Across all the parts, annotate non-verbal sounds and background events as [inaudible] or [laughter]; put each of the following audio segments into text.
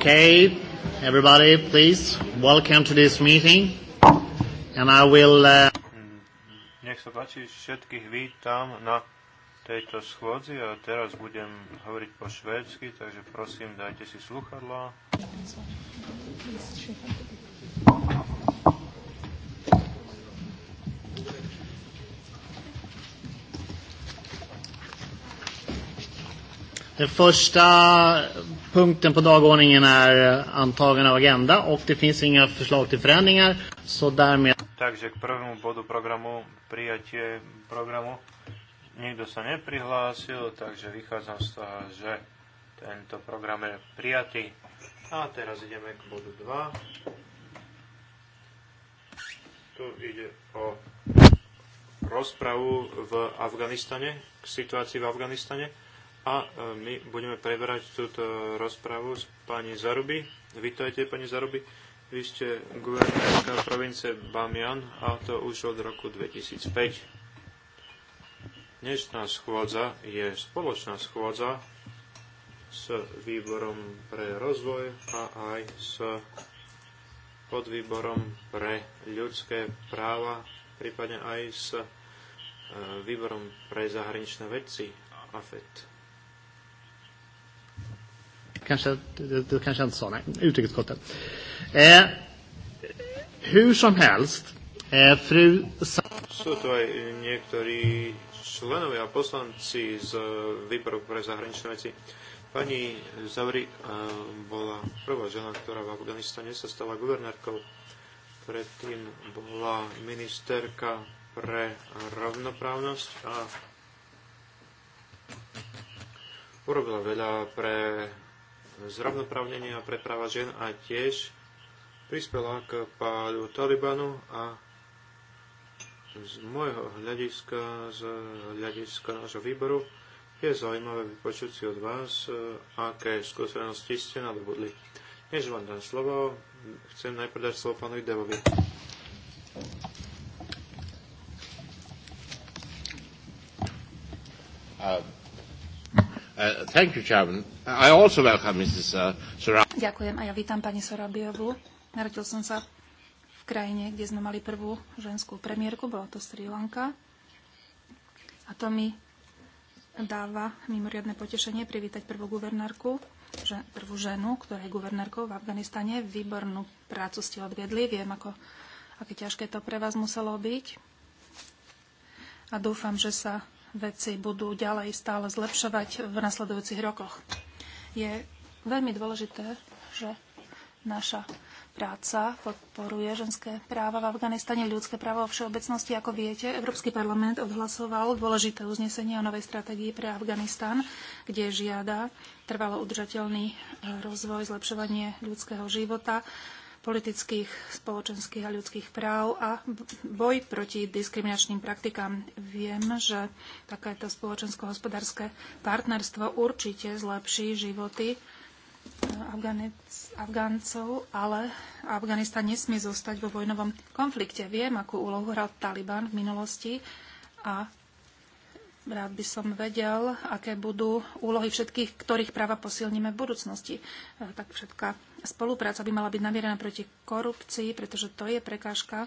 Okay, everybody, please, welcome to this meeting. And I will... Uh, Nech sa páči, všetkých vítam na tejto schôdzi a teraz budem hovoriť po švédsky, takže prosím, dajte si sluchadlá. Den första uh, Punkten på dagordningen är eh, antagande av agenda och det finns inga förslag till förändringar. Så därmed... Takže k prvému bodu programu, prijatie programu, nikto sa neprihlásil, takže vychádzam z toho, že tento program je prijatý. A teraz ideme k bodu 2. Tu ide o rozpravu v Afganistane, k situácii v Afganistane a e, my budeme preberať túto rozprávu s pani Zaruby. Vítajte, pani Zaruby. Vy ste guvernérka provincie Bamian a to už od roku 2005. Dnešná schôdza je spoločná schôdza s výborom pre rozvoj a aj s podvýborom pre ľudské práva, prípadne aj s e, výborom pre zahraničné veci AFET kanske, det, det kanske jag inte sa, nej, utrikesutskottet. Eh, hur som helst, eh, fru... Sú a poslanci z eh, výboru pre zahraničné veci. Pani Zavri uh, bola prvá žena, ktorá v Afganistane sa stala guvernérkou. Predtým bola ministerka pre rovnoprávnosť a urobila veľa pre zrovnoprávnenie a preprava žien a tiež prispela k pádu Talibanu a z môjho hľadiska, z hľadiska nášho výboru, je zaujímavé vypočuť si od vás, e, aké skúsenosti ste nadobudli. Než vám dám slovo, chcem najprv dať slovo pánovi Devovi. Uh, Uh, thank you, Chairman. I also welcome Mrs. Uh, Sorab. Ďakujem a ja vítam pani Sorabiovu. Narodil som sa v krajine, kde sme mali prvú ženskú premiérku, bola to Sri Lanka. A to mi dáva mimoriadne potešenie privítať prvú guvernárku že, prvú ženu, ktorá je guvernérkou v Afganistane. Výbornú prácu ste odviedli, viem, ako, aké ťažké to pre vás muselo byť. A dúfam, že sa veci budú ďalej stále zlepšovať v nasledujúcich rokoch. Je veľmi dôležité, že naša práca podporuje ženské práva v Afganistane, ľudské práva vo všeobecnosti. Ako viete, Európsky parlament odhlasoval dôležité uznesenie o novej stratégii pre Afganistan, kde žiada trvalo udržateľný e, rozvoj, zlepšovanie ľudského života, politických, spoločenských a ľudských práv a boj proti diskriminačným praktikám. Viem, že takéto spoločensko-hospodárske partnerstvo určite zlepší životy eh, Afgáncov, ale Afganistan nesmie zostať vo vojnovom konflikte. Viem, akú úlohu hral Taliban v minulosti a Rád by som vedel, aké budú úlohy všetkých, ktorých práva posilníme v budúcnosti. E, tak všetká spolupráca by mala byť namierená proti korupcii, pretože to je prekážka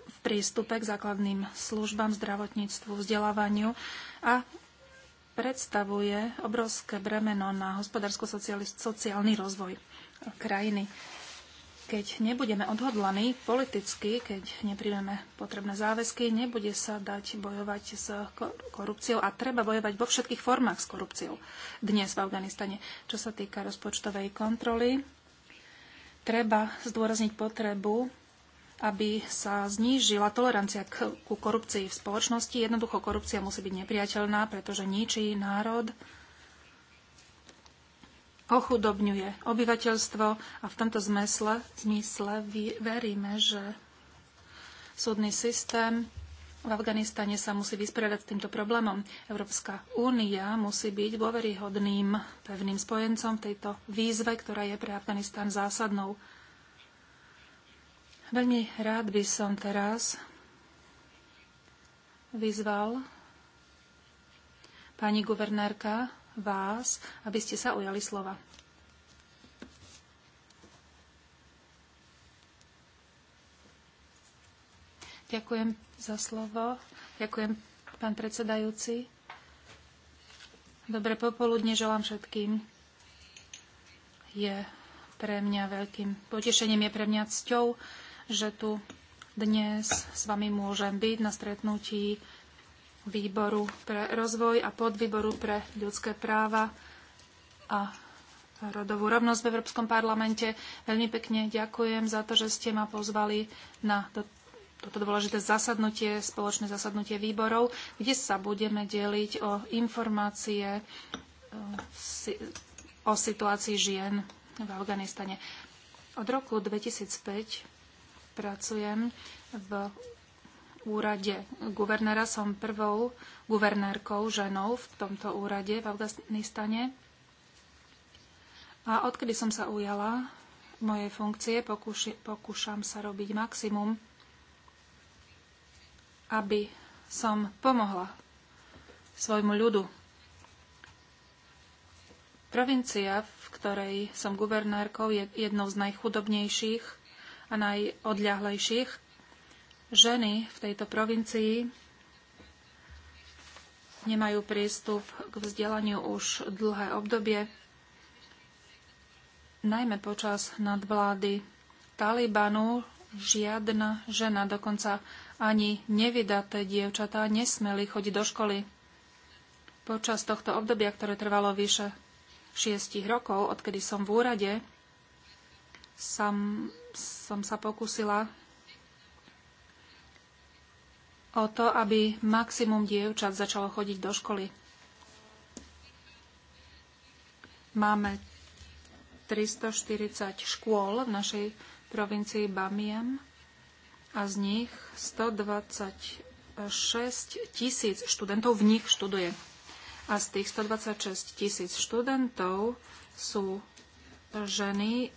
v prístupe k základným službám, zdravotníctvu, vzdelávaniu a predstavuje obrovské bremeno na hospodársko-sociálny rozvoj krajiny. Keď nebudeme odhodlaní politicky, keď nepríjmeme potrebné záväzky, nebude sa dať bojovať s korupciou a treba bojovať vo všetkých formách s korupciou dnes v Afganistane. Čo sa týka rozpočtovej kontroly, treba zdôrazniť potrebu aby sa znížila tolerancia ku korupcii v spoločnosti. Jednoducho korupcia musí byť nepriateľná, pretože ničí národ, ochudobňuje obyvateľstvo a v tomto zmysle, zmysle veríme, že súdny systém v Afganistane sa musí vysporiadať s týmto problémom. Európska únia musí byť dôveryhodným pevným spojencom v tejto výzve, ktorá je pre Afganistan zásadnou. Veľmi rád by som teraz vyzval pani guvernérka vás, aby ste sa ujali slova. Ďakujem za slovo. Ďakujem, pán predsedajúci. Dobré popoludne želám všetkým. Je pre mňa veľkým potešením, je pre mňa cťou, že tu dnes s vami môžem byť na stretnutí výboru pre rozvoj a podvýboru pre ľudské práva a rodovú rovnosť v Európskom parlamente. Veľmi pekne ďakujem za to, že ste ma pozvali na to, toto dôležité zasadnutie, spoločné zasadnutie výborov, kde sa budeme deliť o informácie e, o situácii žien v Afganistane. Od roku 2005 pracujem v úrade guvernéra. Som prvou guvernérkou ženou v tomto úrade v Afganistane. A odkedy som sa ujala mojej funkcie, pokúši, pokúšam sa robiť maximum, aby som pomohla svojmu ľudu. Provincia, v ktorej som guvernérkou, je jednou z najchudobnejších a najodľahlejších ženy v tejto provincii nemajú prístup k vzdelaniu už dlhé obdobie, najmä počas nadvlády Talibanu žiadna žena, dokonca ani nevydaté dievčatá nesmeli chodiť do školy. Počas tohto obdobia, ktoré trvalo vyše šiestich rokov, odkedy som v úrade, som, som sa pokúsila o to, aby maximum dievčat začalo chodiť do školy. Máme 340 škôl v našej provincii Bamiam a z nich 126 tisíc študentov v nich študuje. A z tých 126 tisíc študentov sú ženy,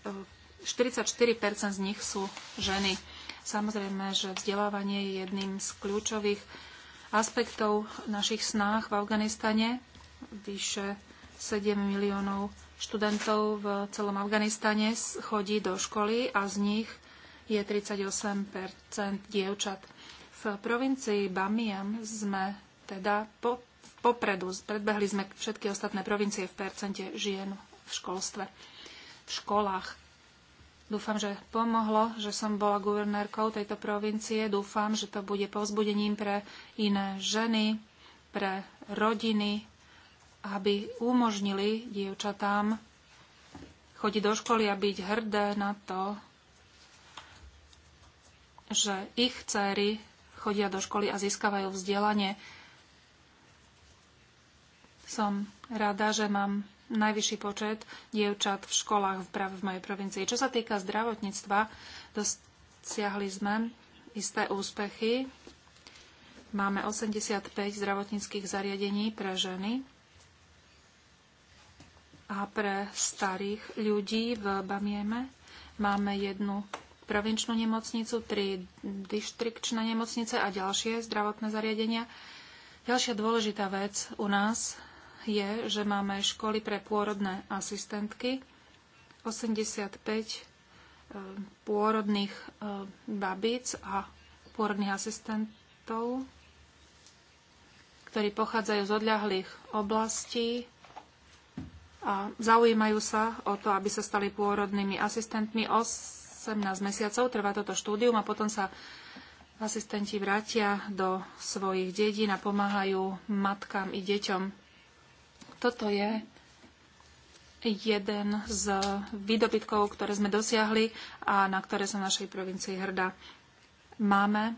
44% z nich sú ženy. Samozrejme, že vzdelávanie je jedným z kľúčových aspektov našich snách v Afganistane. Vyše 7 miliónov študentov v celom Afganistane chodí do školy a z nich je 38 dievčat. V provincii Bamiyan sme teda po, popredu, predbehli sme všetky ostatné provincie v percente žien v školstve, v školách. Dúfam, že pomohlo, že som bola guvernérkou tejto provincie. Dúfam, že to bude povzbudením pre iné ženy, pre rodiny, aby umožnili dievčatám chodiť do školy a byť hrdé na to, že ich céry chodia do školy a získavajú vzdelanie. Som rada, že mám najvyšší počet dievčat v školách práve v mojej provincii. Čo sa týka zdravotníctva, dosiahli sme isté úspechy. Máme 85 zdravotníckých zariadení pre ženy a pre starých ľudí v Bamieme. Máme jednu provinčnú nemocnicu, tri dištrikčné nemocnice a ďalšie zdravotné zariadenia. Ďalšia dôležitá vec u nás je, že máme školy pre pôrodné asistentky, 85 e, pôrodných e, babíc a pôrodných asistentov, ktorí pochádzajú z odľahlých oblastí a zaujímajú sa o to, aby sa stali pôrodnými asistentmi. 18 mesiacov trvá toto štúdium a potom sa asistenti vrátia do svojich dedín a pomáhajú matkám i deťom. Toto je jeden z výdobytkov, ktoré sme dosiahli a na ktoré som v našej provincii hrdá. Máme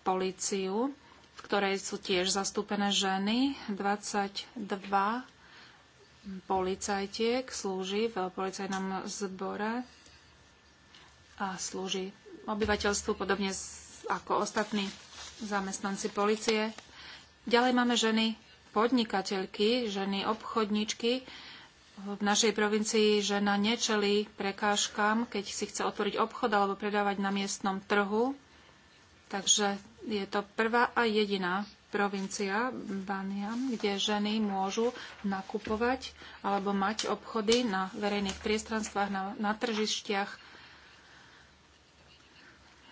políciu, v ktorej sú tiež zastúpené ženy. 22 policajtiek slúži v policajnom zbore a slúži obyvateľstvu podobne ako ostatní zamestnanci policie. Ďalej máme ženy podnikateľky, ženy obchodničky. V našej provincii žena nečelí prekážkam, keď si chce otvoriť obchod alebo predávať na miestnom trhu. Takže je to prvá a jediná provincia Baniam, kde ženy môžu nakupovať alebo mať obchody na verejných priestranstvách, na, na tržištiach.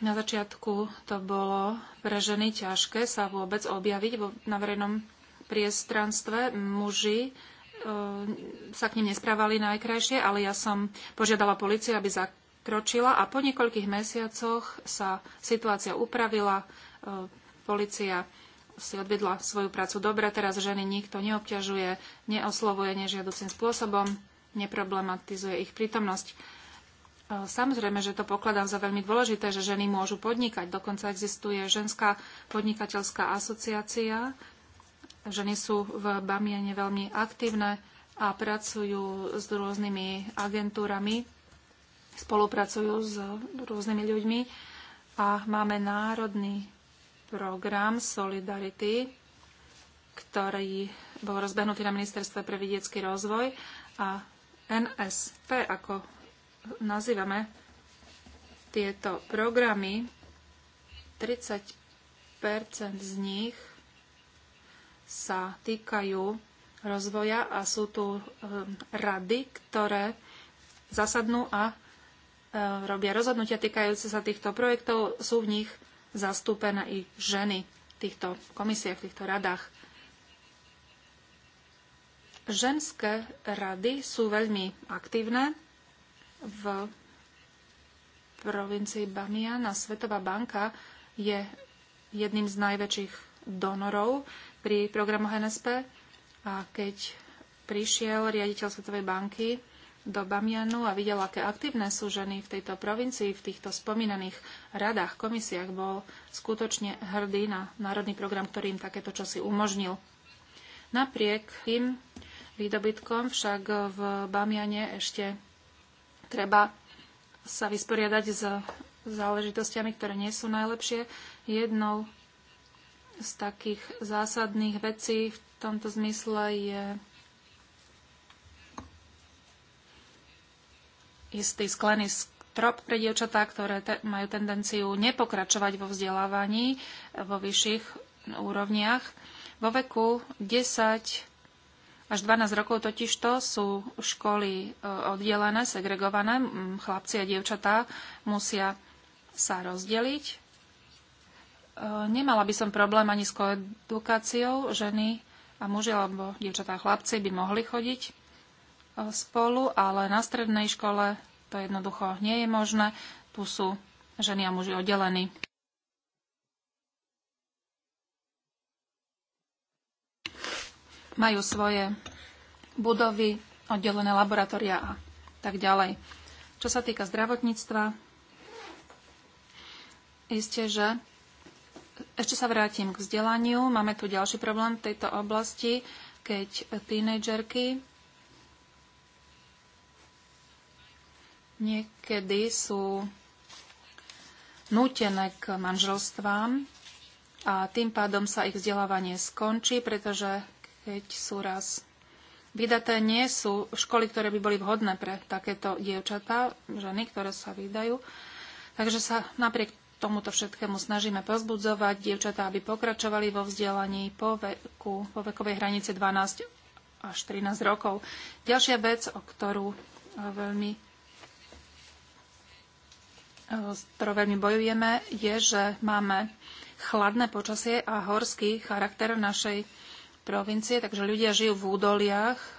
Na začiatku to bolo pre ženy ťažké sa vôbec objaviť na verejnom priestranstve. Muži e, sa k ním nesprávali najkrajšie, ale ja som požiadala policiu, aby zakročila a po niekoľkých mesiacoch sa situácia upravila. E, polícia si odvedla svoju prácu dobre, teraz ženy nikto neobťažuje, neoslovuje nežiaducím spôsobom, neproblematizuje ich prítomnosť. E, samozrejme, že to pokladám za veľmi dôležité, že ženy môžu podnikať. Dokonca existuje ženská podnikateľská asociácia, Ženy sú v Bamiene veľmi aktívne a pracujú s rôznymi agentúrami, spolupracujú s rôznymi ľuďmi a máme národný program Solidarity, ktorý bol rozbehnutý na Ministerstve pre vidiecký rozvoj a NSP, ako nazývame tieto programy, 30 z nich sa týkajú rozvoja a sú tu um, rady, ktoré zasadnú a um, robia rozhodnutia týkajúce sa týchto projektov. Sú v nich zastúpené i ženy v týchto komisiách, v týchto radách. Ženské rady sú veľmi aktívne v provincii Bamiana. Svetová banka je jedným z najväčších donorov pri programoch NSP. A keď prišiel riaditeľ Svetovej banky do Bamianu a videl, aké aktívne sú ženy v tejto provincii, v týchto spomínaných radách, komisiách, bol skutočne hrdý na národný program, ktorý im takéto čosi umožnil. Napriek tým výdobytkom však v Bamiane ešte treba sa vysporiadať s záležitostiami, ktoré nie sú najlepšie. Jednou z takých zásadných vecí v tomto zmysle je istý sklený strop pre dievčatá, ktoré te- majú tendenciu nepokračovať vo vzdelávaní vo vyšších úrovniach. Vo veku 10 až 12 rokov totižto sú školy e, oddelené, segregované. Chlapci a dievčatá musia sa rozdeliť E, nemala by som problém ani s koedukáciou. Ženy a muži alebo dievčatá a chlapci by mohli chodiť e, spolu, ale na strednej škole to jednoducho nie je možné. Tu sú ženy a muži oddelení. Majú svoje budovy, oddelené laboratória a tak ďalej. Čo sa týka zdravotníctva, isté, že ešte sa vrátim k vzdelaniu. Máme tu ďalší problém v tejto oblasti, keď tínejdžerky niekedy sú nútené k manželstvám a tým pádom sa ich vzdelávanie skončí, pretože keď sú raz vydaté, nie sú školy, ktoré by boli vhodné pre takéto dievčatá, ženy, ktoré sa vydajú. Takže sa napriek tomuto všetkému snažíme pozbudzovať dievčatá, aby pokračovali vo vzdelaní po, veku, po vekovej hranice 12 až 13 rokov. Ďalšia vec, o ktorú e, veľmi, e, s ktorou veľmi bojujeme, je, že máme chladné počasie a horský charakter našej provincie, takže ľudia žijú v údoliach e,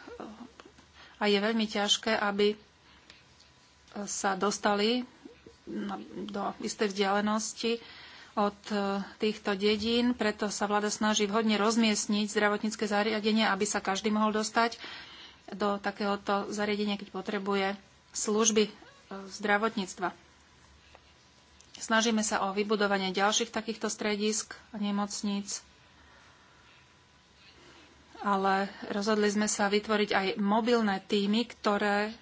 a je veľmi ťažké, aby sa dostali do istej vzdialenosti od e, týchto dedín, preto sa vláda snaží vhodne rozmiestniť zdravotnícke zariadenie, aby sa každý mohol dostať do takéhoto zariadenia, keď potrebuje služby e, zdravotníctva. Snažíme sa o vybudovanie ďalších takýchto stredisk a nemocníc, ale rozhodli sme sa vytvoriť aj mobilné týmy, ktoré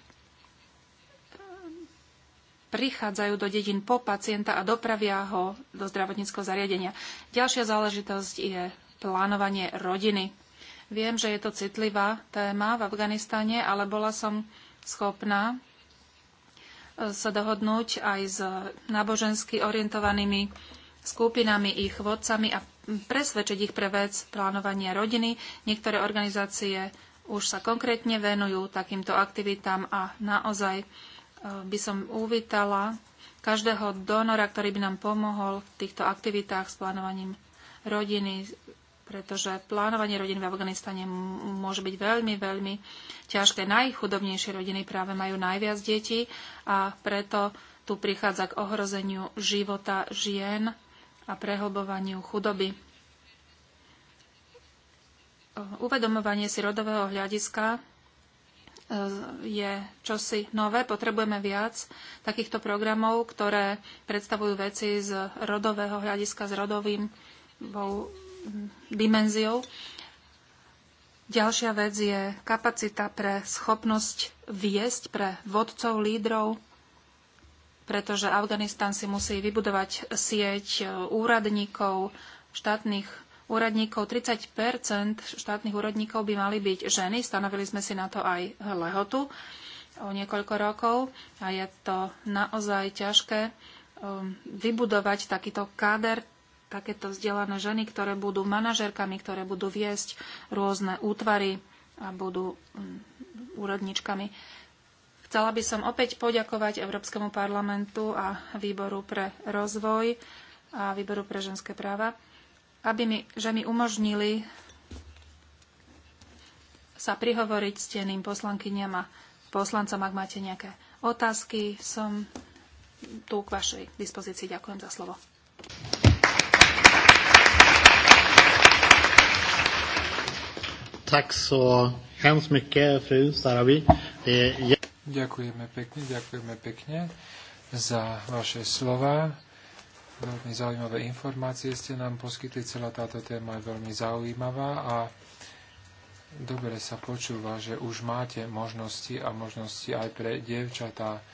prichádzajú do dedín po pacienta a dopravia ho do zdravotníckého zariadenia. Ďalšia záležitosť je plánovanie rodiny. Viem, že je to citlivá téma v Afganistane, ale bola som schopná e, sa dohodnúť aj s nábožensky orientovanými skupinami, ich vodcami a presvedčiť ich pre vec plánovania rodiny. Niektoré organizácie už sa konkrétne venujú takýmto aktivitám a naozaj by som uvítala každého donora, ktorý by nám pomohol v týchto aktivitách s plánovaním rodiny, pretože plánovanie rodín v Afganistane môže byť veľmi, veľmi ťažké. Najchudobnejšie rodiny práve majú najviac detí a preto tu prichádza k ohrozeniu života žien a prehlbovaniu chudoby. Uvedomovanie si rodového hľadiska E, je čosi nové. Potrebujeme viac takýchto programov, ktoré predstavujú veci z rodového hľadiska, s rodovým dimenziou. Ďalšia vec je kapacita pre schopnosť viesť pre vodcov, lídrov, pretože Afganistan si musí vybudovať sieť e, úradníkov, štátnych úradníkov, 30 štátnych úradníkov by mali byť ženy. Stanovili sme si na to aj lehotu o niekoľko rokov a je to naozaj ťažké um, vybudovať takýto káder, takéto vzdelané ženy, ktoré budú manažerkami, ktoré budú viesť rôzne útvary a budú um, úradničkami. Chcela by som opäť poďakovať Európskemu parlamentu a Výboru pre rozvoj a Výboru pre ženské práva aby mi, že mi umožnili sa prihovoriť steným poslankyniam a poslancom, ak máte nejaké otázky. Som tu k vašej dispozícii. Ďakujem za slovo. Tak so Hans Sarabi. Ďakujeme pekne, ďakujeme pekne za vaše slova. Veľmi zaujímavé informácie ste nám poskytli. Celá táto téma je veľmi zaujímavá a dobre sa počúva, že už máte možnosti a možnosti aj pre dievčatá,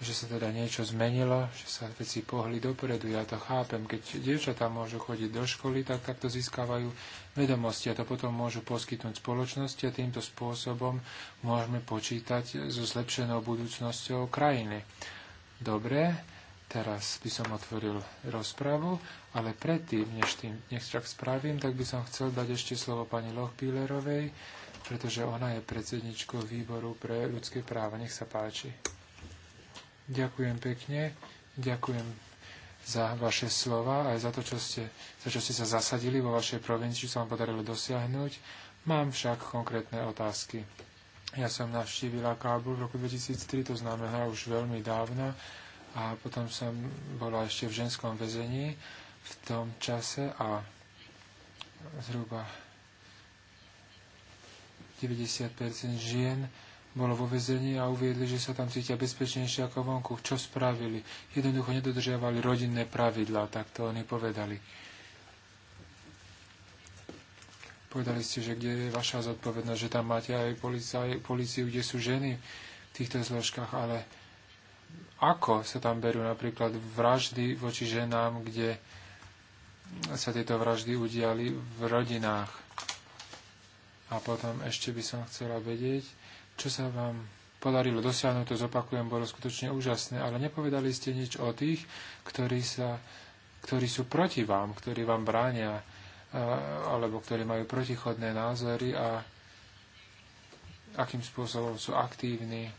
že sa teda niečo zmenilo, že sa veci pohli dopredu. Ja to chápem. Keď dievčatá môžu chodiť do školy, tak takto získavajú vedomosti a to potom môžu poskytnúť spoločnosti a týmto spôsobom môžeme počítať so zlepšenou budúcnosťou krajiny. Dobre, Teraz by som otvoril rozpravu, ale predtým, než, tým, nech tak spravím, tak by som chcel dať ešte slovo pani Lochbílerovej, pretože ona je predsedničkou výboru pre ľudské práva. Nech sa páči. Ďakujem pekne, ďakujem za vaše slova aj za to, čo ste, za čo ste sa zasadili vo vašej provincii, čo sa vám podarilo dosiahnuť. Mám však konkrétne otázky. Ja som navštívila Kábul v roku 2003, to znamená už veľmi dávno a potom som bola ešte v ženskom väzení v tom čase a zhruba 90% žien bolo vo väzení a uviedli, že sa tam cítia bezpečnejšie ako vonku. Čo spravili? Jednoducho nedodržiavali rodinné pravidlá, tak to oni povedali. Povedali ste, že kde je vaša zodpovednosť, že tam máte aj policiu, kde sú ženy v týchto zložkách, ale ako sa tam berú napríklad vraždy voči ženám, kde sa tieto vraždy udiali v rodinách. A potom ešte by som chcela vedieť, čo sa vám podarilo dosiahnuť, to zopakujem, bolo skutočne úžasné, ale nepovedali ste nič o tých, ktorí, sa, ktorí sú proti vám, ktorí vám bránia, alebo ktorí majú protichodné názory a akým spôsobom sú aktívni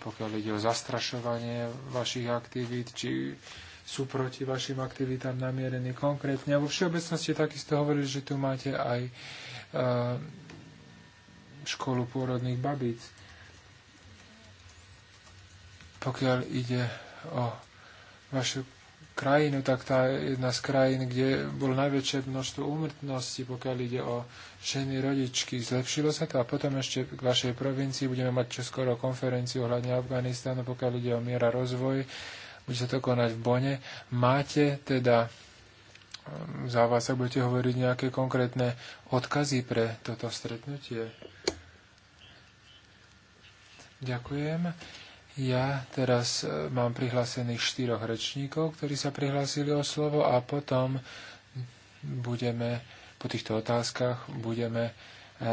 pokiaľ ide o zastrašovanie vašich aktivít, či sú proti vašim aktivitám namierení konkrétne. A vo všeobecnosti takisto hovorili, že tu máte aj e, školu pôrodných babíc. Pokiaľ ide o vašu krajinu, tak tá jedna z krajín, kde bolo najväčšie množstvo úmrtnosti, pokiaľ ide o ženy rodičky. Zlepšilo sa to a potom ešte k vašej provincii budeme mať čoskoro konferenciu ohľadne Afganistánu, pokiaľ ide o miera rozvoj. Bude sa to konať v Bone. Máte teda um, za vás, ak budete hovoriť nejaké konkrétne odkazy pre toto stretnutie? Ďakujem. Ja teraz e, mám prihlásených štyroch rečníkov, ktorí sa prihlásili o slovo a potom budeme po týchto otázkach budeme e,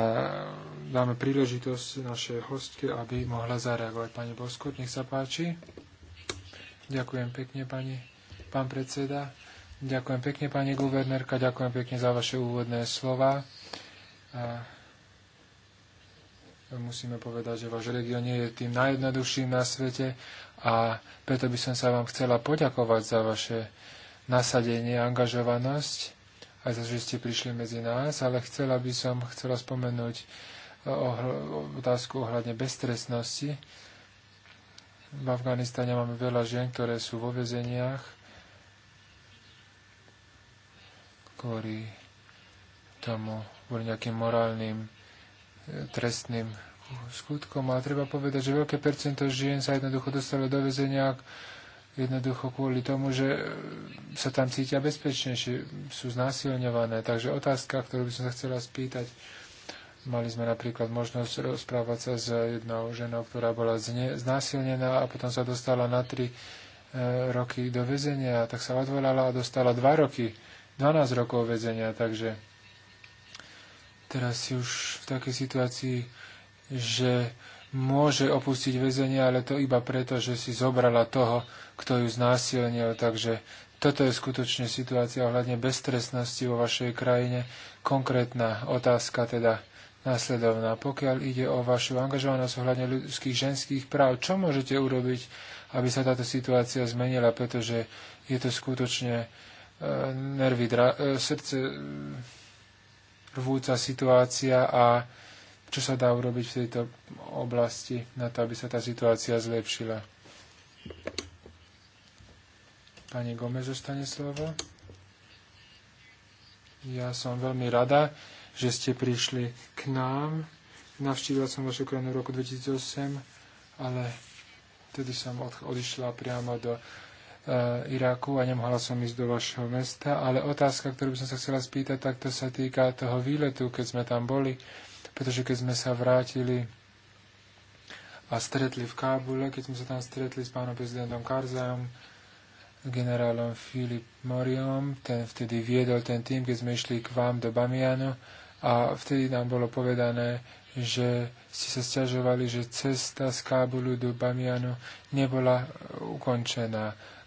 dáme príležitosť našej hostke, aby mohla zareagovať. Pani Bosko, nech sa páči. Ďakujem pekne, pani, pán predseda. Ďakujem pekne, pani guvernérka. Ďakujem pekne za vaše úvodné slova. A musíme povedať, že váš región je tým najjednoduchším na svete a preto by som sa vám chcela poďakovať za vaše nasadenie, angažovanosť, aj za, že ste prišli medzi nás, ale chcela by som chcela spomenúť eh, otázku ohľadne beztresnosti. V Afganistane máme veľa žien, ktoré sú vo vezeniach, kvôli tomu, kvôli nejakým morálnym trestným skutkom. Ale treba povedať, že veľké percento žien sa jednoducho dostalo do väzenia jednoducho kvôli tomu, že sa tam cítia bezpečnejšie, sú znásilňované. Takže otázka, ktorú by som sa chcela spýtať, mali sme napríklad možnosť rozprávať sa s jednou ženou, ktorá bola znásilnená a potom sa dostala na tri e, roky do väzenia, tak sa odvolala a dostala 2 roky, 12 rokov väzenia, takže teraz si už v takej situácii, že môže opustiť väzenie, ale to iba preto, že si zobrala toho, kto ju znásilnil. Takže toto je skutočne situácia ohľadne beztrestnosti vo vašej krajine. Konkrétna otázka teda následovná. Pokiaľ ide o vašu angažovanosť ohľadne ľudských ženských práv, čo môžete urobiť, aby sa táto situácia zmenila, pretože je to skutočne e, nervy, dra- e, srdce e, rvúca situácia a čo sa dá urobiť v tejto oblasti na to, aby sa tá situácia zlepšila. Pani Gomez zostane slovo. Ja som veľmi rada, že ste prišli k nám. Navštívila som vašu krajinu v roku 2008, ale tedy som odišla priamo do Eh, Iraku a nemohla som ísť do vašho mesta, ale otázka, ktorú by som sa chcela spýtať, tak to sa týka toho výletu, keď sme tam boli, pretože keď sme sa vrátili a stretli v Kábule, keď sme sa tam stretli s pánom prezidentom Karzajom, generálom Filip Moriom, ten vtedy viedol ten tým, keď sme išli k vám do Bamiano a vtedy nám bolo povedané, že ste sa stiažovali, že cesta z Kábulu do Bamiano nebola ukončená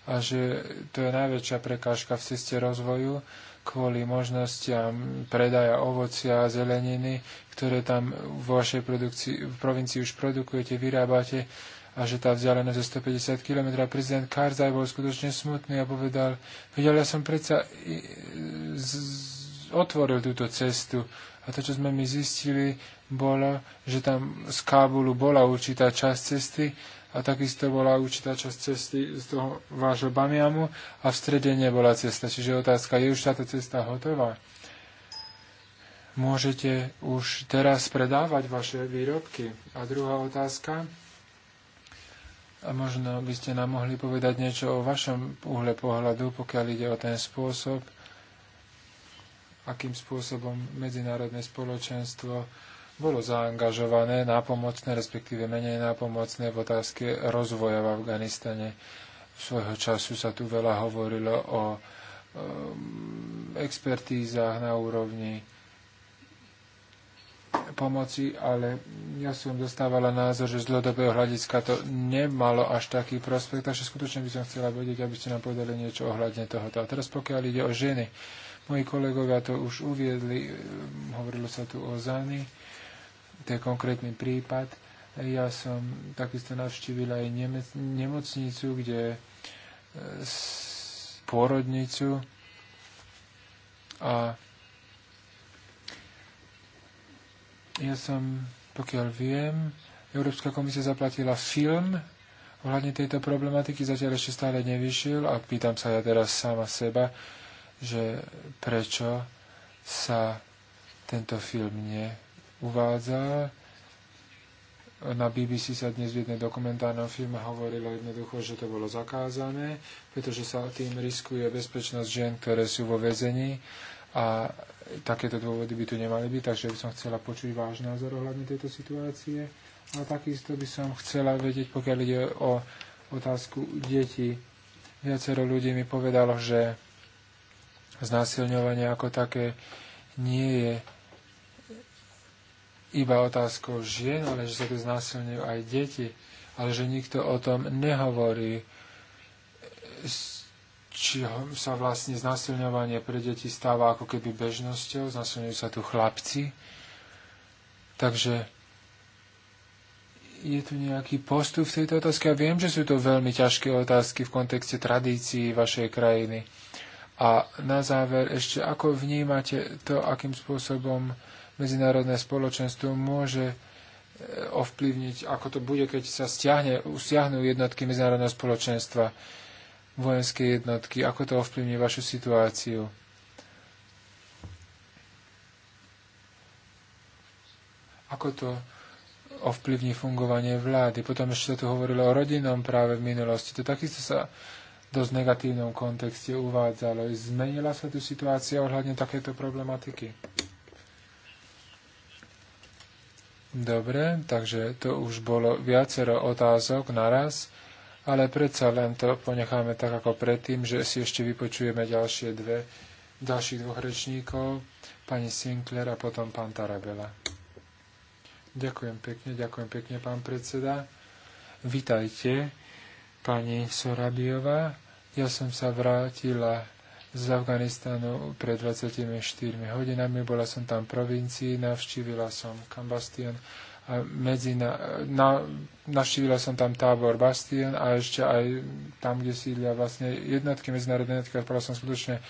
a že to je najväčšia prekážka v ceste rozvoju kvôli možnostiam predaja ovocia a zeleniny, ktoré tam vo vašej produkcii, v provincii už produkujete, vyrábate a že tá vzdialenosť je 150 km. Prezident Karzaj bol skutočne smutný a povedal, videl, ja som predsa otvoril túto cestu a to, čo sme my zistili, bolo, že tam z Kábulu bola určitá časť cesty a takisto bola určitá časť cesty z toho vášho Bamiamu a v strede nebola cesta. Čiže otázka, je už táto cesta hotová? Môžete už teraz predávať vaše výrobky? A druhá otázka, a možno by ste nám mohli povedať niečo o vašom uhle pohľadu, pokiaľ ide o ten spôsob, akým spôsobom medzinárodné spoločenstvo bolo zaangažované nápomocné, respektíve menej nápomocné v otázke rozvoja v Afganistane. Svojho času sa tu veľa hovorilo o um, expertízach na úrovni pomoci, ale ja som dostávala názor, že z dlhodobého hľadiska to nemalo až taký prospekt, takže skutočne by som chcela vedieť, aby ste nám povedali niečo ohľadne tohoto. A teraz pokiaľ ide o ženy, uh, Moji kolegovia to už uviedli, e, hovorilo sa tu o Zany, to je konkrétny prípad. Ja som takisto navštívila aj nemocnicu, kde e, porodnicu a ja som, pokiaľ viem, Európska komisia zaplatila film ohľadne tejto problematiky, zatiaľ ešte stále nevyšiel a pýtam sa ja teraz sama seba, že prečo sa tento film neuvádza. Na BBC sa dnes v jednej dokumentárnom filme hovorilo jednoducho, že to bolo zakázané, pretože sa tým riskuje bezpečnosť žien, ktoré sú vo vezení a takéto dôvody by tu nemali byť, takže by som chcela počuť váš názor ohľadne tejto situácie. A takisto by som chcela vedieť, pokiaľ ide o otázku detí. Viacero ľudí mi povedalo, že znásilňovanie ako také nie je iba otázkou žien, ale že sa tu znásilňujú aj deti, ale že nikto o tom nehovorí, či sa vlastne znásilňovanie pre deti stáva ako keby bežnosťou, znásilňujú sa tu chlapci. Takže je tu nejaký postup v tejto otázke? Ja viem, že sú to veľmi ťažké otázky v kontexte tradícií vašej krajiny. A na záver ešte, ako vnímate to, akým spôsobom medzinárodné spoločenstvo môže e, ovplyvniť, ako to bude, keď sa stiahne, usiahnú jednotky medzinárodného spoločenstva, vojenské jednotky, ako to ovplyvní vašu situáciu? Ako to ovplyvní fungovanie vlády? Potom ešte sa tu hovorilo o rodinnom práve v minulosti. To takisto sa dosť negatívnom kontexte uvádzalo. Zmenila sa tu situácia ohľadne takéto problematiky? Dobre, takže to už bolo viacero otázok naraz, ale predsa len to ponecháme tak ako predtým, že si ešte vypočujeme ďalšie dve, ďalších dvoch rečníkov, pani Sinclair a potom pán Tarabela. Ďakujem pekne, ďakujem pekne, pán predseda. Vítajte, pani Sorabiová. Ja som sa vrátila z Afganistanu pred 24 hodinami, bola som tam v provincii, navštívila som Kambastion a medzi na, na, navštívila som tam tábor Bastion a ešte aj tam, kde sídlia vlastne jednotky, medzinárodné jednotky, bola som skutočne uh,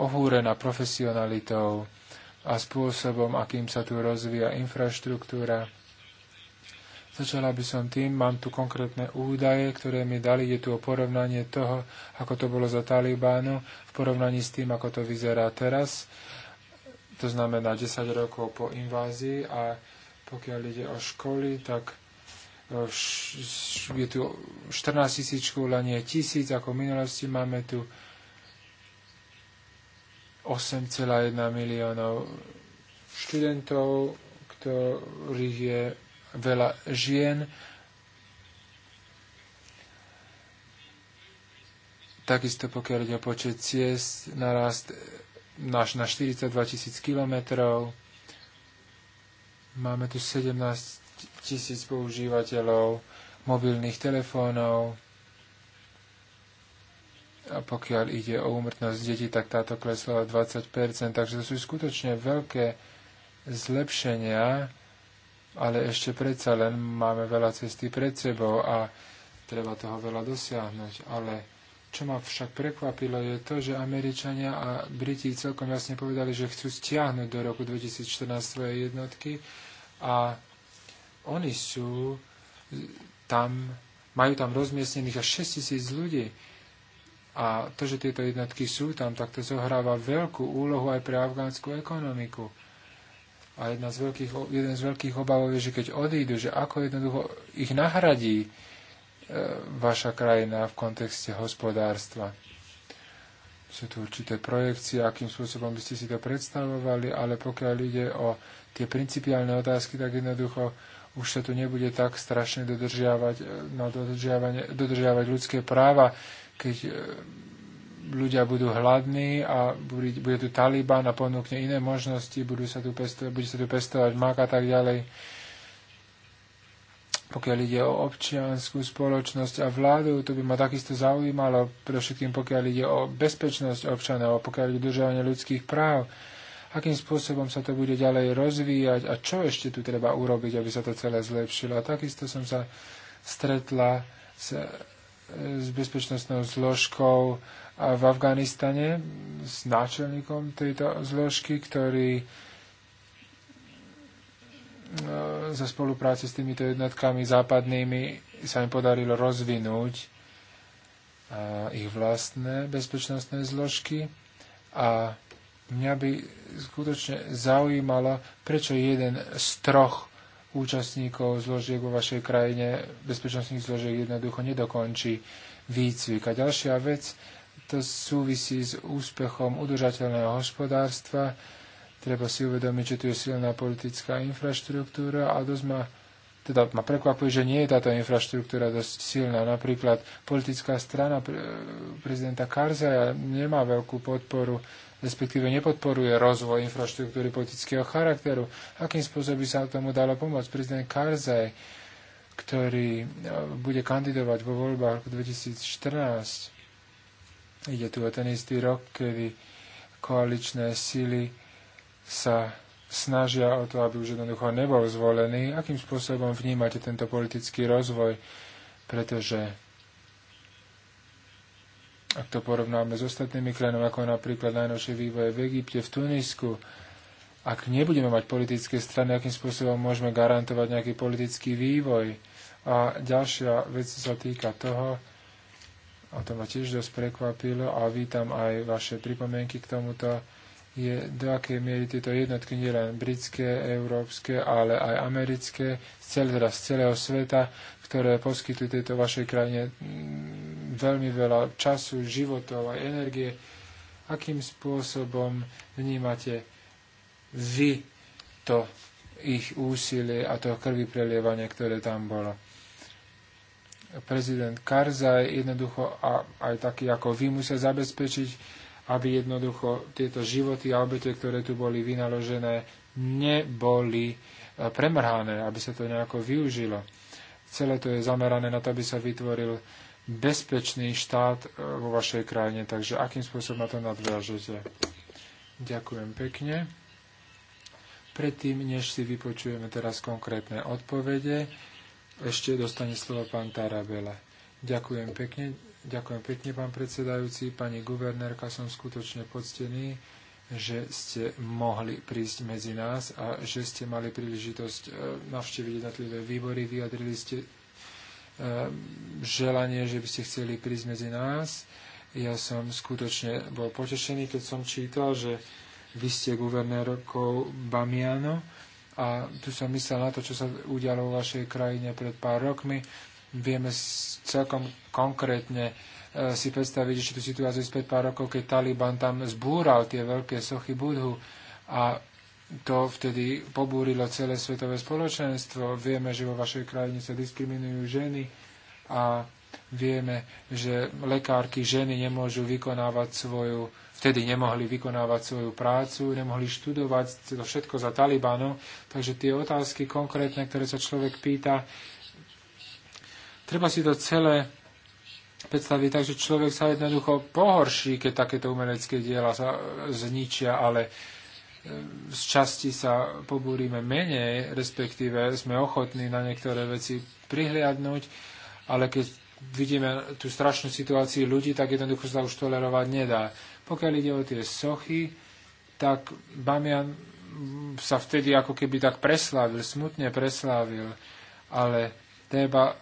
ohúrená profesionalitou a spôsobom, akým sa tu rozvíja infraštruktúra Začala by som tým, mám tu konkrétne údaje, ktoré mi dali, je tu o porovnanie toho, ako to bolo za Talibánu, v porovnaní s tým, ako to vyzerá teraz, to znamená 10 rokov po invázii a pokiaľ ide o školy, tak e, je tu 14 tisíc škôl a nie tisíc, ako v minulosti máme tu 8,1 miliónov študentov, ktorých je veľa žien. Takisto pokiaľ ide o počet ciest, narast náš na 42 tisíc kilometrov. Máme tu 17 tisíc používateľov mobilných telefónov. A pokiaľ ide o úmrtnosť detí, tak táto klesla o 20%. Takže to sú skutočne veľké zlepšenia ale ešte predsa len máme veľa cesty pred sebou a treba toho veľa dosiahnuť. Ale čo ma však prekvapilo je to, že Američania a Briti celkom jasne povedali, že chcú stiahnuť do roku 2014 svoje jednotky a oni sú tam, majú tam rozmiestnených až 6 tisíc ľudí. A to, že tieto jednotky sú tam, tak to zohráva veľkú úlohu aj pre afgánsku ekonomiku. A jedna z veľkých, jeden z veľkých obavov je, že keď odídu, že ako jednoducho ich nahradí e, vaša krajina v kontexte hospodárstva. Sú tu určité projekcie, akým spôsobom by ste si to predstavovali, ale pokiaľ ide o tie principiálne otázky, tak jednoducho už sa tu nebude tak strašne dodržiavať, e, no, dodržiavať ľudské práva, keď e, ľudia budú hladní a bude, bude tu Taliban a ponúkne iné možnosti, budú sa tu pesto, bude sa tu pestovať mak a tak ďalej. Pokiaľ ide o občianskú spoločnosť a vládu, to by ma takisto zaujímalo, pre všetkým pokiaľ ide o bezpečnosť občanov, pokiaľ ide o udržovanie ľudských práv, akým spôsobom sa to bude ďalej rozvíjať a čo ešte tu treba urobiť, aby sa to celé zlepšilo. A takisto som sa stretla s, s bezpečnostnou zložkou v Afganistane s náčelníkom tejto zložky, ktorý no, za spolupráci s týmito jednotkami západnými sa im podarilo rozvinúť ich vlastné bezpečnostné zložky a mňa by skutočne zaujímalo, prečo jeden z troch účastníkov zložiek vo vašej krajine, bezpečnostných zložiek jednoducho nedokončí výcvik. A ďalšia vec, to súvisí s úspechom udržateľného hospodárstva. Treba si uvedomiť, že tu je silná politická infraštruktúra a dosť ma, teda ma prekvapuje, že nie je táto infraštruktúra dosť silná. Napríklad politická strana prezidenta Karzaja nemá veľkú podporu respektíve nepodporuje rozvoj infraštruktúry politického charakteru. Akým spôsobom by sa tomu dalo pomôcť? Prezident Karzaj, ktorý eh, bude kandidovať vo voľbách roku 2014, Ide tu o ten istý rok, kedy koaličné síly sa snažia o to, aby už jednoducho nebol zvolený. Akým spôsobom vnímate tento politický rozvoj? Pretože ak to porovnáme s ostatnými krajinami, ako napríklad najnovšie vývoje v Egypte, v Tunisku, ak nebudeme mať politické strany, akým spôsobom môžeme garantovať nejaký politický vývoj. A ďalšia vec sa týka toho, a to ma tiež dosť prekvapilo a vítam aj vaše pripomienky k tomuto, je do akej miery tieto jednotky len britské, európske, ale aj americké, z, cel, teda z celého sveta, ktoré poskytujú tejto vašej krajine mm, veľmi veľa času, životov aj energie. Akým spôsobom vnímate vy to ich úsilie a to krvi prelievanie, ktoré tam bolo? prezident Karzaj jednoducho a aj takí ako vy musia zabezpečiť, aby jednoducho tieto životy a obete, ktoré tu boli vynaložené, neboli e, premrhané, aby sa to nejako využilo. Celé to je zamerané na to, aby sa vytvoril bezpečný štát e, vo vašej krajine. Takže akým spôsobom na to nadviažete? Ďakujem pekne. Predtým, než si vypočujeme teraz konkrétne odpovede, ešte dostane slovo pán Tarabela. Ďakujem pekne, ďakujem pekne, pán predsedajúci, pani guvernérka, som skutočne poctený, že ste mohli prísť medzi nás a že ste mali príležitosť e, navštíviť jednotlivé výbory, vyjadrili ste e, želanie, že by ste chceli prísť medzi nás. Ja som skutočne bol potešený, keď som čítal, že vy ste guvernérkou Bamiano a tu som myslel na to, čo sa udialo v vašej krajine pred pár rokmi. Vieme celkom konkrétne e, si predstaviť ešte tú situáciu späť pár rokov, keď Taliban tam zbúral tie veľké sochy Budhu a to vtedy pobúrilo celé svetové spoločenstvo. Vieme, že vo vašej krajine sa diskriminujú ženy a vieme, že lekárky ženy nemôžu vykonávať svoju vtedy nemohli vykonávať svoju prácu, nemohli študovať to všetko za Talibanu. Takže tie otázky konkrétne, ktoré sa človek pýta, treba si to celé predstaviť tak, že človek sa jednoducho pohorší, keď takéto umelecké diela sa zničia, ale e, z časti sa pobúrime menej, respektíve sme ochotní na niektoré veci prihliadnúť, ale keď vidíme tú strašnú situáciu ľudí, tak jednoducho sa už tolerovať nedá. Pokiaľ ide o tie sochy, tak Bamian sa vtedy ako keby tak preslávil, smutne preslávil, ale treba e,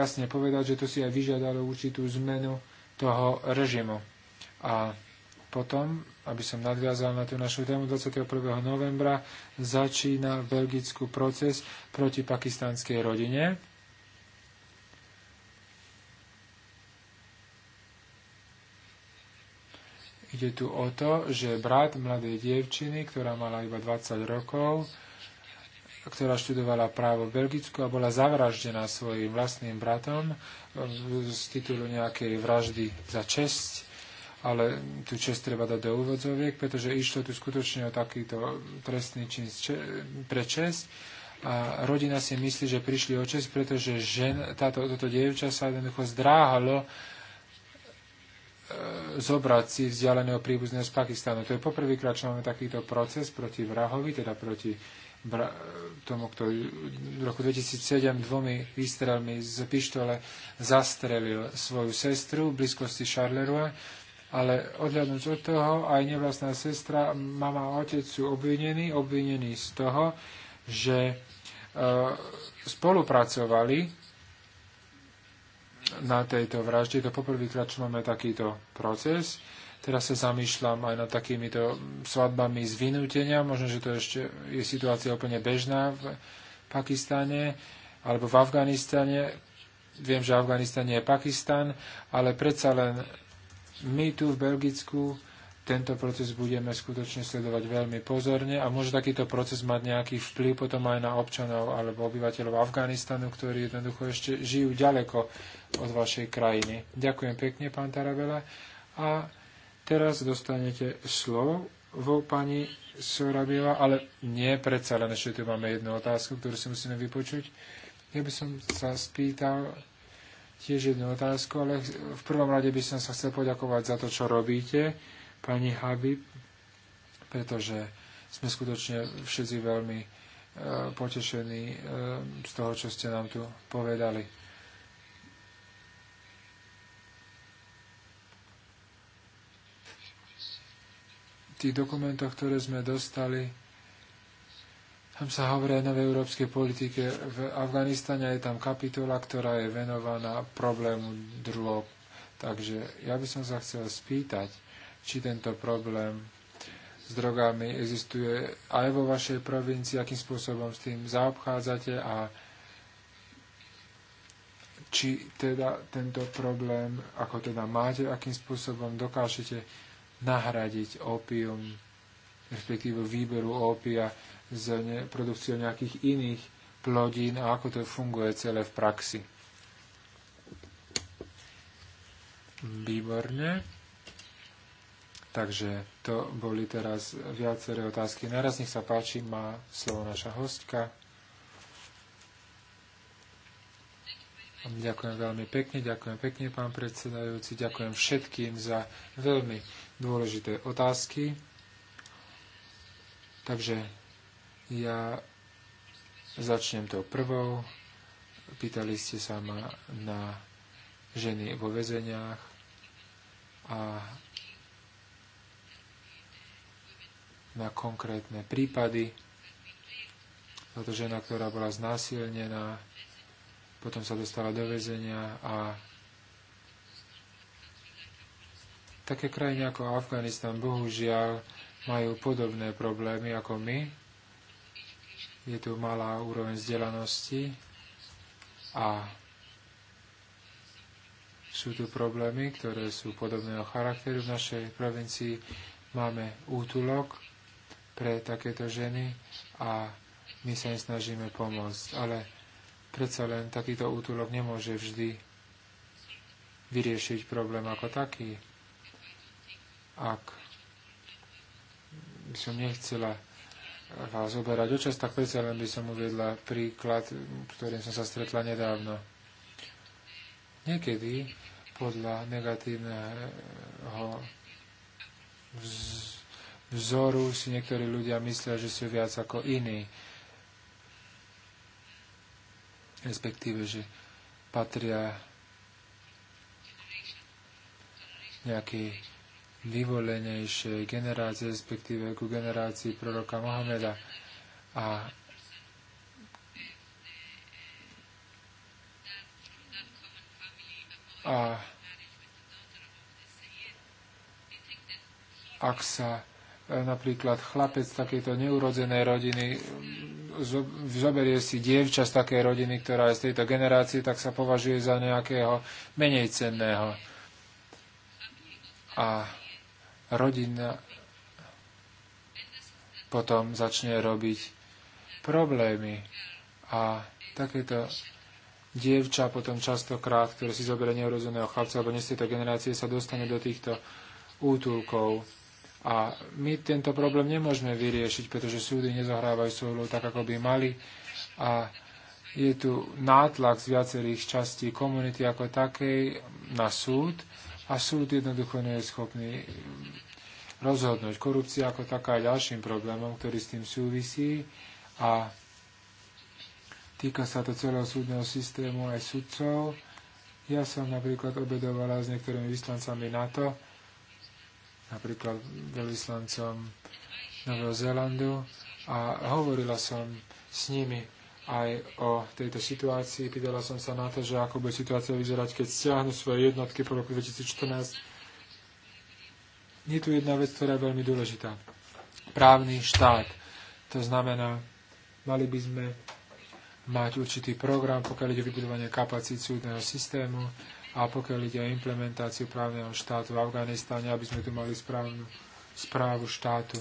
jasne povedať, že to si aj vyžiadalo určitú zmenu toho režimu. A potom, aby som nadviazal na tú našu tému, 21. novembra začína belgický proces proti pakistanskej rodine. Ide tu o to, že brat mladej dievčiny, ktorá mala iba 20 rokov, ktorá študovala právo v Belgicku a bola zavraždená svojim vlastným bratom eh, z titulu nejakej vraždy za česť, ale tu čest treba dať do úvodzoviek, pretože išlo tu skutočne o takýto trestný čin pre česť. A rodina si myslí, že prišli o česť, pretože žen, táto, toto dievča sa jednoducho zdráhalo E, zobrať si vzdialeného príbuzného z Pakistanu. To je poprvýkrát, čo máme takýto proces proti vrahovi, teda proti e, tomu, kto v roku 2007 dvomi výstrelmi z pištole zastrelil svoju sestru v blízkosti Charleroi, ale odhľadnúť od toho, aj nevlastná sestra, mama a otec sú obvinení, obvinení z toho, že e, spolupracovali na tejto vražde. To poprvýkrát, čo máme takýto proces. Teraz sa zamýšľam aj nad takýmito svadbami z vynútenia. Možno, že to ešte je situácia úplne bežná v Pakistane alebo v Afganistane. Viem, že Afganistan je Pakistan, ale predsa len my tu v Belgicku tento proces budeme skutočne sledovať veľmi pozorne a môže takýto proces mať nejaký vplyv potom aj na občanov alebo obyvateľov Afganistanu, ktorí jednoducho ešte žijú ďaleko od vašej krajiny. Ďakujem pekne, pán Tarabela. A teraz dostanete slovo vo pani Sorabila, ale nie, predsa len ešte tu máme jednu otázku, ktorú si musíme vypočuť. Ja by som sa spýtal, tiež jednu otázku, ale v prvom rade by som sa chcel poďakovať za to, čo robíte pani Habib, pretože sme skutočne všetci veľmi e, potešení e, z toho, čo ste nám tu povedali. V tých dokumentoch, ktoré sme dostali, tam sa hovorí o novej európskej politike. V Afganistane je tam kapitola, ktorá je venovaná problému drog. Takže ja by som sa chcel spýtať, či tento problém s drogami existuje aj vo vašej provincii, akým spôsobom s tým zaobchádzate a či teda tento problém, ako teda máte, akým spôsobom dokážete nahradiť opium, respektíve výberu opia z produkciou nejakých iných plodín a ako to funguje celé v praxi. Výborne. Takže to boli teraz viaceré otázky. Naraz nech sa páči, má slovo naša hostka. Ďakujem veľmi pekne, ďakujem pekne, pán predsedajúci, ďakujem všetkým za veľmi dôležité otázky. Takže ja začnem tou prvou. Pýtali ste sa ma na ženy vo väzeniach a na konkrétne prípady. Táto žena, ktorá bola znásilnená, potom sa dostala do väzenia a také krajiny ako Afganistan bohužiaľ majú podobné problémy ako my. Je tu malá úroveň vzdelanosti a sú tu problémy, ktoré sú podobného charakteru. V našej provincii máme útulok, pre takéto ženy a my sa im snažíme pomôcť. Ale predsa len takýto útulok nemôže vždy vyriešiť problém ako taký. Ak by som nechcela vás oberať očas, tak predsa len by som uvedla príklad, ktorým som sa stretla nedávno. Niekedy podľa negatívneho vz vzoru si niektorí ľudia myslia, že sú viac ako iní. Respektíve, že patria nejaké vyvolenejšie generácie, respektíve ku generácii proroka Mohameda. A a ak sa napríklad chlapec takejto neurodzenej rodiny zoberie si dievča z takej rodiny, ktorá je z tejto generácie, tak sa považuje za nejakého menej cenného. A rodina potom začne robiť problémy. A takéto dievča potom častokrát, ktoré si zoberie neurozeného chlapca alebo nie z tejto generácie, sa dostane do týchto útulkov. A my tento problém nemôžeme vyriešiť, pretože súdy nezohrávajú svoju úlohu tak, ako by mali. A je tu nátlak z viacerých častí komunity ako takej na súd a súd jednoducho nie je schopný rozhodnúť. Korupcia ako taká je ďalším problémom, ktorý s tým súvisí a týka sa to celého súdneho systému aj sudcov. Ja som napríklad obedovala s niektorými vyslancami NATO napríklad veľvyslancom Nového Zélandu a hovorila som s nimi aj o tejto situácii. Pýtala som sa na to, že ako bude situácia vyzerať, keď stiahnu svoje jednotky po roku 2014. Je tu jedna vec, ktorá je veľmi dôležitá. Právny štát. To znamená, mali by sme mať určitý program, pokiaľ ide vybudovanie kapacít súdneho systému a pokiaľ ide o implementáciu právneho štátu v Afganistáne, aby sme tu mali správnu správu štátu.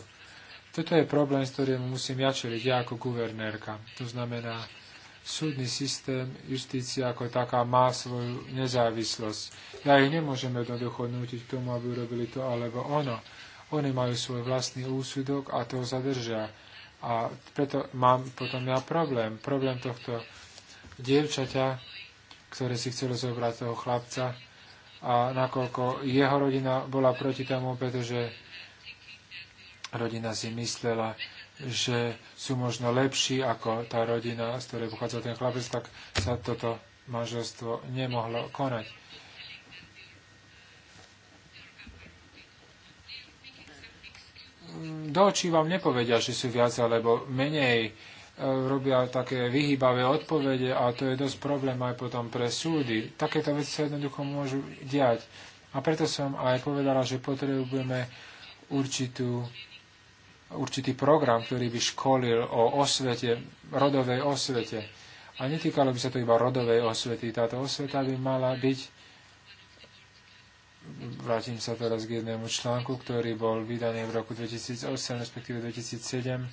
Toto je problém, s ktorým musím ja čeliť, ja ako guvernérka. To znamená, súdny systém, justícia ako taká má svoju nezávislosť. Ja ich nemôžem jednoducho nútiť k tomu, aby urobili to alebo ono. Oni majú svoj vlastný úsudok a toho zadržia. A preto mám potom ja problém. Problém tohto dievčaťa, ktoré si chcelo zobrať toho chlapca a nakoľko jeho rodina bola proti tomu, pretože rodina si myslela, že sú možno lepší ako tá rodina, z ktorej pochádza ten chlapec, tak sa toto manželstvo nemohlo konať. Do očí vám nepovedia, že sú viac alebo menej robia také vyhýbavé odpovede a to je dosť problém aj potom pre súdy. Takéto veci sa jednoducho môžu diať. A preto som aj povedala, že potrebujeme určitú, určitý program, ktorý by školil o osvete, rodovej osvete. A netýkalo by sa to iba rodovej osvety. Táto osveta by mala byť vrátim sa teraz k jednému článku, ktorý bol vydaný v roku 2008, respektíve 2007,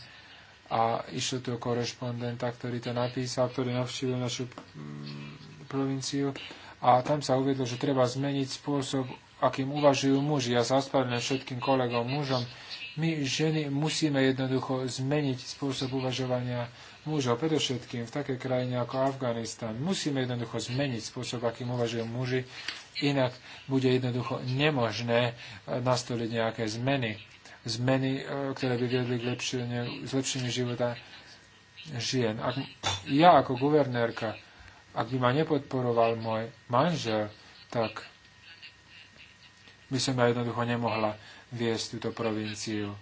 a išiel tu korešpondenta, ktorý to napísal, ktorý navštívil našu mm, provinciu a tam sa uvedlo, že treba zmeniť spôsob, akým uvažujú muži. Ja sa ospravedlňujem všetkým kolegom mužom. My, ženy, musíme jednoducho zmeniť spôsob uvažovania mužov, predovšetkým v takej krajine ako Afganistan. Musíme jednoducho zmeniť spôsob, akým uvažujú muži, inak bude jednoducho nemožné eh, nastoliť nejaké zmeny zmeny, e, ktoré by viedli k zlepšeniu života žien. Ak, ja ako guvernérka, ak by ma nepodporoval môj manžel, tak by som ja jednoducho nemohla viesť túto provinciu.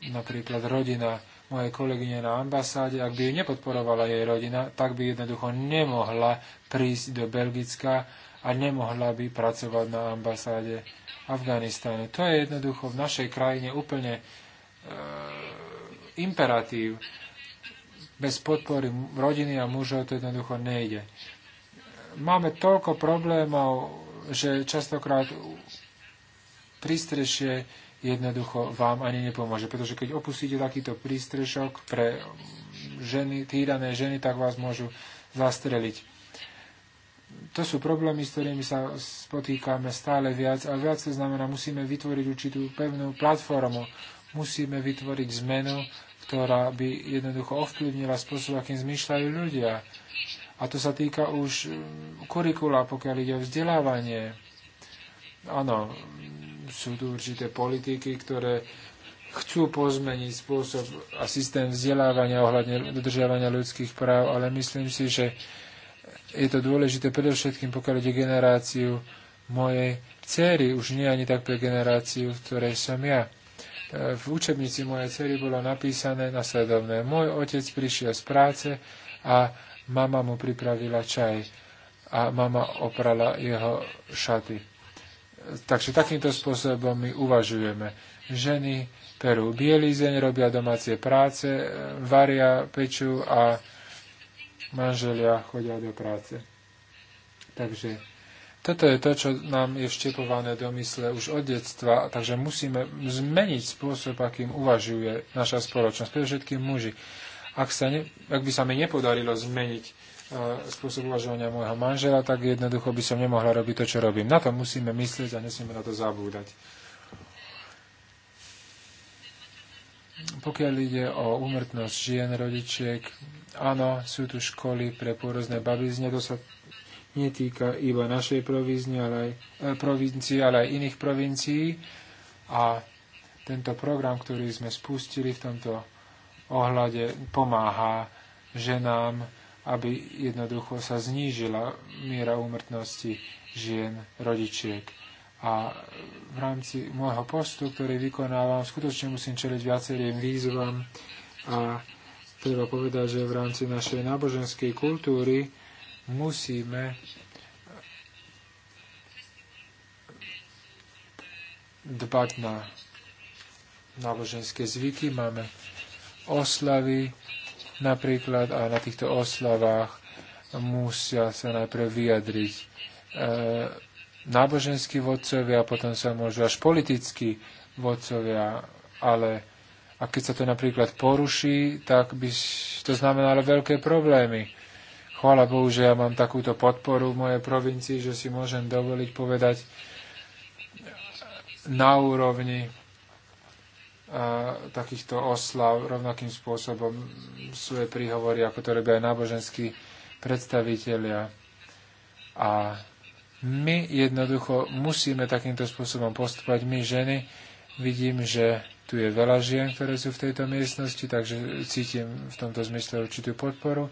Napríklad rodina mojej kolegyne na ambasáde, ak by ju nepodporovala jej rodina, tak by jednoducho nemohla prísť do Belgická a nemohla by pracovať na ambasáde Afganistánu. To je jednoducho v našej krajine úplne e, imperatív. Bez podpory rodiny a mužov to jednoducho nejde. Máme toľko problémov, že častokrát prístrešie jednoducho vám ani nepomôže. Pretože keď opustíte takýto prístrešok pre ženy, týrané ženy, tak vás môžu zastreliť to sú problémy, s ktorými sa spotýkame stále viac a viac to znamená, musíme vytvoriť určitú pevnú platformu, musíme vytvoriť zmenu, ktorá by jednoducho ovplyvnila spôsob, akým zmýšľajú ľudia. A to sa týka už mm, kurikula, pokiaľ ide o vzdelávanie. Áno, sú tu určité politiky, ktoré chcú pozmeniť spôsob a systém vzdelávania ohľadne dodržiavania ľudských práv, ale myslím si, že je to dôležité predovšetkým, pokiaľ ide generáciu mojej cery už nie ani tak pre generáciu, v ktorej som ja. V učebnici mojej cery bolo napísané nasledovné. Môj otec prišiel z práce a mama mu pripravila čaj a mama oprala jeho šaty. Takže takýmto spôsobom my uvažujeme. Ženy perú bielizeň, robia domácie práce, varia, pečú a manželia chodia do práce. Takže toto je to, čo nám je vštepované do mysle už od detstva, takže musíme zmeniť spôsob, akým uvažuje naša spoločnosť, predovšetkým muži. Ak, sa ne, ak by sa mi nepodarilo zmeniť uh, spôsob uvažovania môjho manžela, tak jednoducho by som nemohla robiť to, čo robím. Na to musíme myslieť a nesmieme na to zabúdať. Pokiaľ ide o úmrtnosť žien, rodičiek, Áno, sú tu školy pre pôrozné babizne, to sa netýka iba našej provízni, ale aj, eh, provincii, ale aj iných provincií. A tento program, ktorý sme spustili v tomto ohľade, pomáha ženám, aby jednoducho sa znížila miera úmrtnosti žien, rodičiek. A v rámci môjho postu, ktorý vykonávam, skutočne musím čeliť viacerým výzvam a treba povedať, že v rámci našej náboženskej kultúry musíme eh, dbať na náboženské zvyky. Máme oslavy napríklad a na týchto oslavách musia sa najprv vyjadriť e, náboženskí vodcovia, potom sa môžu až politickí vodcovia, ale a keď sa to napríklad poruší, tak by to znamenalo veľké problémy. Chvála Bohu, že ja mám takúto podporu v mojej provincii, že si môžem dovoliť povedať na úrovni takýchto oslav rovnakým spôsobom svoje príhovory, ako to robia aj náboženskí predstavitelia. A my jednoducho musíme takýmto spôsobom postupovať. My ženy vidím, že tu je veľa žien, ktoré sú v tejto miestnosti, takže cítim v tomto zmysle určitú podporu.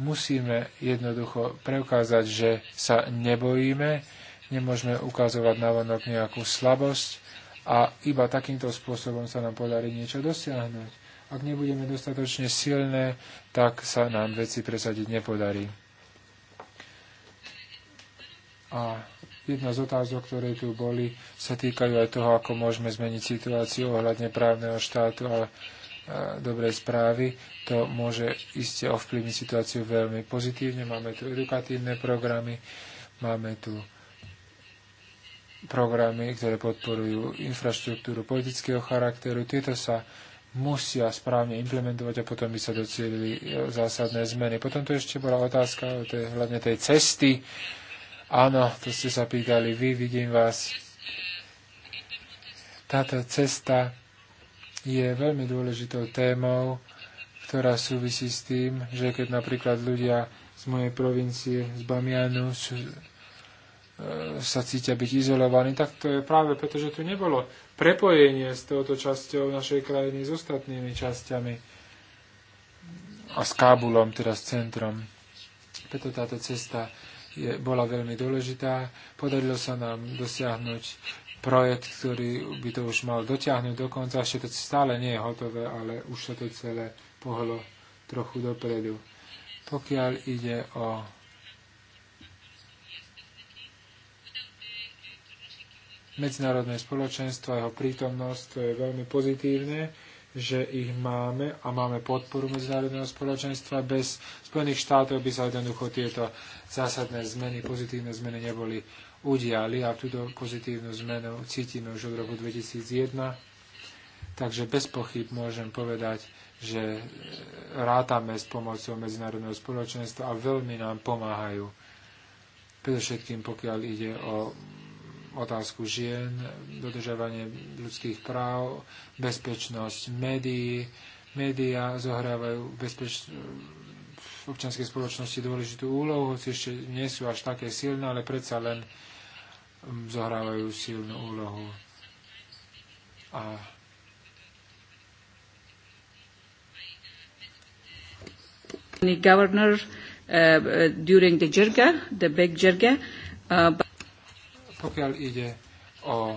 Musíme jednoducho preukázať, že sa nebojíme, nemôžeme ukazovať na vonok nejakú slabosť a iba takýmto spôsobom sa nám podarí niečo dosiahnuť. Ak nebudeme dostatočne silné, tak sa nám veci presadiť nepodarí. A Jedna z otázok, ktoré tu boli, sa týkajú aj toho, ako môžeme zmeniť situáciu ohľadne právneho štátu a dobrej správy. To môže iste ovplyvniť situáciu veľmi pozitívne. Máme tu edukatívne programy, máme tu programy, ktoré podporujú infraštruktúru politického charakteru. Tieto sa musia správne implementovať a potom by sa docielili e, zásadné zmeny. Potom tu ešte bola otázka o tej, hľadne tej cesty, Áno, to ste sa pýtali vy, vidím vás. Táto cesta je veľmi dôležitou témou, ktorá súvisí s tým, že keď napríklad ľudia z mojej provincie, z Bamianu, sú, e, sa cítia byť izolovaní, tak to je práve preto, že tu nebolo prepojenie s touto časťou našej krajiny s ostatnými časťami a s Kábulom, teda s centrom. Preto táto cesta je, bola veľmi dôležitá. Podarilo sa nám dosiahnuť projekt, ktorý by to už mal dotiahnuť do konca. Ešte to stále nie je hotové, ale už sa to celé pohlo trochu dopredu. Pokiaľ ide o medzinárodné spoločenstvo, jeho prítomnosť, to je veľmi pozitívne že ich máme a máme podporu medzinárodného spoločenstva. Bez Spojených štátov by sa jednoducho tieto zásadné zmeny, pozitívne zmeny neboli udiali a túto pozitívnu zmenu cítime už od roku 2001. Takže bez pochyb môžem povedať, že rátame s pomocou medzinárodného spoločenstva a veľmi nám pomáhajú. Predovšetkým pokiaľ ide o otázku žien, dodržovanie ľudských práv, bezpečnosť médií. Média zohrávajú bezpeč... v občianskej spoločnosti dôležitú úlohu, hoci ešte nie sú až také silné, ale predsa len mm, zohrávajú silnú úlohu. A governor uh, during the jirga, the big jirga, uh, pokiaľ ide o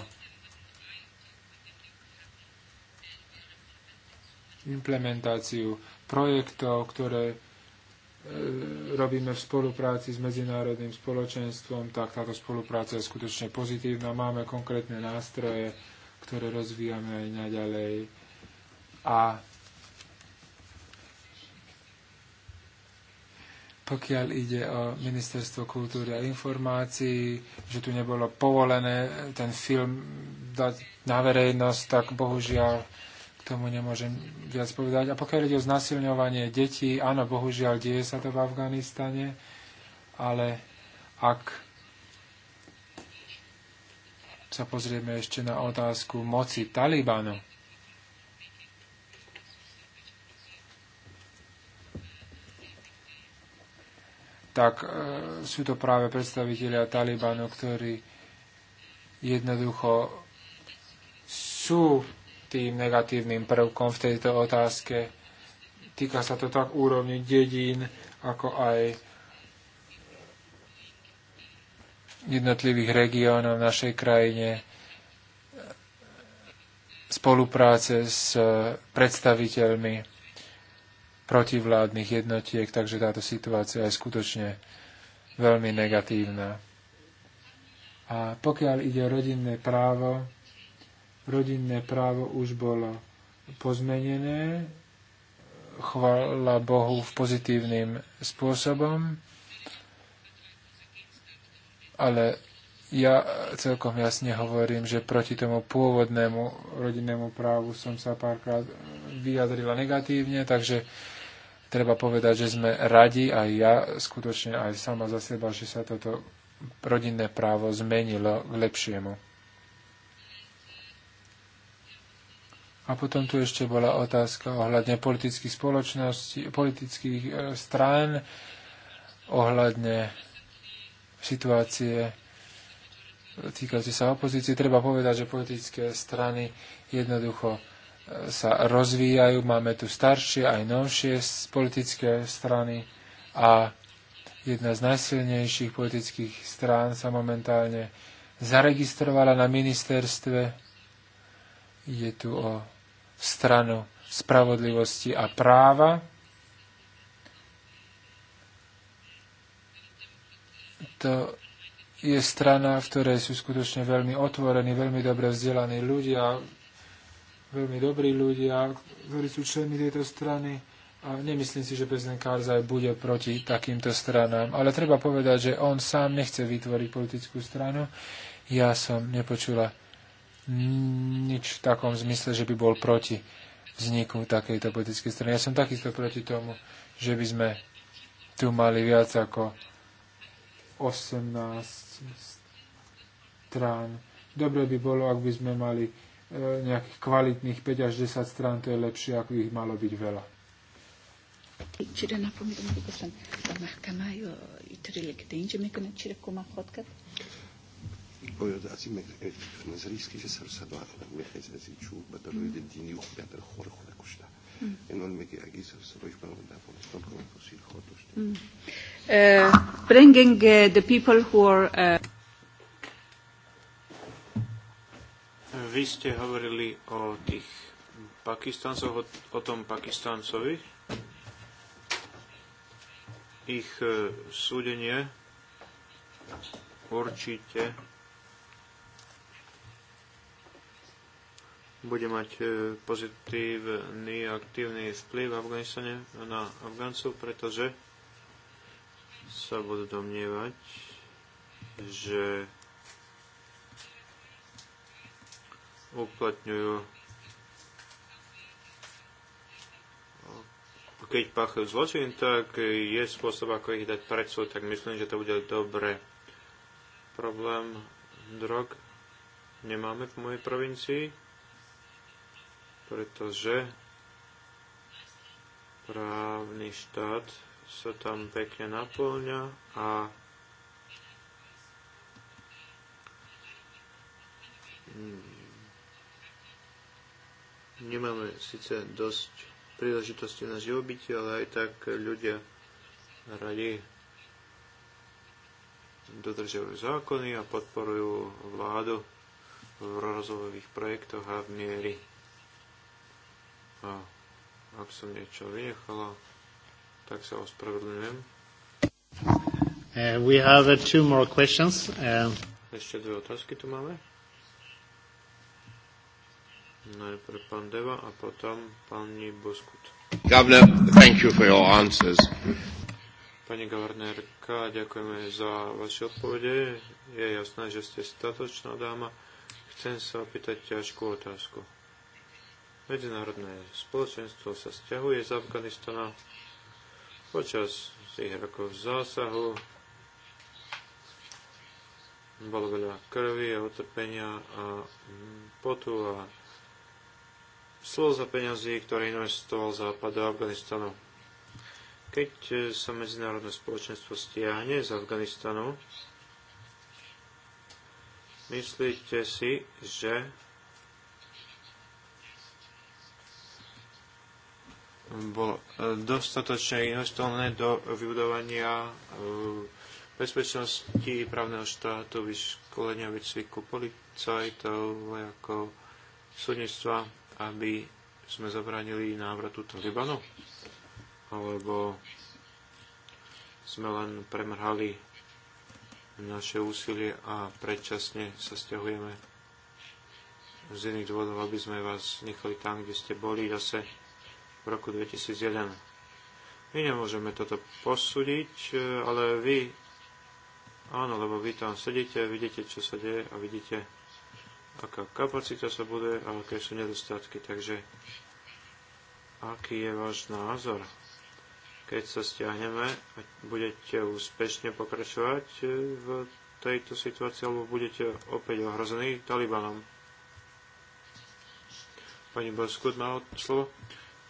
implementáciu projektov, ktoré e, robíme v spolupráci s medzinárodným spoločenstvom, tak táto spolupráca je skutočne pozitívna. Máme konkrétne nástroje, ktoré rozvíjame aj naďalej. A pokiaľ ide o Ministerstvo kultúry a informácií, že tu nebolo povolené ten film dať na verejnosť, tak bohužiaľ k tomu nemôžem viac povedať. A pokiaľ ide o znasilňovanie detí, áno, bohužiaľ deje sa to v Afganistane, ale ak sa pozrieme ešte na otázku moci Talibanu, tak e, sú to práve predstavitelia Talibanu, ktorí jednoducho sú tým negatívnym prvkom v tejto otázke. Týka sa to tak úrovni dedín, ako aj jednotlivých regiónov v našej krajine, spolupráce s predstaviteľmi protivládnych jednotiek, takže táto situácia je skutočne veľmi negatívna. A pokiaľ ide o rodinné právo, rodinné právo už bolo pozmenené, chvála Bohu v pozitívnym spôsobom, ale ja celkom jasne hovorím, že proti tomu pôvodnému rodinnému právu som sa párkrát vyjadrila negatívne, takže treba povedať, že sme radi, aj ja skutočne aj sama za seba, že sa toto rodinné právo zmenilo k lepšiemu. A potom tu ešte bola otázka ohľadne politických spoločností, politických e, strán, ohľadne situácie e, týkajúce sa opozície. Treba povedať, že politické strany jednoducho sa rozvíjajú. Máme tu staršie aj novšie politické strany a jedna z najsilnejších politických strán sa momentálne zaregistrovala na ministerstve. Je tu o stranu spravodlivosti a práva. To je strana, v ktorej sú skutočne veľmi otvorení, veľmi dobre vzdelaní ľudia, veľmi dobrí ľudia, ktorí sú členmi tejto strany a nemyslím si, že prezident Karzaj bude proti takýmto stranám. Ale treba povedať, že on sám nechce vytvoriť politickú stranu. Ja som nepočula nič v takom zmysle, že by bol proti vzniku takejto politickej strany. Ja som takisto proti tomu, že by sme tu mali viac ako 18 strán. Dobre by bolo, ak by sme mali nejakých kvalitných 5 až 10 strán, to je lepšie, ako ich malo byť veľa. باید از این از ریسکی که سر صدا میخیز از این چوب به دلایل دینی و به خور خود کشتن اینان میگه اگه سر صدایش برای در افغانستان کنم فسیل خواهد داشته Bringing uh, the people who are uh... Vy ste hovorili o tých Pakistáncov, o, o tom Pakistáncovi, ich e, súdenie určite bude mať e, pozitívny aktívny vplyv v Afganistane na Afgáncov, pretože sa budú domnievať, že uplatňujú, keď páchajú zločin, tak je spôsob, ako ich dať pred súd, tak myslím, že to bude dobre. Problém drog nemáme v mojej provincii, pretože právny štát sa tam pekne naplňa a nemáme síce dosť príležitosti na živobytie, ale aj tak ľudia radi dodržiavajú zákony a podporujú vládu v rozvojových projektoch a v miery. A ak som niečo vynechala, tak sa ospravedlňujem. Uh, we have uh, two more questions. Uh... Ešte dve otázky tu máme. Najprv pán Deva a potom pani Boskut. Governor, thank you for your answers. Pani governorka, ďakujeme za vaše odpovede. Je jasné, že ste statočná dáma. Chcem sa opýtať ťažkú otázku. Medzinárodné spoločenstvo sa stiahuje z Afganistana počas tých rokov zásahu. Bolo veľa krvi a utrpenia a potu a slovo za peniazy, ktoré investoval Západ do Afganistanu. Keď e, sa medzinárodné spoločenstvo stiahne z Afganistanu, myslíte si, že bolo e, dostatočne investované do vybudovania e, bezpečnosti právneho štátu, vyškolenia výcviku policajtov, vojakov, súdnictva aby sme zabránili návratu Talibanu? Alebo sme len premrhali naše úsilie a predčasne sa stiahujeme z iných dôvodov, aby sme vás nechali tam, kde ste boli zase v roku 2001. My nemôžeme toto posúdiť, ale vy, áno, lebo vy tam sedíte, vidíte, čo sa deje a vidíte, aká kapacita sa bude a aké sú nedostatky. Takže aký je váš názor? Keď sa stiahneme, budete úspešne pokračovať e, v tejto situácii alebo budete opäť ohrození Talibanom? Pani Boskut má slovo.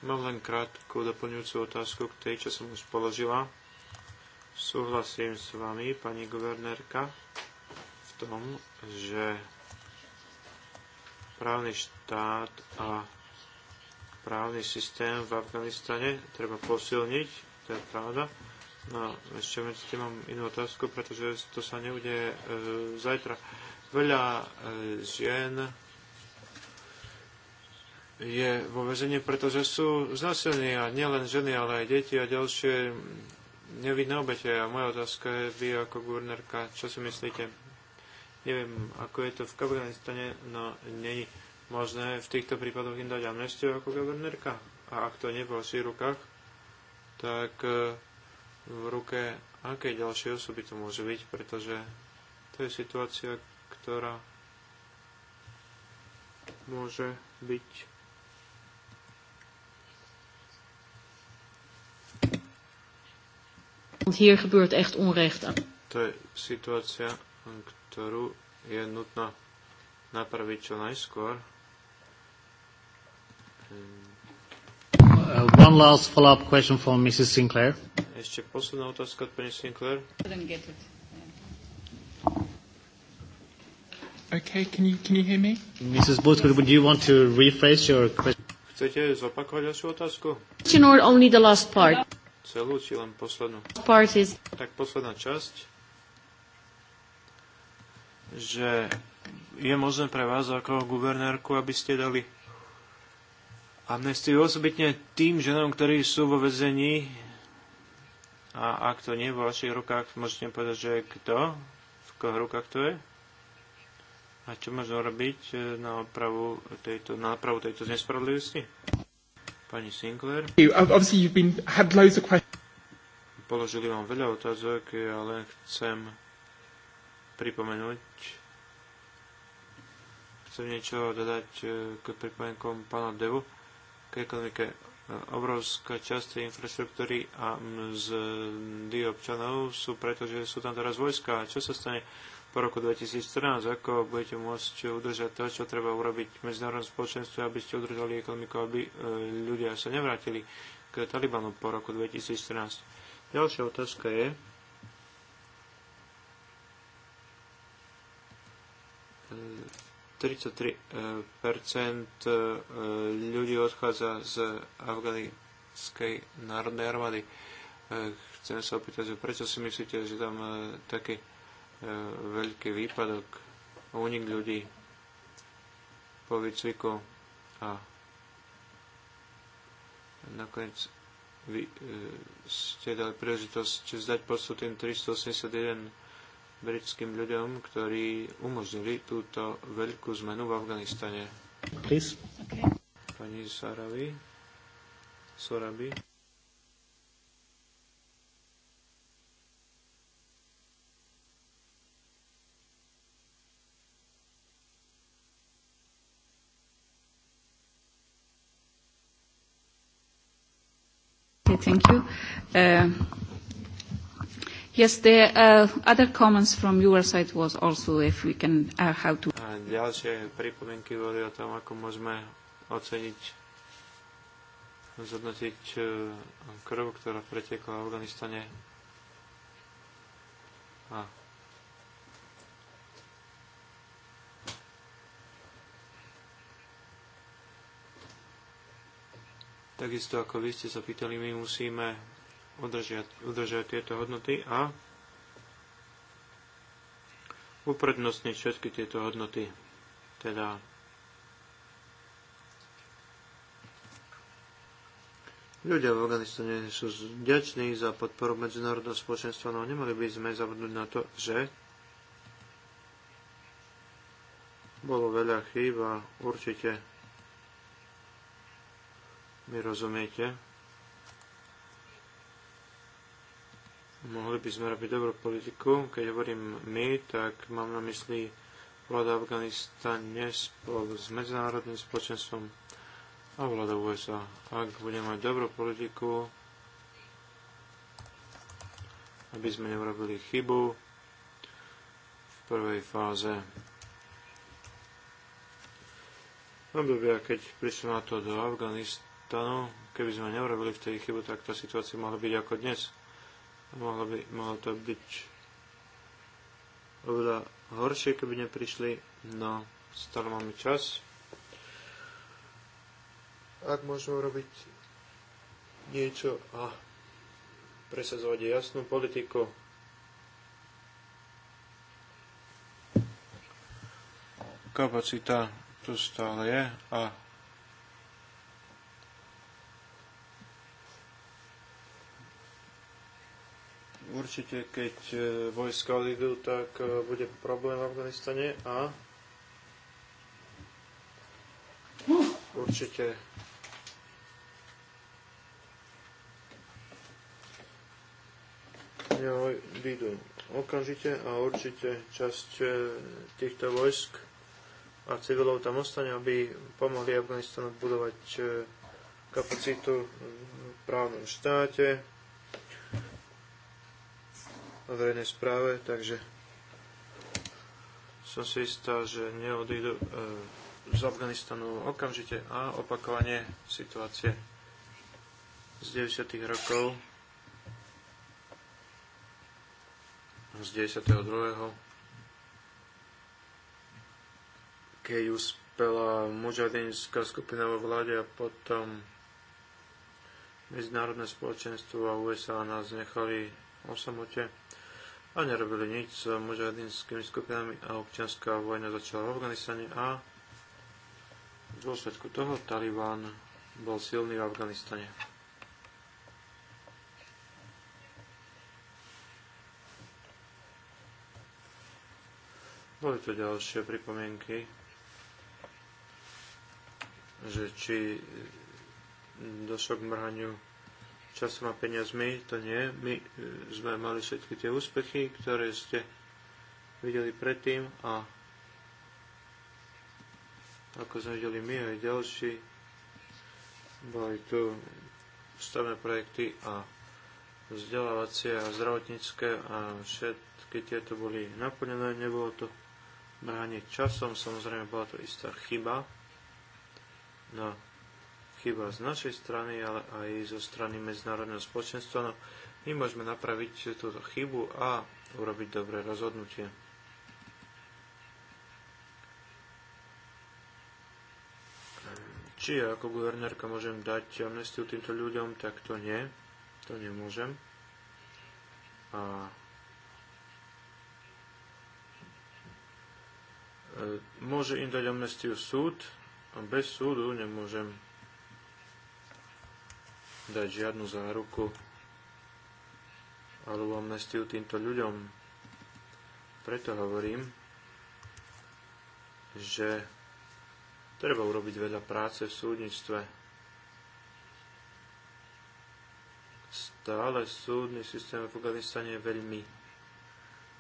Mám len krátku doplňujúcu otázku k tej, čo som už položila. Súhlasím s vami, pani guvernérka, v tom, že právny štát a právny systém v Afganistane treba posilniť, to je pravda. No, ešte medzi tým mám inú otázku, pretože to sa neudeje e, zajtra. Veľa e, žien je vo vezení, pretože sú znasilní a nielen ženy, ale aj deti a ďalšie nevidné obete. A moja otázka je, vy ako guvernérka, čo si myslíte? Neviem, ako je to v Afganistane, no není možné v týchto prípadoch im dať amnestiu ako guvernérka. A ak to nie v vašich rukách, tak e, v ruke aké ďalšie osoby to môže byť, pretože to je situácia, ktorá môže byť Want hier gebeurt echt onrecht. To je situatie ktorú je nutno napraviť čo najskôr. Uh, one last follow-up question from Mrs. Sinclair. Ešte posledná otázka od pani Sinclair. Okay, can you, can you hear me? Mrs. Booth, would you want to rephrase your question? Chcete zopakovať vašu otázku? Or only the last part? Celú či len poslednú? Part is... Tak posledná časť že je možné pre vás ako guvernérku, aby ste dali amnestiu osobitne tým ženom, ktorí sú vo vezení a ak to nie je vo vašich rukách, môžete povedať, že kto, v koho rukách to je a čo možno robiť e, na opravu tejto, na opravu tejto nespravodlivosti. Pani Sinclair. Položili vám veľa otázok, ale chcem pripomenúť. Chcem niečo dodať e, k pripomienkom pána Devu k ekonomike. E, obrovská časť tej infraštruktúry a z občanov sú preto, že sú tam teraz vojska. Čo sa stane po roku 2014? Ako budete môcť udržať to, čo treba urobiť v medzinárodnom spoločenstve, aby ste udržali ekonomiku, aby e, ľudia sa nevrátili k Talibanu po roku 2014? Ďalšia otázka je, 33% eh, ľudí odchádza z afganskej národnej armády. Eh, Chcem sa opýtať, prečo si myslíte, že tam eh, taký veľký výpadok, únik ľudí po výcviku a nakoniec vy ste dali príležitosť zdať postu tým 381 britským ľuďom, ktorí umožnili túto veľkú zmenu v Afganistane. Please. Okay. Pani Saravi. Sorabi. Okay, thank you. Uh, Yes, the uh, other comments from your side was also if we can uh, how to... ďalšie pripomienky boli o tom, ako môžeme oceniť, zhodnotiť uh, krv, ktorá pretekla v Afganistane. A Takisto ako vy ste sa pýtali, my musíme udržia, udržia tieto hodnoty a uprednostniť všetky tieto hodnoty. Teda Ľudia v Afganistane sú vďační za podporu medzinárodného spoločenstva, no nemali by sme zabudnúť na to, že bolo veľa chýb a určite mi rozumiete. mohli by sme robiť dobrú politiku. Keď hovorím my, tak mám na mysli vláda Afganistane spolu s medzinárodným spoločenstvom a vláda USA. Ak budeme mať dobrú politiku, aby sme neurobili chybu v prvej fáze obdobia, keď prišlo na to do Afganistanu, keby sme neurobili v tej chybu, tak tá situácia mohla byť ako dnes. Mohlo, by, mohlo to byť oveľa horšie, keby neprišli, no stále máme čas. Ak môžeme robiť niečo a presazovať jasnú politiku, kapacita tu stále je a Určite, keď e, vojska odídu, tak e, bude problém v Afganistane a určite výjdu okamžite a určite časť e, týchto vojsk a civilov tam ostane, aby pomohli Afganistanu budovať kapacitu v právnom štáte, verejnej správe, takže som si istá, že neodídu e, z Afganistanu okamžite a opakovanie situácie z 90. rokov z 92. keď uspela mužadinská skupina vo vláde a potom medzinárodné spoločenstvo a USA nás nechali o samote a nerobili nič s mužahedinskými skupinami a občianská vojna začala v Afganistane a v dôsledku toho Taliban bol silný v Afganistane. Boli tu ďalšie pripomienky, že či došlo k mrhaniu časom a peniazmi, to nie. My e, sme mali všetky tie úspechy, ktoré ste videli predtým a ako sme videli my aj ďalší, boli tu stavné projekty a vzdelávacie a zdravotnícke a všetky tieto boli naplnené, nebolo to branie časom, samozrejme bola to istá chyba no chyba z našej strany, ale aj zo strany medzinárodného spoločenstva. No, my môžeme napraviť túto chybu a urobiť dobré rozhodnutie. Či ja ako guvernérka môžem dať amnestiu týmto ľuďom, tak to nie. To nemôžem. A e, môže im dať amnestiu súd, a bez súdu nemôžem dať žiadnu záruku alebo amnestiu týmto ľuďom. Preto hovorím, že treba urobiť veľa práce v súdnictve. Stále súdny systém v Afganistane je veľmi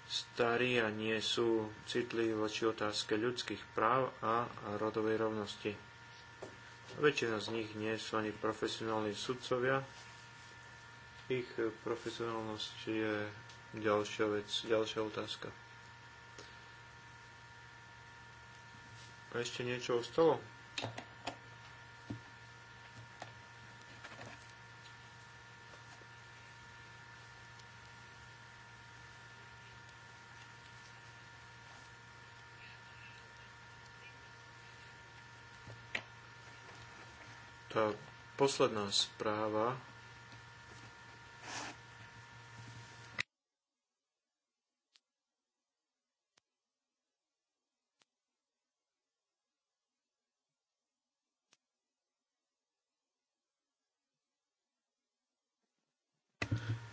starí a nie sú citliví voči otázke ľudských práv a rodovej rovnosti. Väčšina z nich nie sú ani profesionálni sudcovia. Ich profesionálnosť je ďalšia vec, ďalšia otázka. A ešte niečo ostalo? posledná správa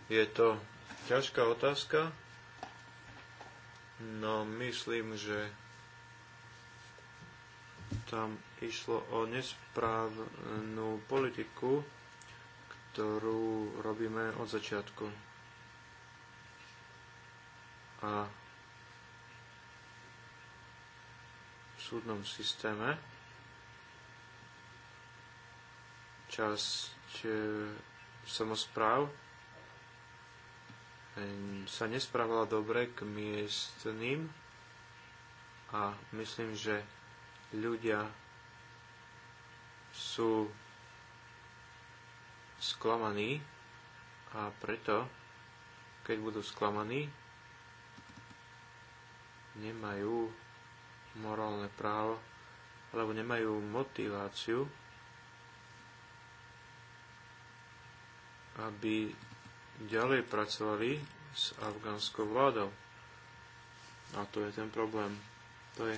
Je to ťažká otázka, no myslím, že tam išlo o nesprávnu politiku, ktorú robíme od začiatku. A v súdnom systéme časť e, samozpráv e, sa nesprávala dobre k miestným a myslím, že ľudia sú sklamaní a preto, keď budú sklamaní, nemajú morálne právo alebo nemajú motiváciu, aby ďalej pracovali s afgánskou vládou. A to je ten problém. To je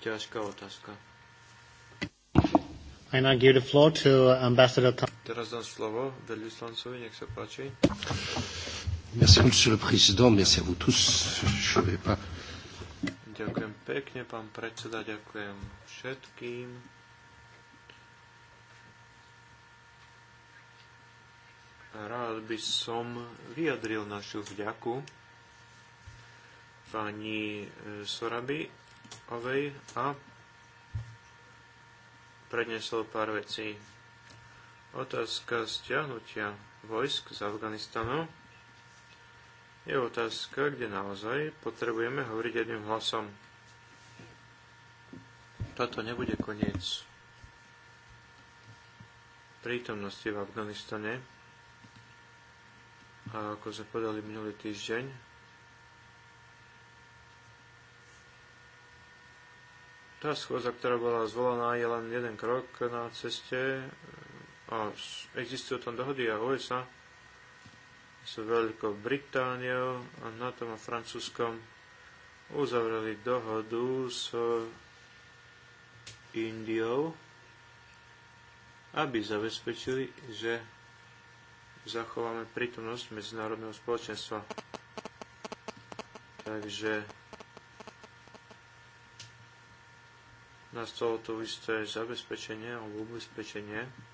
ťažká otázka. I now give the floor to uh, Ambassador Tom. Teraz dám slovo veľvyslancovi, nech sa páči. Merci, monsieur le président, merci à vous tous. Je vais pas... Ďakujem pekne, pán predseda, ďakujem všetkým. Rád by som vyjadril našu vďaku pani eh, Sorabi Ovej a predniesol pár vecí. Otázka stiahnutia vojsk z Afganistanu je otázka, kde naozaj potrebujeme hovoriť jedným hlasom. Toto nebude koniec prítomnosti v Afganistane. A ako sme podali minulý týždeň, Tá schôdza, ktorá bola zvolaná, je len jeden krok na ceste a existujú tam dohody a USA s Veľkou Britániou a tom a Francúzskom uzavreli dohodu s Indiou, aby zabezpečili, že zachováme prítomnosť medzinárodného spoločenstva. Takže na stôl to isté zabezpečenie alebo ubezpečenie.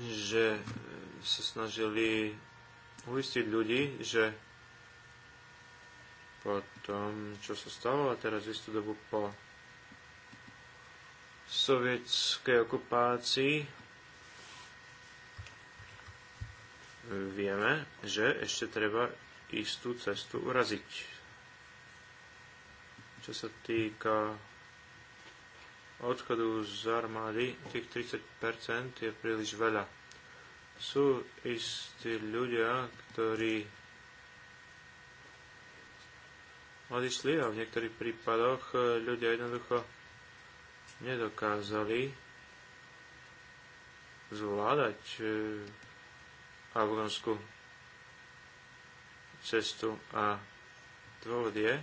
že e, sa snažili uistiť ľudí, že po tom, čo sa stalo a teraz istú dobu po sovietskej okupácii vieme, že ešte treba istú cestu uraziť. Čo sa týka odchodu z armády, tých 30% je príliš veľa. Sú istí ľudia, ktorí odišli a v niektorých prípadoch ľudia jednoducho nedokázali zvládať eh, Albánsku cestu a dôvod je,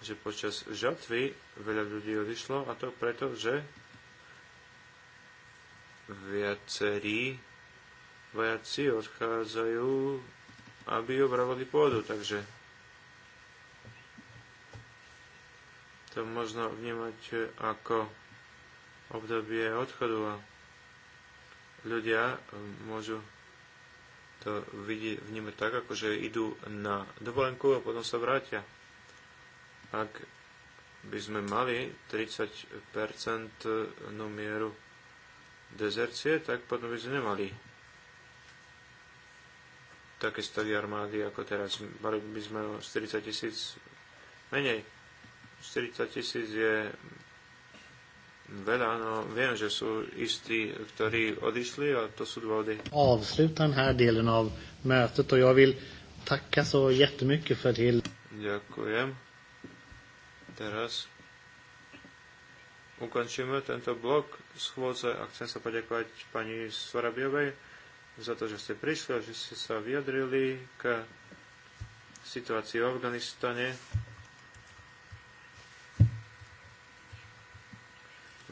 že počas žatvy veľa ľudí odišlo a to preto, že viacerí vojaci odchádzajú, aby obravali pôdu, takže to možno vnímať ako obdobie odchodu a ľudia um, môžu to v vnímať tak, ako že idú na dovolenku a potom sa vrátia. Ak by sme mali 30% no mieru dezercie, tak potom by sme nemali také stavy armády ako teraz. Mali by sme o 40 tisíc menej. 40 tisíc je veľa, no viem, že sú istí, ktorí odišli a to sú dôvody. Avsluta den här delen av mötet och jag vill tacka så jättemycket för till. Ďakujem. Teraz ukončíme tento blok schôdze a chcem sa poďakovať pani Svorabiovej za to, že ste prišli a že ste sa vyjadrili k situácii v Afganistane.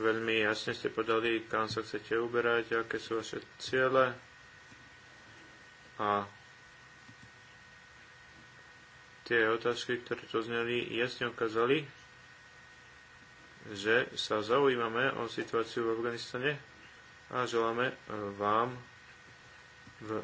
Veľmi jasne ste podali, kam sa chcete uberať, aké sú vaše ciele. A tie otázky, ktoré to zneli, jasne ukázali, že sa zaujímame o situáciu v Afganistane a želáme vám v e,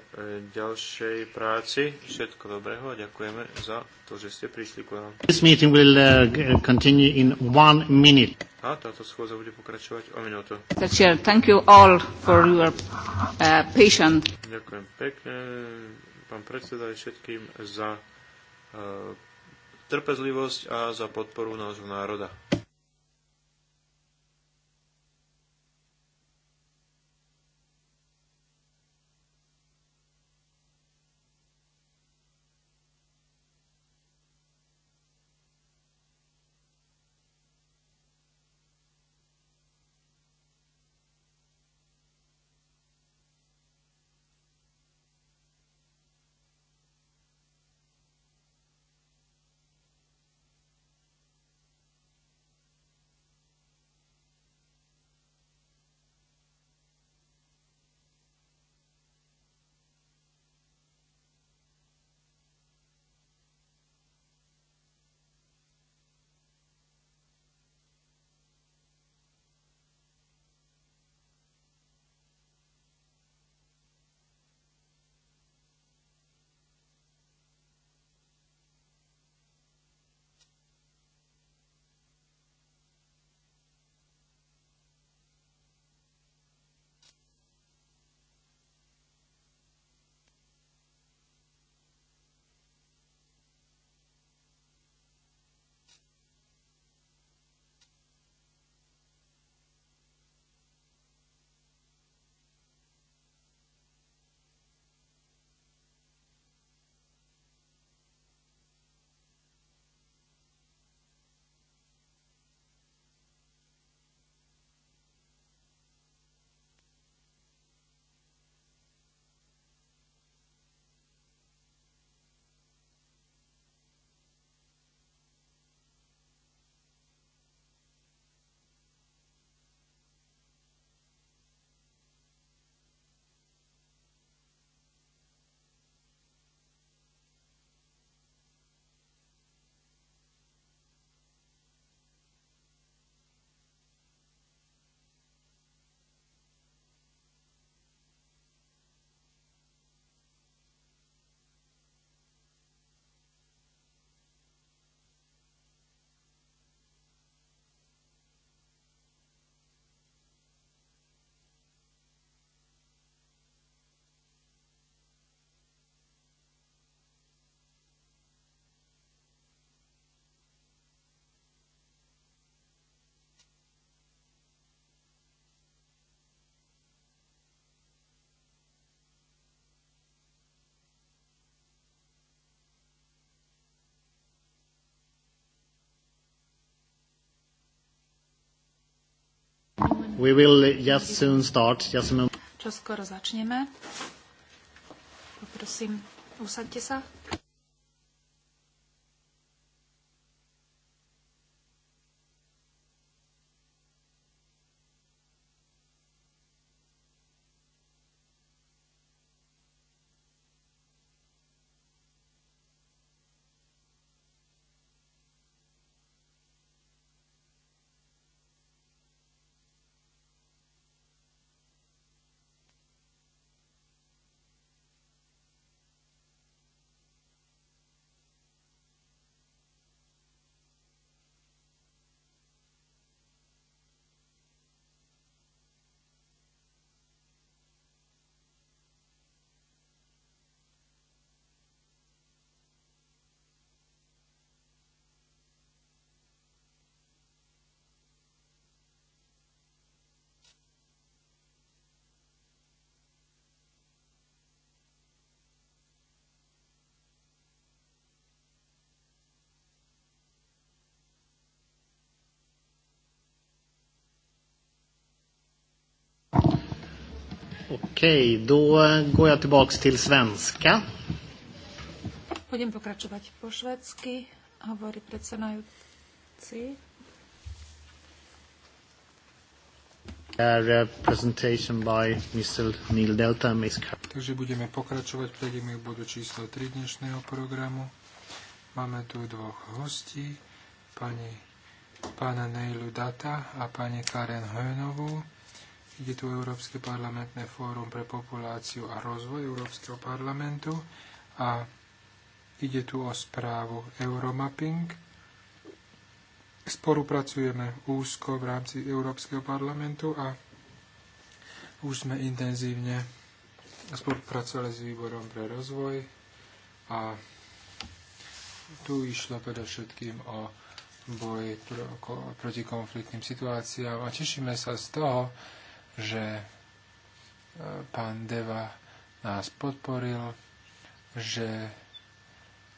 ďalšej práci. Všetko dobrého a ďakujeme za to, že ste prišli k nám. This meeting will uh, continue in one minute. A táto schôza bude pokračovať o minútu. Chair, thank you all for your uh, patience. Ďakujem pekne, pán predseda, aj všetkým za uh, trpezlivosť a za podporu nášho národa. We will just soon start. Just Čo skoro začneme. Poprosím, usaďte sa. Okej, okay, då går jag tillbaks till svenska. Budem pokračovať po švedsky, hovorí predsedajúci. Eh, presentation by Mr. Neil Delta and Takže budeme pokračovať, prejdeme k bodu číslo 3 dnešného programu. Máme tu dvoch hostí, pani pána Neilu Data a pani Karen Hojnovú Ide tu Európske parlamentné fórum pre populáciu a rozvoj Európskeho parlamentu a ide tu o správu Euromapping. Spolupracujeme úzko v rámci Európskeho parlamentu a už sme intenzívne spolupracovali s výborom pre rozvoj a tu išlo predovšetkým o boj proti konfliktným situáciám a tešíme sa z toho, že e, pán Deva nás podporil, že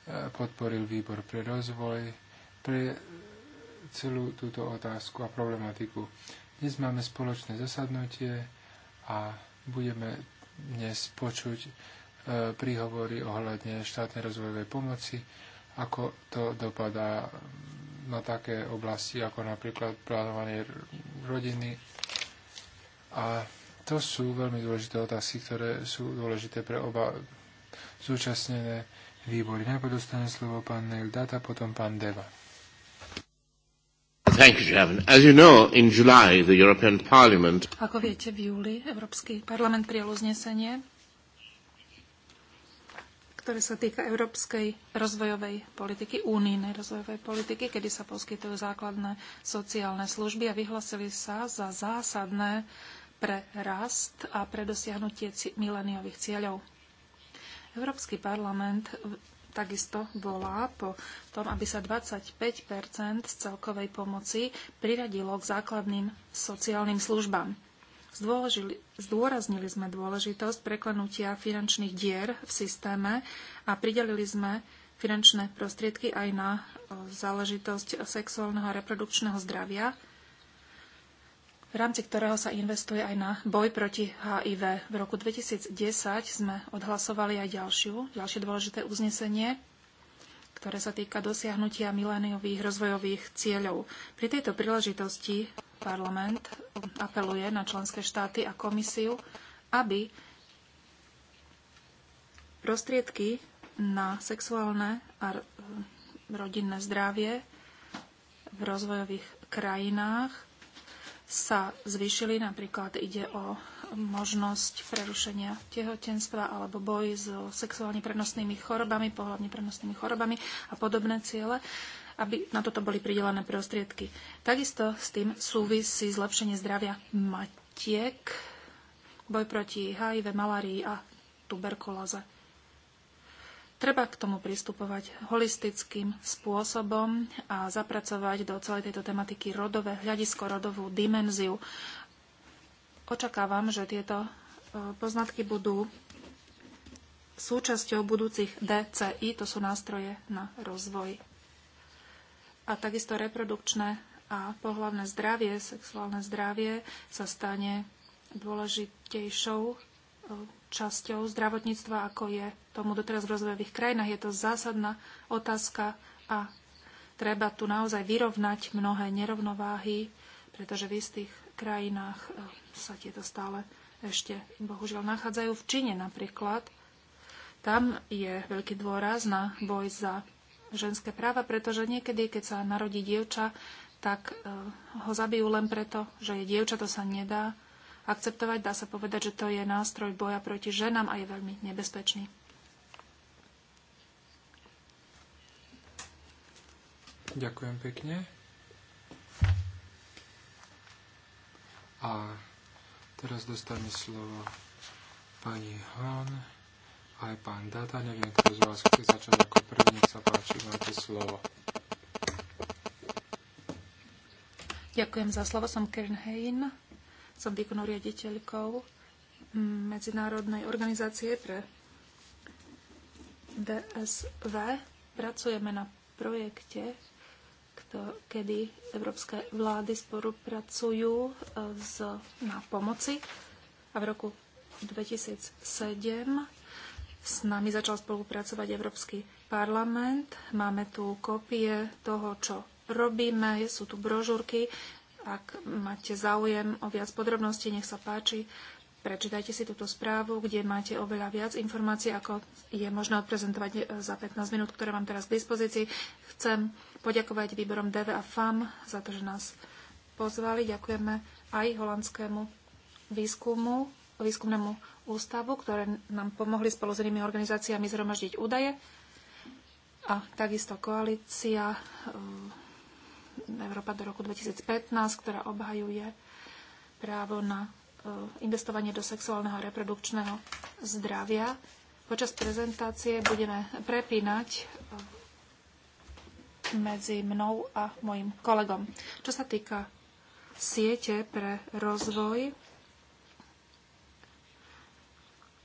e, podporil výbor pre rozvoj, pre celú túto otázku a problematiku. Dnes máme spoločné zasadnutie a budeme dnes počuť e, príhovory ohľadne štátnej rozvojovej pomoci, ako to dopadá na také oblasti ako napríklad plánovanie rodiny, a to sú veľmi dôležité otázky, ktoré sú dôležité pre oba zúčastnené výbory. Najprv dostane slovo pán Neil Data, potom pán Deva. Ako viete, v júli Európsky parlament prijal uznesenie, ktoré sa týka európskej rozvojovej politiky, únijnej rozvojovej politiky, kedy sa poskytujú základné sociálne služby a vyhlasili sa za zásadné pre rast a pre dosiahnutie mileniových cieľov. Európsky parlament takisto volá po tom, aby sa 25 z celkovej pomoci priradilo k základným sociálnym službám. Zdôraznili sme dôležitosť preklenutia finančných dier v systéme a pridelili sme finančné prostriedky aj na záležitosť sexuálneho a reprodukčného zdravia v rámci ktorého sa investuje aj na boj proti HIV. V roku 2010 sme odhlasovali aj ďalšiu, ďalšie dôležité uznesenie, ktoré sa týka dosiahnutia miléniových rozvojových cieľov. Pri tejto príležitosti parlament apeluje na členské štáty a komisiu, aby prostriedky na sexuálne a rodinné zdravie v rozvojových krajinách sa zvýšili. Napríklad ide o možnosť prerušenia tehotenstva alebo boj so sexuálne prenosnými chorobami, pohľadne prenosnými chorobami a podobné ciele aby na toto boli pridelené prostriedky. Takisto s tým súvisí zlepšenie zdravia matiek, boj proti HIV, malárii a tuberkulóze. Treba k tomu pristupovať holistickým spôsobom a zapracovať do celej tejto tematiky rodové hľadisko, rodovú dimenziu. Očakávam, že tieto e, poznatky budú súčasťou budúcich DCI, to sú nástroje na rozvoj. A takisto reprodukčné a pohlavné zdravie, sexuálne zdravie sa stane dôležitejšou časťou zdravotníctva, ako je tomu doteraz v rozvojových krajinách. Je to zásadná otázka a treba tu naozaj vyrovnať mnohé nerovnováhy, pretože v istých krajinách e, sa tieto stále ešte bohužiaľ nachádzajú. V Číne napríklad tam je veľký dôraz na boj za ženské práva, pretože niekedy, keď sa narodí dievča, tak e, ho zabijú len preto, že je dievča, to sa nedá akceptovať. Dá sa povedať, že to je nástroj boja proti ženám a je veľmi nebezpečný. Ďakujem pekne. A teraz dostane slovo pani Hon aj pán Data. Neviem, kto z vás chce začať ako prvý. Nech sa páči, máte slovo. Ďakujem za slovo, som Kern Hein som výkonnou riaditeľkou Medzinárodnej organizácie pre DSV. Pracujeme na projekte, kedy európske vlády spolupracujú z, eh, na pomoci a v roku 2007 s nami začal spolupracovať Európsky parlament. Máme tu kopie toho, čo robíme, sú tu brožúrky ak máte záujem o viac podrobností, nech sa páči. Prečítajte si túto správu, kde máte oveľa viac informácií, ako je možné odprezentovať e, za 15 minút, ktoré mám teraz k dispozícii. Chcem poďakovať výborom DV a FAM za to, že nás pozvali. Ďakujeme aj holandskému výskumu, výskumnému ústavu, ktoré nám pomohli spolu s inými organizáciami zhromaždiť údaje a takisto koalícia e, Európa do roku 2015, ktorá obhajuje právo na e, investovanie do sexuálneho a reprodukčného zdravia. Počas prezentácie budeme prepínať e, medzi mnou a mojim kolegom. Čo sa týka siete pre rozvoj,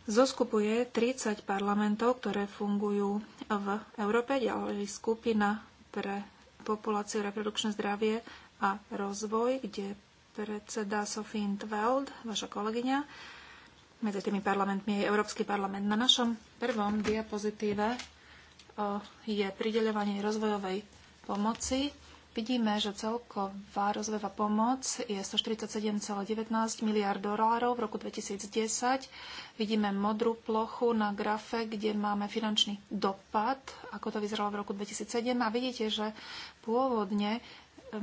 zoskupuje 30 parlamentov, ktoré fungujú v Európe, ďalej skupina pre populáciu, reprodukčné zdravie a rozvoj, kde predseda Sofín Tveld, vaša kolegyňa. Medzi tými parlamentmi je Európsky parlament. Na našom prvom diapozitíve eh, je prideľovanie rozvojovej pomoci Vidíme, že celková rozvojová pomoc je 147,19 miliard dolárov v roku 2010. Vidíme modrú plochu na grafe, kde máme finančný dopad, ako to vyzeralo v roku 2007. A vidíte, že pôvodne e,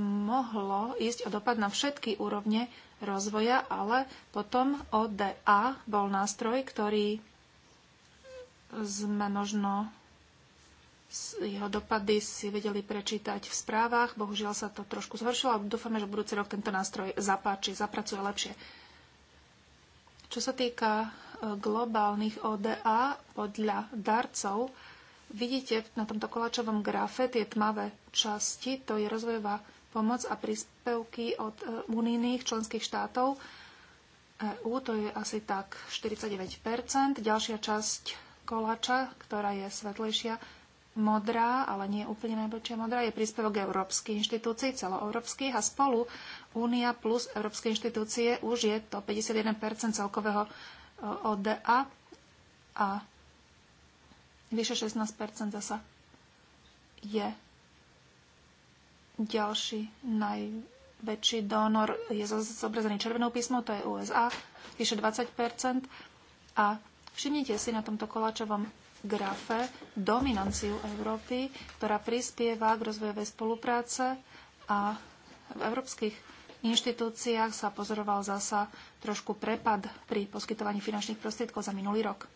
mohlo ísť o dopad na všetky úrovne rozvoja, ale potom ODA bol nástroj, ktorý sme možno jeho dopady si vedeli prečítať v správach. Bohužiaľ sa to trošku zhoršilo, ale dúfame, že budúci rok tento nástroj zapáči, zapracuje lepšie. Čo sa týka e, globálnych ODA podľa darcov, vidíte na tomto kolačovom grafe tie tmavé časti, to je rozvojová pomoc a príspevky od e, unijných členských štátov. EU to je asi tak 49%, ďalšia časť koláča, ktorá je svetlejšia, modrá, ale nie úplne najbližšia modrá, je príspevok európskych inštitúcií, celoeurópskych a spolu Únia plus európske inštitúcie už je to 51 celkového ODA a vyše 16 zasa je ďalší najväčší donor je zobrazený červenou písmou, to je USA, vyše 20 a všimnite si na tomto koláčovom grafe dominanciu Európy, ktorá prispieva k rozvojovej spolupráce a v európskych inštitúciách sa pozoroval zasa trošku prepad pri poskytovaní finančných prostriedkov za minulý rok.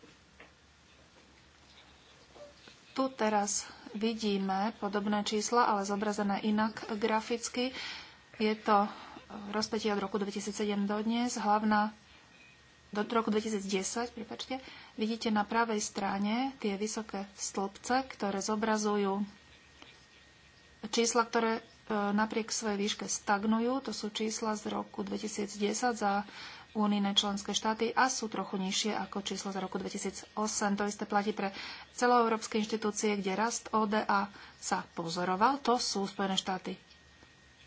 Tu teraz vidíme podobné čísla, ale zobrazené inak graficky. Je to rozpetie od roku 2007 do dnes. Hlavná do roku 2010, prepačte, vidíte na pravej strane tie vysoké stĺpce, ktoré zobrazujú čísla, ktoré e, napriek svojej výške stagnujú. To sú čísla z roku 2010 za únijné členské štáty a sú trochu nižšie ako číslo za roku 2008. To isté platí pre celoeurópske inštitúcie, kde rast ODA sa pozoroval. To sú Spojené štáty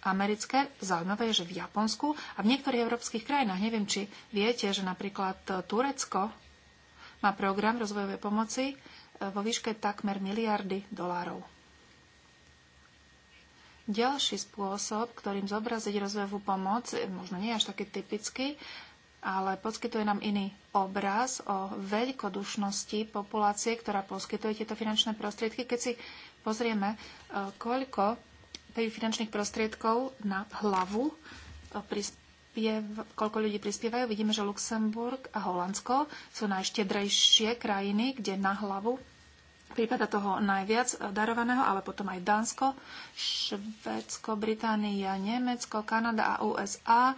americké. Zaujímavé je, že v Japonsku a v niektorých európskych krajinách, neviem, či viete, že napríklad eh, Turecko má program rozvojovej pomoci eh, vo výške takmer miliardy dolárov. Ďalší spôsob, ktorým zobraziť rozvojovú pomoc, eh, možno nie až taký typický, ale poskytuje nám iný obraz o veľkodušnosti populácie, ktorá poskytuje tieto finančné prostriedky. Keď si pozrieme, koľko finančných prostriedkov na hlavu, e, prispiev, koľko ľudí prispievajú. Vidíme, že Luxemburg a Holandsko sú najštedrejšie krajiny, kde na hlavu prípada toho najviac e, darovaného, ale potom aj Dánsko, Švédsko, Británia, Nemecko, Kanada a USA e,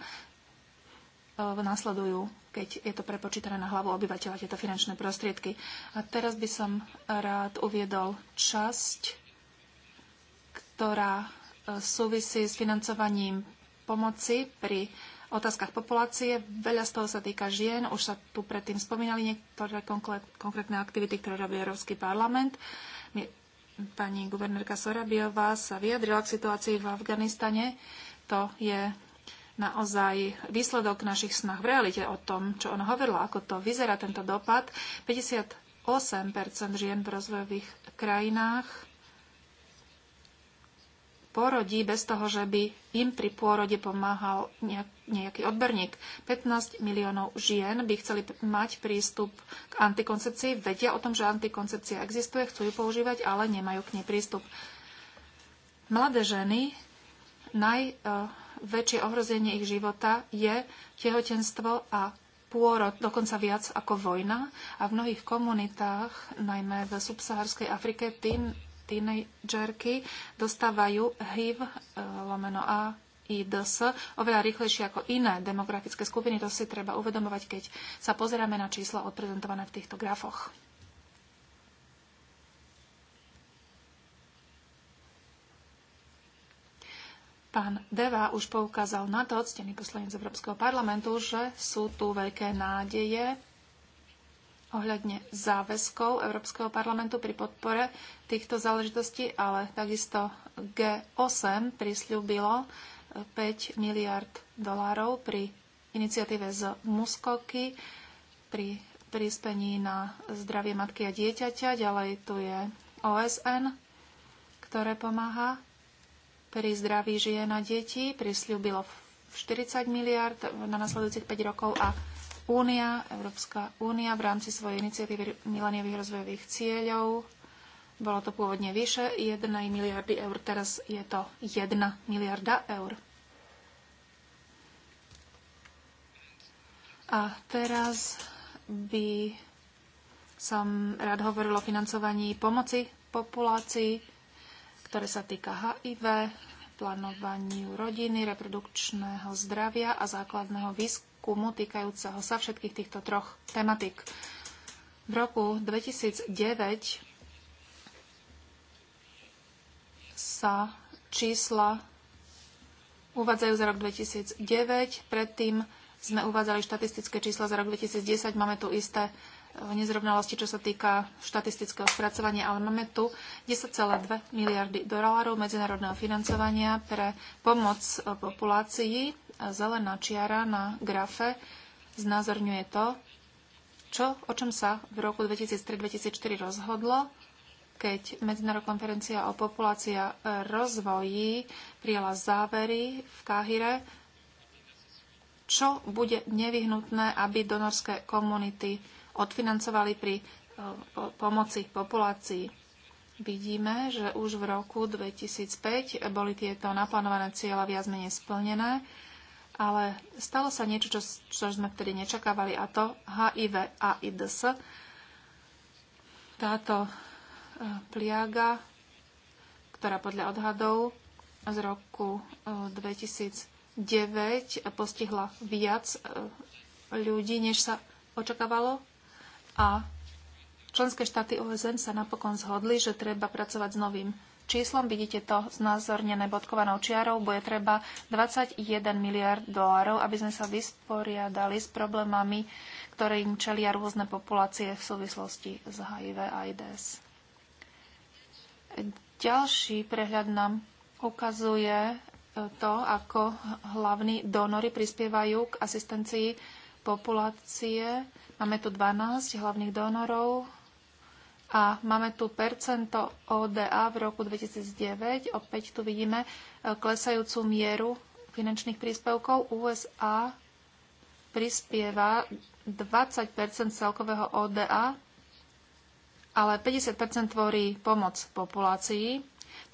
nasledujú, keď je to prepočítané na hlavu obyvateľa, tieto finančné prostriedky. A teraz by som rád uviedol časť, ktorá súvisí s financovaním pomoci pri otázkach populácie. Veľa z toho sa týka žien. Už sa tu predtým spomínali niektoré konkrétne aktivity, ktoré robí Európsky parlament. Pani guvernérka Sorabiová sa vyjadrila k situácii v Afganistane. To je naozaj výsledok našich snah v realite o tom, čo ona hovorila, ako to vyzerá tento dopad. 58% žien v rozvojových krajinách porodí bez toho, že by im pri pôrode pomáhal nejaký odborník. 15 miliónov žien by chceli mať prístup k antikoncepcii, vedia o tom, že antikoncepcia existuje, chcú ju používať, ale nemajú k nej prístup. Mladé ženy, najväčšie ohrozenie ich života je tehotenstvo a pôrod dokonca viac ako vojna a v mnohých komunitách, najmä v subsaharskej Afrike, tým tínejdžerky dostávajú HIV eh, lomeno A i DS oveľa rýchlejšie ako iné demografické skupiny. To si treba uvedomovať, keď sa pozeráme na čísla odprezentované v týchto grafoch. Pán Deva už poukázal na to, ctený poslanec Európskeho parlamentu, že sú tu veľké nádeje ohľadne záväzkov Európskeho parlamentu pri podpore týchto záležitostí, ale takisto G8 prisľúbilo 5 eh, miliard dolárov pri iniciatíve z Muskoky, pri príspení na zdravie matky a dieťaťa. Ďalej tu je OSN, ktoré pomáha pri zdraví žien a detí. Prisľúbilo 40 miliard na nasledujúcich 5 rokov a únia, Európska únia v rámci svojej iniciatívy mileniových rozvojových cieľov. Bolo to pôvodne vyše 1 miliardy eur, teraz je to 1 miliarda eur. A teraz by som rád hovoril o financovaní pomoci populácii, ktoré sa týka HIV, plánovaniu rodiny, reprodukčného zdravia a základného výskumu výskumu týkajúceho sa všetkých týchto troch tematik. V roku 2009 sa čísla uvádzajú za rok 2009. Predtým sme uvádzali štatistické čísla za rok 2010. Máme tu isté eh, nezrovnalosti, čo sa týka štatistického spracovania, ale máme tu 10,2 miliardy dolárov medzinárodného financovania pre pomoc eh, populácii zelená čiara na grafe znázorňuje to, čo, o čom sa v roku 2003-2004 rozhodlo, keď Medzinárodná konferencia o populácia rozvoji prijala závery v Káhire, čo bude nevyhnutné, aby donorské komunity odfinancovali pri e, pomoci populácii. Vidíme, že už v roku 2005 boli tieto naplánované cieľa viac menej splnené ale stalo sa niečo, čo, čo sme vtedy nečakávali, a to HIV a IDS. Táto e, pliaga, ktorá podľa odhadov z roku 2009 e, postihla viac e, ľudí, než sa očakávalo. A členské štáty OSN sa napokon zhodli, že treba pracovať s novým číslom, vidíte to znázornené bodkovanou čiarou, bude treba 21 miliard dolárov, aby sme sa vysporiadali s problémami, ktoré im čelia rôzne populácie v súvislosti s HIV a AIDS. Ďalší prehľad nám ukazuje e, to, ako hlavní donory prispievajú k asistencii populácie. Máme tu 12 hlavných donorov, a máme tu percento ODA v roku 2009. Opäť tu vidíme e, klesajúcu mieru finančných príspevkov. USA prispieva 20 celkového ODA, ale 50 tvorí pomoc populácii.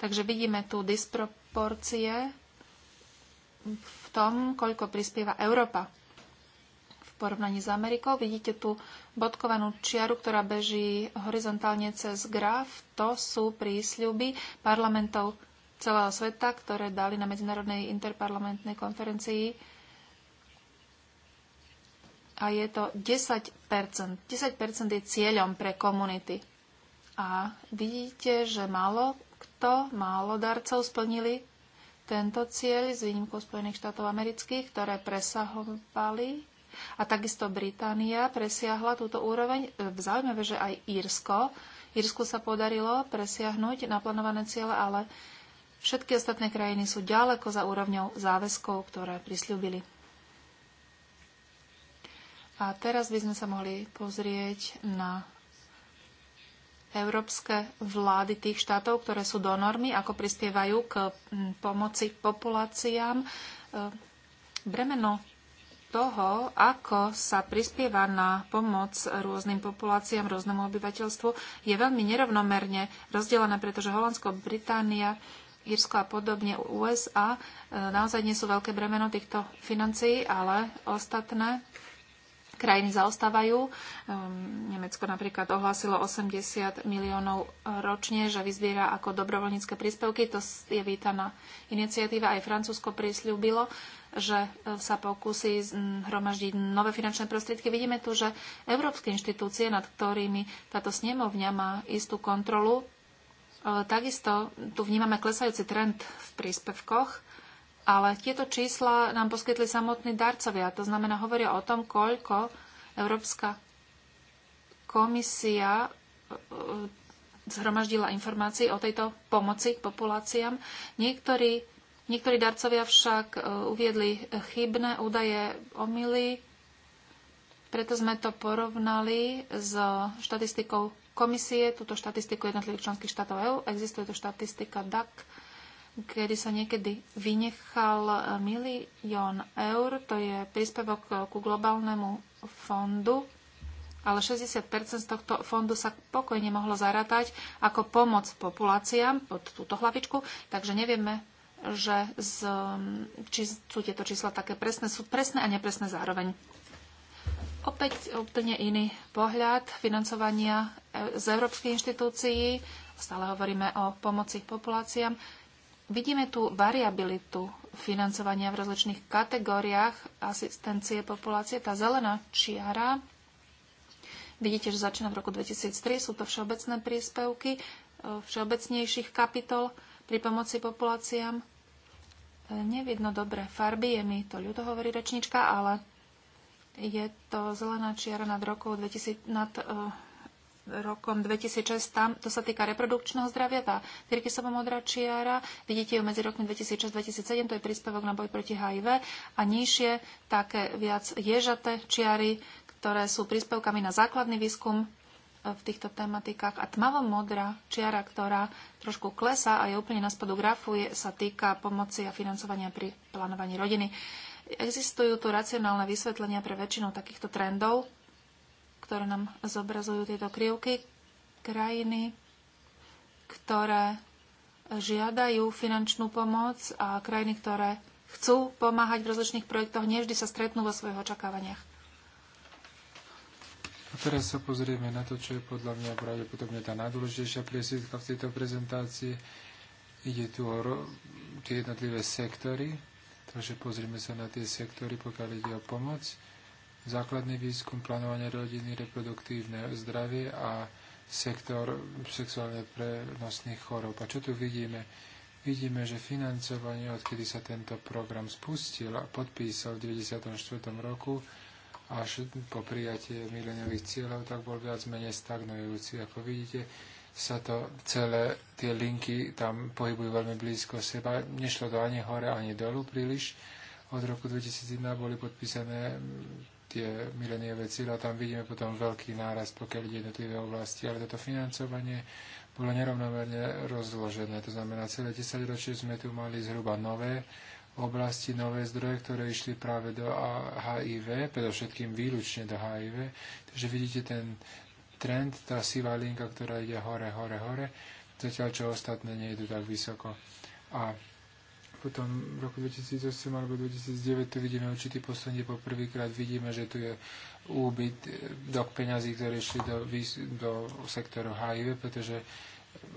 Takže vidíme tu disproporcie v tom, koľko prispieva Európa porovnaní s Amerikou. Vidíte tú bodkovanú čiaru, ktorá beží horizontálne cez graf. To sú prísľuby parlamentov celého sveta, ktoré dali na medzinárodnej interparlamentnej konferencii. A je to 10%. 10% je cieľom pre komunity. A vidíte, že málo kto, málo darcov splnili tento cieľ s výnimkou Spojených štátov amerických, ktoré presahovali a takisto Británia presiahla túto úroveň. E, Zaujímavé, že aj Írsko. Írsku sa podarilo presiahnuť naplánované ciele, ale všetky ostatné krajiny sú ďaleko za úrovňou záväzkov, ktoré prislúbili. A teraz by sme sa mohli pozrieť na európske vlády tých štátov, ktoré sú do normy, ako prispievajú k pomoci populáciám. E, bremeno toho, ako sa prispieva na pomoc rôznym populáciám, rôznemu obyvateľstvu, je veľmi nerovnomerne rozdelené, pretože Holandsko, Británia, Írsko a podobne USA e, naozaj nie sú veľké bremeno týchto financií, ale ostatné krajiny zaostávajú. Ehm, Nemecko napríklad ohlásilo 80 miliónov ročne, že vyzbiera ako dobrovoľnícke príspevky. To je vítaná iniciatíva. Aj Francúzsko prisľúbilo, že e, sa pokusí hromaždiť nové finančné prostriedky. Vidíme tu, že európske inštitúcie, nad ktorými táto snemovňa má istú kontrolu, e, takisto tu vnímame klesajúci trend v príspevkoch ale tieto čísla nám poskytli samotní darcovia. To znamená, hovoria o tom, koľko Európska komisia e, e, zhromaždila informácií o tejto pomoci populáciám. Niektorí, niektorí darcovia však e, uviedli chybné údaje omily, preto sme to porovnali s štatistikou komisie, túto štatistiku jednotlivých členských štátov EU. existuje to štatistika DAC, kedy sa niekedy vynechal eh, milión eur, to je príspevok eh, ku globálnemu fondu, ale 60 z tohto fondu sa pokojne mohlo zaratať ako pomoc populáciám pod túto hlavičku, takže nevieme, že z, mm, či sú tieto čísla také presné, sú presné a nepresné zároveň. Opäť úplne iný pohľad financovania eh, z európskych inštitúcií. Stále hovoríme o pomoci populáciám. Vidíme tu variabilitu financovania v rozličných kategóriách asistencie populácie. Tá zelená čiara, vidíte, že začína v roku 2003, sú to všeobecné príspevky e, všeobecnejších kapitol pri pomoci populáciám. E, nevidno dobre farby, je mi to ľudo, hovorí rečnička, ale je to zelená čiara nad, rokov 2000, nad e, rokom 2006. Tam, to sa týka reprodukčného zdravia, tá Tyrkisova modrá čiara. Vidíte ju medzi rokmi 2006-2007, to je príspevok na boj proti HIV. A nižšie také viac ježaté čiary, ktoré sú príspevkami na základný výskum e, v týchto tematikách. A tmavo modrá čiara, ktorá trošku klesá a je úplne na spodu grafu, je, sa týka pomoci a financovania pri plánovaní rodiny. Existujú tu racionálne vysvetlenia pre väčšinu takýchto trendov, ktoré nám zobrazujú tieto krivky, krajiny, ktoré žiadajú finančnú pomoc a krajiny, ktoré chcú pomáhať v rozličných projektoch, nevždy sa stretnú vo svojich očakávaniach. A teraz sa pozrieme na to, čo je podľa mňa pravdepodobne tá najdôležitejšia priesvitka v tejto prezentácii. Ide tu o tie jednotlivé sektory, takže pozrieme sa na tie sektory, pokiaľ ide o pomoc základný výskum, plánovanie rodiny, reproduktívne zdravie a sektor sexuálne prenosných chorób. A čo tu vidíme? Vidíme, že financovanie, odkedy sa tento program spustil a podpísal v 1994 roku, až po prijatie mileniových cieľov, tak bol viac menej stagnujúci. Ako vidíte, sa to celé, tie linky tam pohybujú veľmi blízko seba. Nešlo to ani hore, ani dolu príliš. Od roku 2001 boli podpísané tie mileniové cíle, tam vidíme potom veľký náraz, pokiaľ ide jednotlivé oblasti, ale toto financovanie bolo nerovnomerne rozložené. To znamená, celé 10 ročie sme tu mali zhruba nové oblasti, nové zdroje, ktoré išli práve do HIV, predovšetkým výlučne do HIV. Takže vidíte ten trend, tá sivá linka, ktorá ide hore, hore, hore, zatiaľ čo ostatné nejdu tak vysoko. A potom v roku 2008 alebo 2009 tu vidíme určitý posledne, po prvýkrát vidíme, že tu je úbyt e, dok peňazí, ktoré išli do, do sektoru HIV, pretože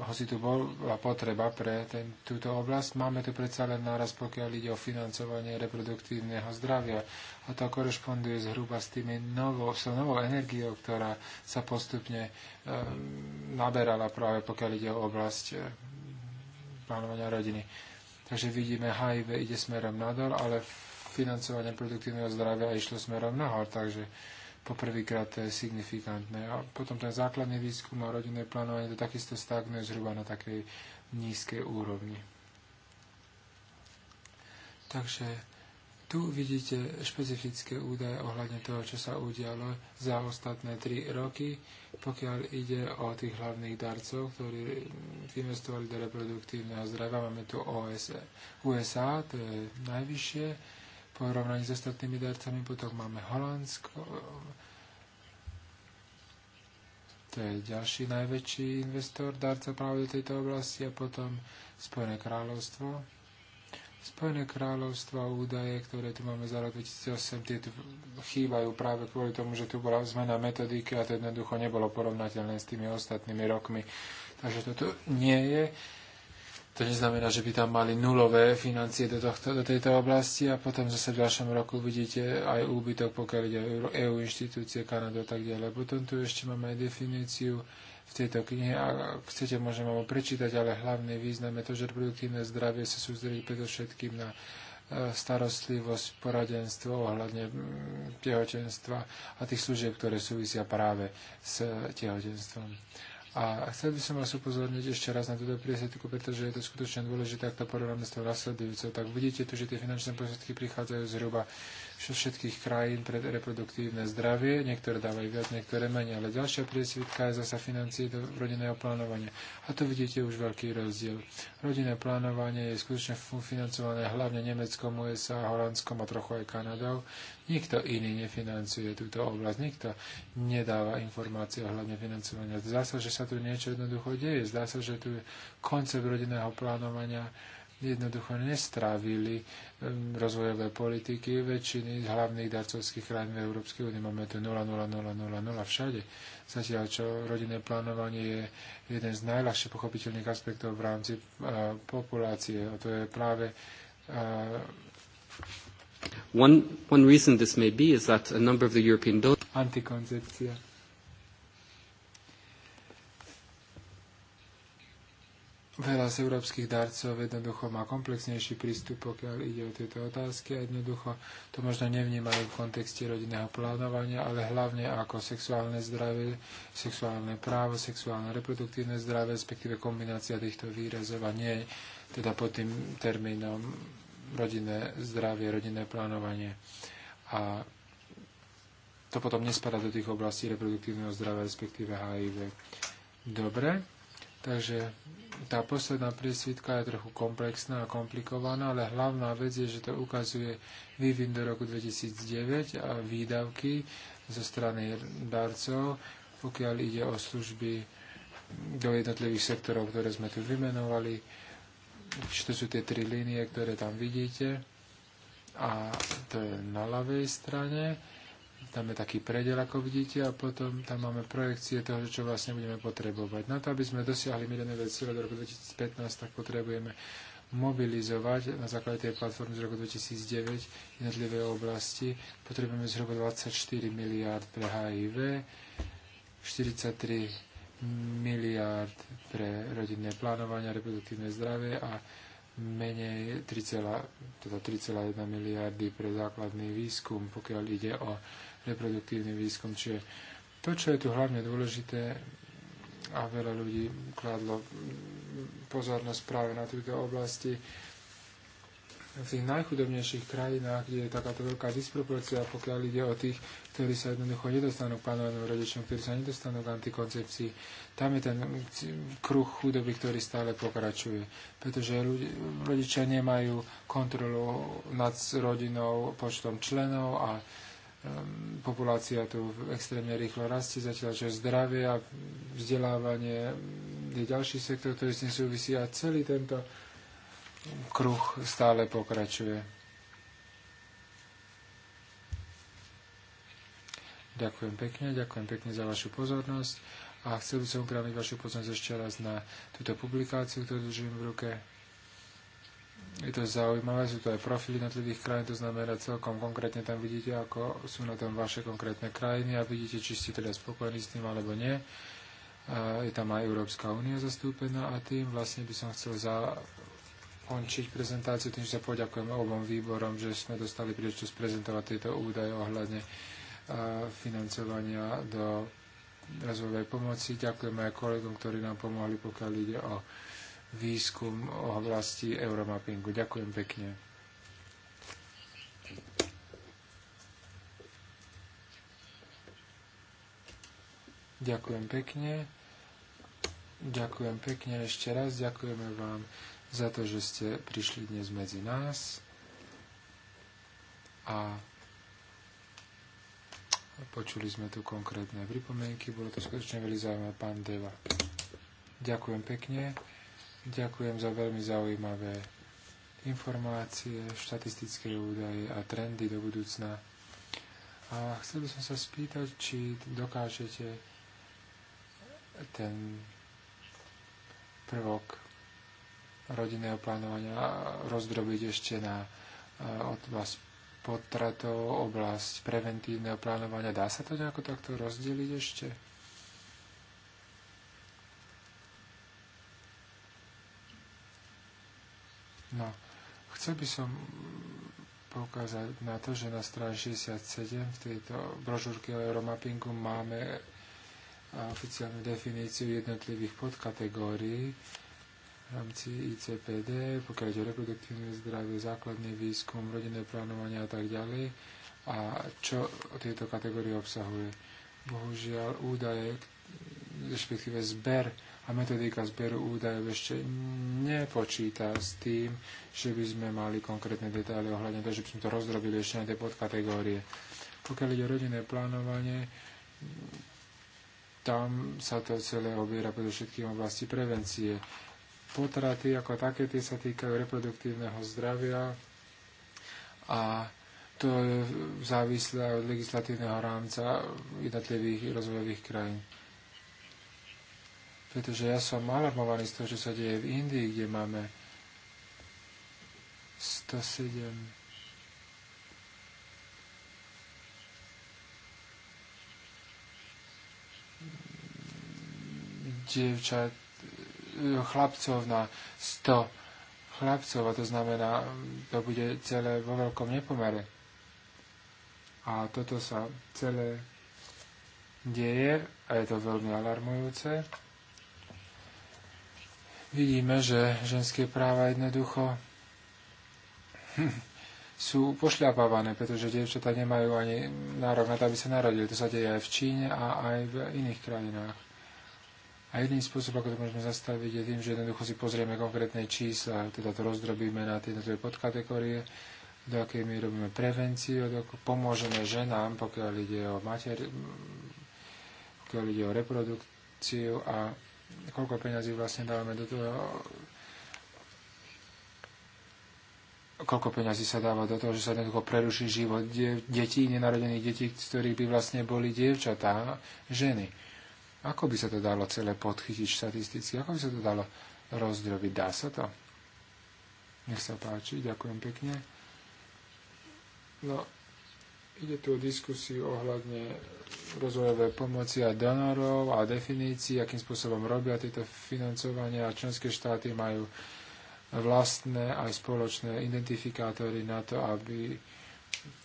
ho si tu bola potreba pre ten, túto oblasť, máme tu predsa len náraz, pokiaľ ide o financovanie reproduktívneho zdravia. A to korešponduje zhruba s tými novou, s novou energiou, ktorá sa postupne um, naberala práve pokiaľ ide o oblasť um, plánovania rodiny. Takže vidíme, HIV ide smerom nadol, ale financovanie produktívneho zdravia išlo smerom nahor, takže poprvýkrát to je signifikantné. A potom ten základný výskum a rodinné plánovanie to takisto stagnuje zhruba na takej nízkej úrovni. Takže tu vidíte špecifické údaje ohľadne toho, čo sa udialo za ostatné 3 roky, pokiaľ ide o tých hlavných darcov, ktorí investovali do reproduktívneho zdravia. Máme tu OSA, e, USA, to je najvyššie, porovnaní s ostatnými darcami, potom máme Holandsko, to je ďalší najväčší investor, darca práve do tejto oblasti a potom Spojené kráľovstvo, Spojené kráľovstvo a údaje, ktoré tu máme za rok 2008, tie tu chýbajú práve kvôli tomu, že tu bola zmena metodiky a to jednoducho nebolo porovnateľné s tými ostatnými rokmi. Takže toto nie je. To neznamená, že by tam mali nulové financie do, tohto, do tejto oblasti a potom zase v ďalšom roku vidíte aj úbytok, pokiaľ ide o EU e inštitúcie, Kanadu a tak ďalej. Potom tu ešte máme aj definíciu v tejto knihe. Ak chcete, môžem vám prečítať, ale hlavný význam je to, že reproduktívne zdravie sa sústredí predovšetkým na e, starostlivosť, poradenstvo ohľadne tehotenstva a tých služieb, ktoré súvisia práve s tehotenstvom. A chcel by som vás upozorniť ešte raz na túto priesvedku, pretože je to skutočne dôležité, ak to porovnáme s tou nasledujúcou. Tak vidíte tu, že tie finančné prostriedky prichádzajú zhruba všetkých krajín pre reproduktívne zdravie. Niektoré dávajú viac, niektoré menej, ale ďalšia priesvitka je zasa financie do rodinného plánovania. A tu vidíte už veľký rozdiel. Rodinné plánovanie je skutočne financované hlavne Nemeckom, USA, Holandskom a trochu aj Kanadou. Nikto iný nefinancuje túto oblasť, nikto nedáva informácie ohľadne financovania. Zdá sa, že sa tu niečo jednoducho deje. Zdá sa, že tu je koncept rodinného plánovania jednoducho nestrávili ehm, rozvojové politiky väčšiny z hlavných darcovských krajín v Európskej únii. Máme tu 0, 0, 0, 0, 0 všade. Zatiaľ, čo rodinné plánovanie je jeden z najľahšie pochopiteľných aspektov v rámci uh, populácie. A to je práve uh, one, one reason this may be is that a number of the European antikoncepcia veľa z európskych darcov jednoducho má komplexnejší prístup, pokiaľ ide o tieto otázky a jednoducho to možno nevnímajú v kontexte rodinného plánovania, ale hlavne ako sexuálne zdravie, sexuálne právo, sexuálne reproduktívne zdravie, respektíve kombinácia týchto výrazov a nie teda pod tým termínom rodinné zdravie, rodinné plánovanie. A to potom nespadá do tých oblastí reproduktívneho zdravia, respektíve HIV. Dobre. Takže tá posledná priesvitka je trochu komplexná a komplikovaná, ale hlavná vec je, že to ukazuje vývin do roku 2009 a výdavky zo strany darcov, pokiaľ ide o služby do jednotlivých sektorov, ktoré sme tu vymenovali. Čiže to sú tie tri línie, ktoré tam vidíte. A to je na ľavej strane tam je taký predel, ako vidíte, a potom tam máme projekcie toho, čo vlastne budeme potrebovať. Na to, aby sme dosiahli milionové cieľe do roku 2015, tak potrebujeme mobilizovať na základe tej platformy z roku 2009 jednotlivé oblasti. Potrebujeme zhruba 24 miliárd pre HIV, 43 miliárd pre rodinné plánovanie a reproduktívne zdravie a menej 3,1 teda miliardy pre základný výskum, pokiaľ ide o reproduktívny výskum. Čiže to, čo je tu hlavne dôležité, a veľa ľudí kladlo pozornosť práve na túto oblasti, v tých najchudobnejších krajinách, kde je takáto veľká disproporcia, pokiaľ ide o tých, ktorí sa jednoducho nedostanú k panovaným rodičom, ktorí sa nedostanú k antikoncepcii, tam je ten kruh chudoby, ktorý stále pokračuje. Pretože ľudia, rodičia nemajú kontrolu nad rodinou, počtom členov a Ehm, populácia tu extrémne rýchlo rastie, zatiaľ čo zdravie a vzdelávanie je ďalší sektor, ktorý s tým súvisí a celý tento kruh stále pokračuje. Ďakujem pekne, ďakujem pekne za vašu pozornosť a chcel by som upraviť vašu pozornosť ešte raz na túto publikáciu, ktorú držím v ruke je to zaujímavé, sú to aj profily jednotlivých krajín, to znamená celkom konkrétne tam vidíte, ako sú na tom vaše konkrétne krajiny a vidíte, či ste teda spokojní s tým alebo nie. je tam aj Európska únia zastúpená a tým vlastne by som chcel zakončiť prezentáciu tým, že sa poďakujem obom výborom, že sme dostali príležitosť prezentovať tieto údaje ohľadne financovania do rozvojovej pomoci. Ďakujem aj kolegom, ktorí nám pomohli, pokiaľ ide o výskum o oblasti euromappingu. Ďakujem pekne. Ďakujem pekne. Ďakujem pekne ešte raz. Ďakujeme vám za to, že ste prišli dnes medzi nás. A počuli sme tu konkrétne pripomienky. Bolo to skutočne veľmi zaujímavé, pán Deva. Ďakujem pekne. Ďakujem za veľmi zaujímavé informácie, štatistické údaje a trendy do budúcna. A chcel by som sa spýtať, či dokážete ten prvok rodinného plánovania rozdrobiť ešte na vás potratov, oblasť preventívneho plánovania. Dá sa to nejako takto rozdeliť ešte? No, chcel by som poukázať na to, že na strane 67 v tejto brožúrke o euromappingu máme e, oficiálnu definíciu jednotlivých podkategórií v rámci ICPD, pokiaľ ide o reproduktívne zdravie, základný výskum, rodinné plánovanie a tak ďalej. A čo tieto kategórie obsahuje? Bohužiaľ údaje, respektíve zber a metodika zberu údajov ešte nepočíta s tým, že by sme mali konkrétne detaily ohľadne toho, že by sme to rozdrobili ešte na tie podkategórie. Pokiaľ ide o rodinné plánovanie, tam sa to celé obiera predovšetkým všetkým oblasti prevencie. Potraty ako také tie sa týkajú reproduktívneho zdravia a to je závislé od legislatívneho rámca jednotlivých rozvojových krajín pretože ja som alarmovaný z toho, čo sa deje v Indii, kde máme 107 dievčat, e, chlapcov na 100 chlapcov, a to znamená, to bude celé vo veľkom nepomere. A toto sa celé deje a je to veľmi alarmujúce vidíme, že ženské práva jednoducho [laughs] sú pošľapávané, pretože dievčatá nemajú ani nárok na to, aby sa narodili. To sa deje aj v Číne a aj v iných krajinách. A jedný spôsob, ako to môžeme zastaviť, je tým, že jednoducho si pozrieme konkrétne čísla, teda to rozdrobíme na tie jednotlivé podkategórie, do akej my robíme prevenciu, do, pomôžeme ženám, pokiaľ ide o mater, pokiaľ ide o reprodukciu a koľko peňazí vlastne dávame do toho, koľko peňazí sa dáva do toho, že sa jednoducho preruší život detí, nenarodených detí, z ktorých by vlastne boli dievčatá, ženy. Ako by sa to dalo celé podchytiť štatisticky? Ako by sa to dalo rozdrobiť? Dá sa to? Nech sa páči, ďakujem pekne. No, Ide tu o diskusiu ohľadne rozvojové pomoci a donorov a definícií, akým spôsobom robia tieto financovania a členské štáty majú vlastné aj spoločné identifikátory na to, aby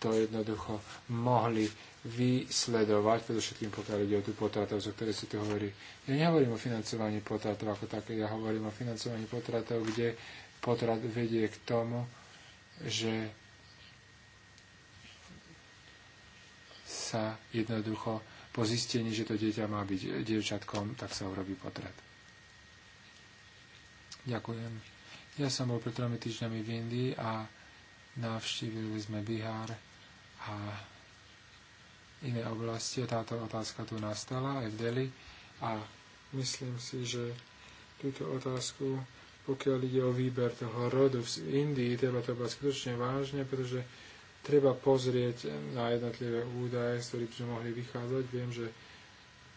to jednoducho mohli vysledovať, predovšetkým pokiaľ ide o tú potratov, o ktorej si tu hovorí. Ja nehovorím o financovaní potratov ako také, ja hovorím o financovaní potratov, kde potrat vedie k tomu, že sa jednoducho po zistení, že to dieťa má byť dievčatkom, tak sa urobí potrat. Ďakujem. Ja som bol pred tromi týždňami v Indii a navštívili sme Bihar a iné oblasti. Táto otázka tu nastala aj v Deli a myslím si, že túto otázku, pokiaľ ide o výber toho rodu v Indii, treba to brať skutočne vážne, pretože treba pozrieť na jednotlivé údaje, z ktorých sme mohli vychádzať. Viem, že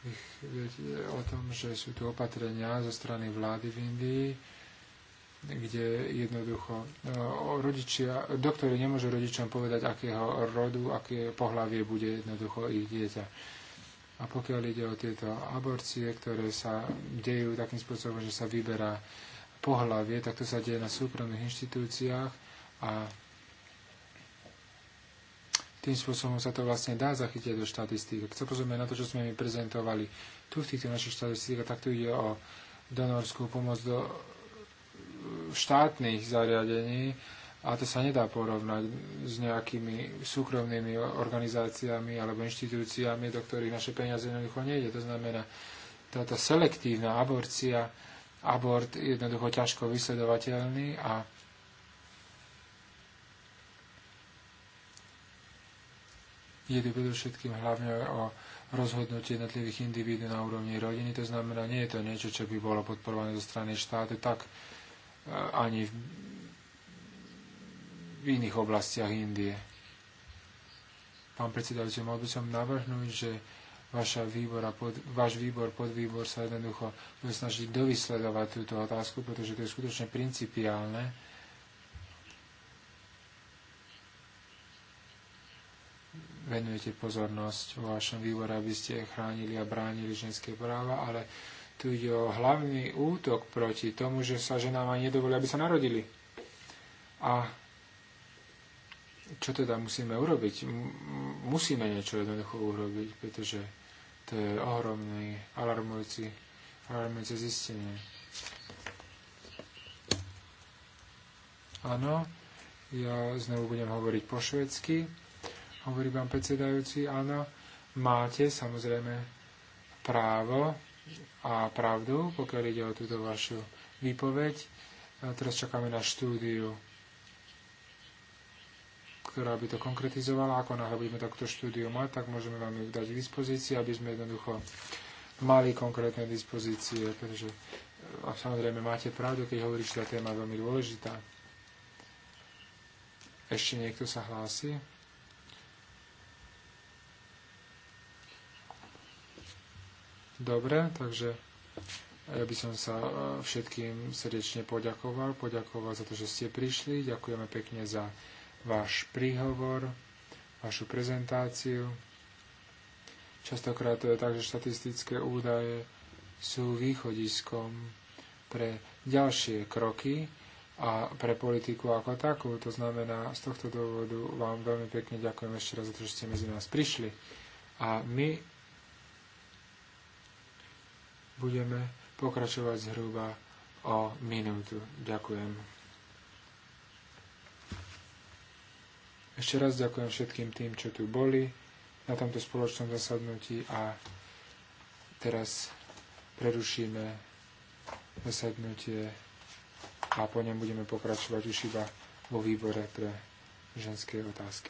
ich, viete, o tom, že sú tu opatrenia zo strany vlády v Indii, kde jednoducho no, rodičia, doktori nemôžu rodičom povedať, akého rodu, aké pohlavie bude jednoducho ich dieťa. A pokiaľ ide o tieto aborcie, ktoré sa dejú takým spôsobom, že sa vyberá pohlavie, tak to sa deje na súkromných inštitúciách a tým spôsobom sa to vlastne dá zachytiť do štatistík. Keď sa pozrieme na to, čo sme mi prezentovali tu v týchto našich štatistíkach, tak tu ide o donorskú pomoc do e, štátnych zariadení a to sa nedá porovnať s nejakými súkromnými organizáciami alebo inštitúciami, do ktorých naše peniaze jednoducho nejde. To znamená, táto selektívna aborcia, abort je jednoducho ťažko vysledovateľný a Ide predovšetkým hlavne o rozhodnutie jednotlivých individu na úrovni rodiny. To znamená, nie je to niečo, čo by bolo podporované zo strany štátu, tak eh, ani v, v iných oblastiach Indie. Pán predsedajúci, mohol by som navrhnúť, že vaša výbor pod, váš výbor, podvýbor sa jednoducho bude snažiť dovysledovať túto otázku, pretože to je skutočne principiálne venujete pozornosť vo vašom výbore, aby ste chránili a bránili ženské práva, ale tu ide o hlavný útok proti tomu, že sa ženám aj nedovolia, aby sa narodili. A čo teda musíme urobiť? Musíme niečo jednoducho urobiť, pretože to je ohromný, alarmujúci, alarmujúce zistenie. Áno, ja znovu budem hovoriť po švedsky hovorí vám predsedajúci, áno, máte samozrejme právo a pravdu, pokiaľ ide o túto vašu výpoveď. A teraz čakáme na štúdiu, ktorá by to konkretizovala. Ako náhle budeme takto štúdiu mať, tak môžeme vám ju dať k dispozícii, aby sme jednoducho mali konkrétne dispozície, pretože a samozrejme máte pravdu, keď hovoríš, že tá téma je veľmi dôležitá. Ešte niekto sa hlási? Dobre, takže eh, ja by som sa eh, všetkým srdečne poďakoval. Poďakoval za to, že ste prišli. Ďakujeme pekne za váš príhovor, vašu prezentáciu. Častokrát to je tak, že štatistické údaje sú východiskom pre ďalšie kroky a pre politiku ako takú. To znamená, z tohto dôvodu vám veľmi pekne ďakujem ešte raz za to, že ste medzi nás prišli. A my budeme pokračovať zhruba o minútu. Ďakujem. Ešte raz ďakujem všetkým tým, čo tu boli na tomto spoločnom zasadnutí a teraz prerušíme zasadnutie a po ňom budeme pokračovať už iba vo výbore pre ženské otázky.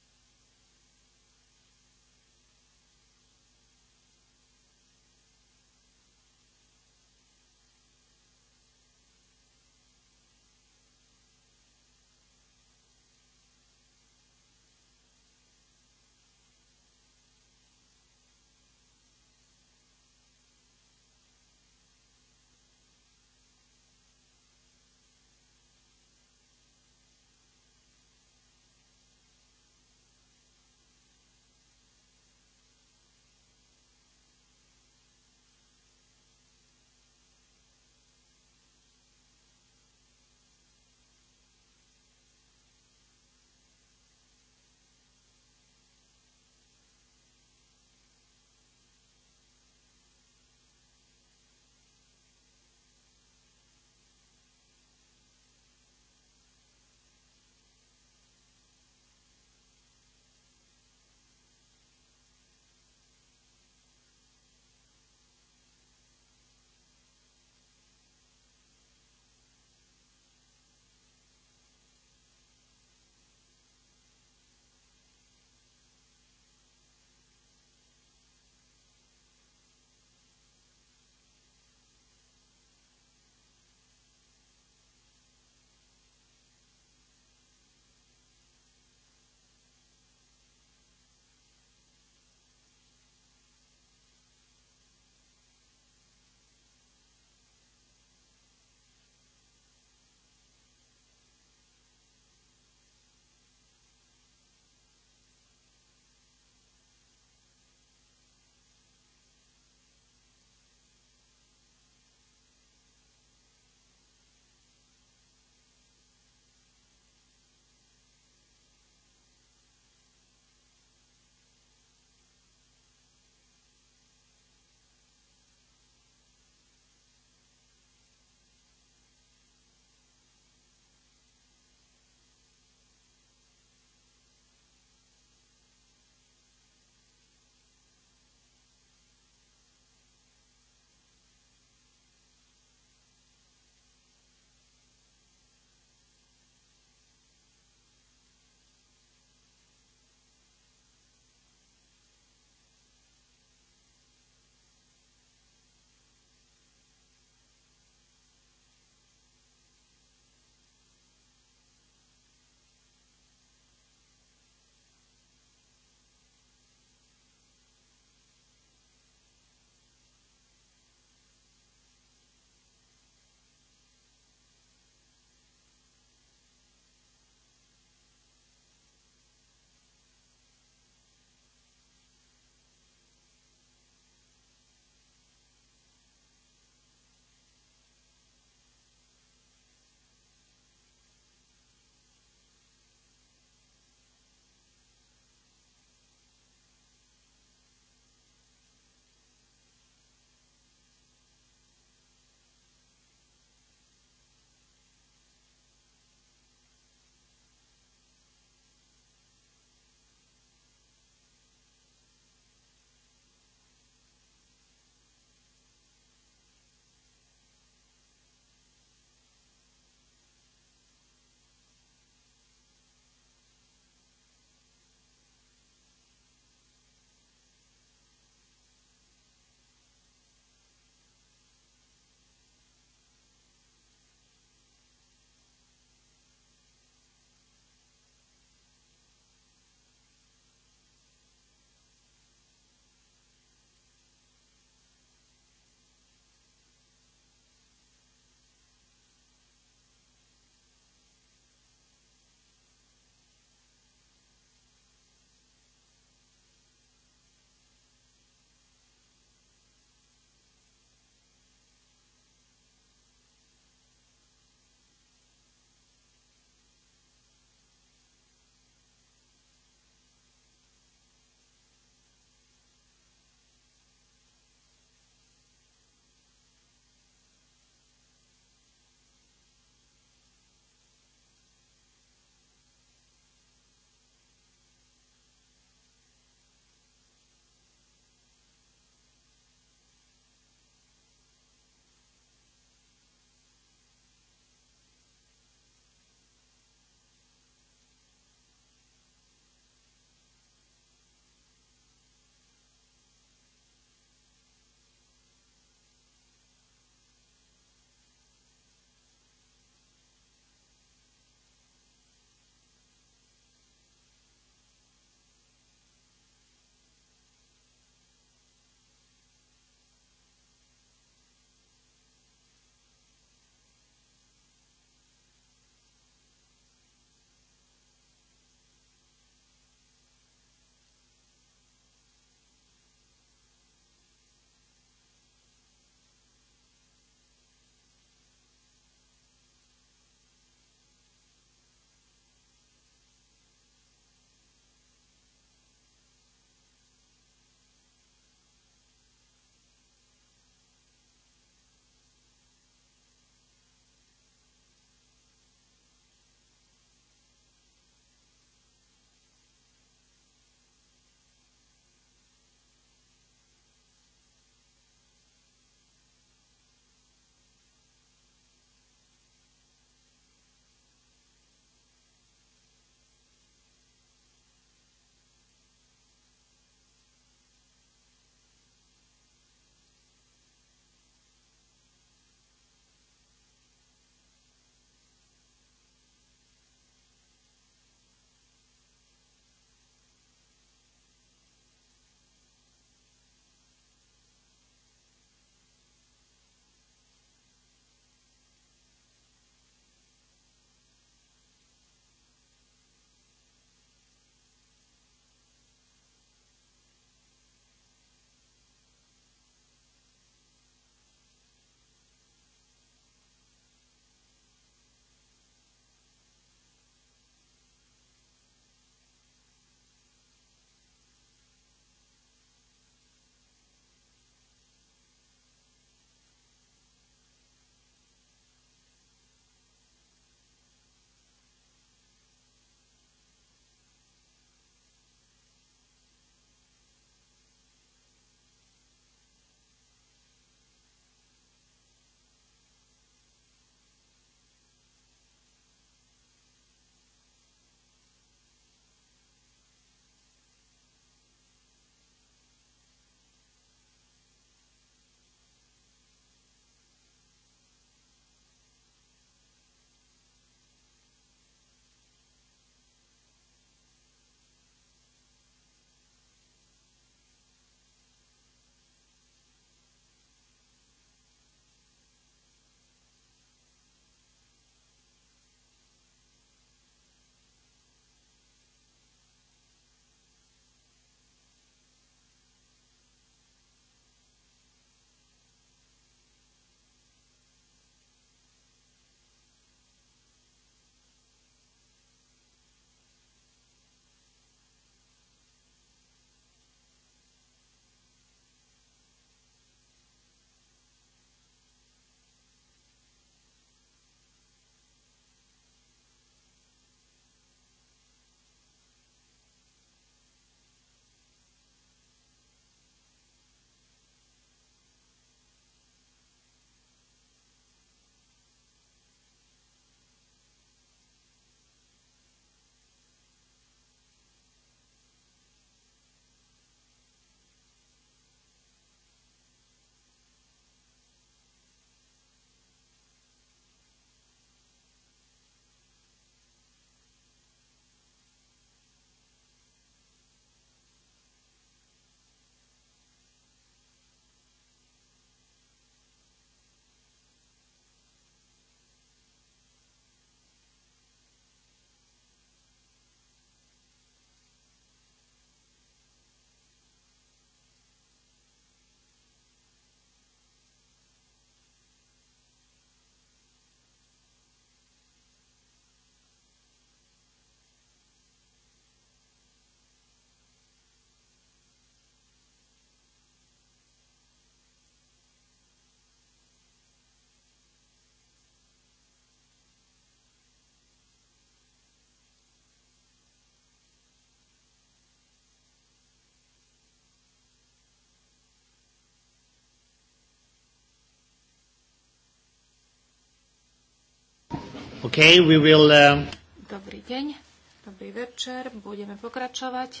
Okay, we will, um... Dobrý deň, dobrý večer, budeme pokračovať.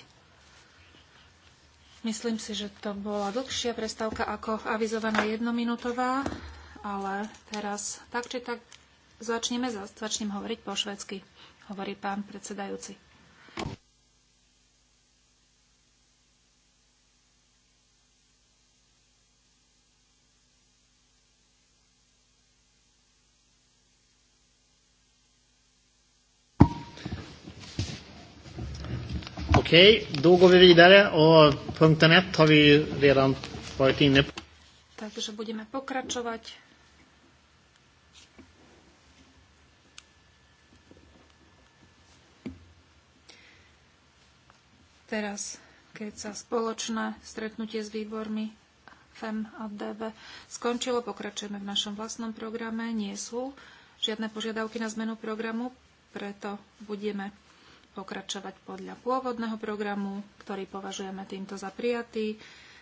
Myslím si, že to bola dlhšia prestávka ako avizovaná jednominútová, ale teraz tak či tak začneme, začnem hovoriť po švedsky, hovorí pán predsedajúci. Okej, okay, då går vi vidare och punkten 1 har vi redan varit inne på. Takže budeme pokračovať. Teraz, keď sa spoločné stretnutie s výbormi FEM a DV skončilo, pokračujeme v našom vlastnom programe. Nie sú žiadne požiadavky na zmenu programu, preto budeme pokračovať podľa pôvodného programu, ktorý považujeme týmto za prijatý.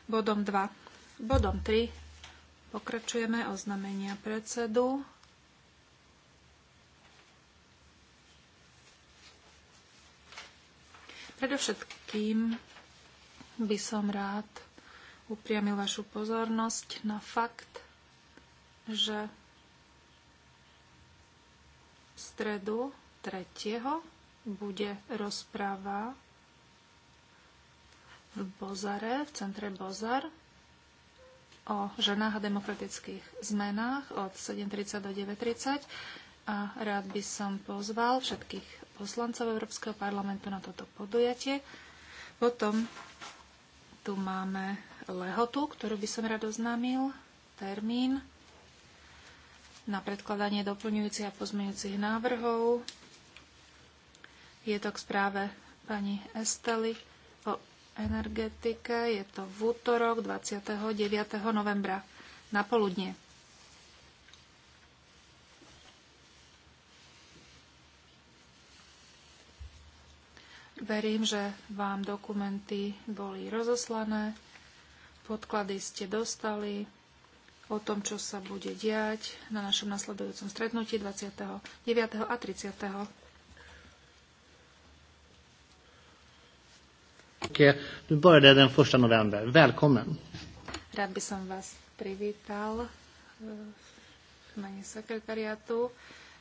Bodom 2. Bodom 3. Pokračujeme oznamenia predsedu. Predovšetkým by som rád upriamil vašu pozornosť na fakt, že v stredu 3 bude rozpráva v Bozare, v centre Bozar o ženách a demokratických zmenách od 7.30 do 9.30 a rád by som pozval všetkých poslancov Európskeho parlamentu na toto podujatie. Potom tu máme lehotu, ktorú by som rád oznámil, termín na predkladanie doplňujúcich a pozmeňujúcich návrhov je to k správe pani esteli o energetike. Je to v útorok 29. novembra na poludne. Verím, že vám dokumenty boli rozoslané, podklady ste dostali o tom, čo sa bude diať na našom nasledujúcom stretnutí 29. a 30. och eh, du började den 1 november. Välkommen! Rád by som vás privítal eh, v mene sekretariatu.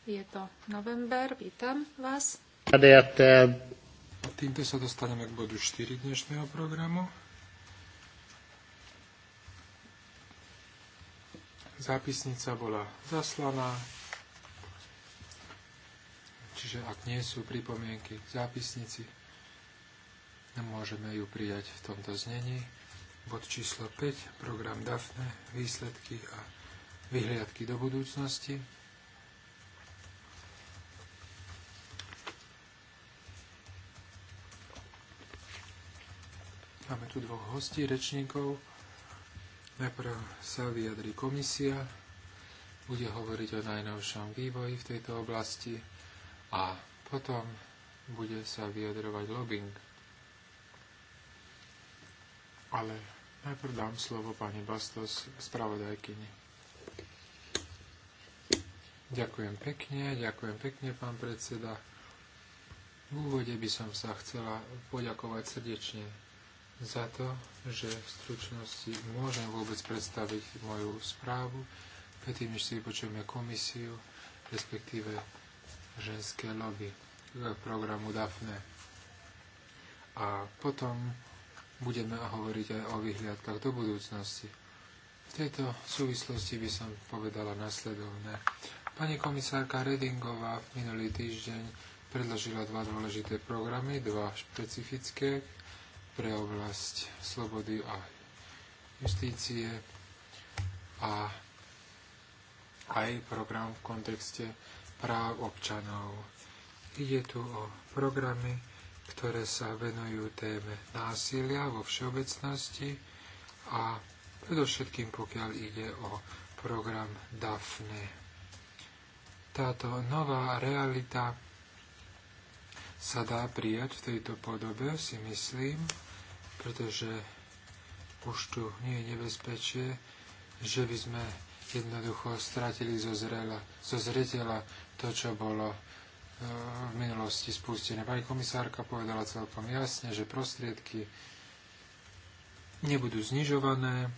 Je to november, vítam vás. Eh, Týmto sa dostaneme k bodu 4 dnešného programu. Zápisnica bola zaslaná, čiže ak nie sú pripomienky k zápisnici, Môžeme ju prijať v tomto znení. Bod číslo 5, program DAFNE, výsledky a vyhliadky do budúcnosti. Máme tu dvoch hostí, rečníkov. Najprv sa vyjadri komisia, bude hovoriť o najnovšom vývoji v tejto oblasti a potom bude sa vyjadrovať lobbying. Ale najprv dám slovo pani Bastos, spravodajkyni. Ďakujem pekne, ďakujem pekne, pán predseda. V úvode by som sa chcela poďakovať srdečne za to, že v stručnosti môžem vôbec predstaviť moju správu, predtým, než si vypočujeme komisiu, respektíve ženské lobby k programu DAFNE. A potom budeme hovoriť aj o vyhliadkach do budúcnosti. V tejto súvislosti by som povedala nasledovné. Pani komisárka Redingová minulý týždeň predložila dva dôležité programy, dva špecifické pre oblasť slobody a justície a aj program v kontexte práv občanov. Ide tu o programy, ktoré sa venujú téme násilia vo všeobecnosti a predovšetkým pokiaľ ide o program DAFNE. Táto nová realita sa dá prijať v tejto podobe, si myslím, pretože už tu nie je nebezpečie, že by sme jednoducho stratili zo, zrela, zo zretela to, čo bolo v minulosti spustené. Pani komisárka povedala celkom jasne, že prostriedky nebudú znižované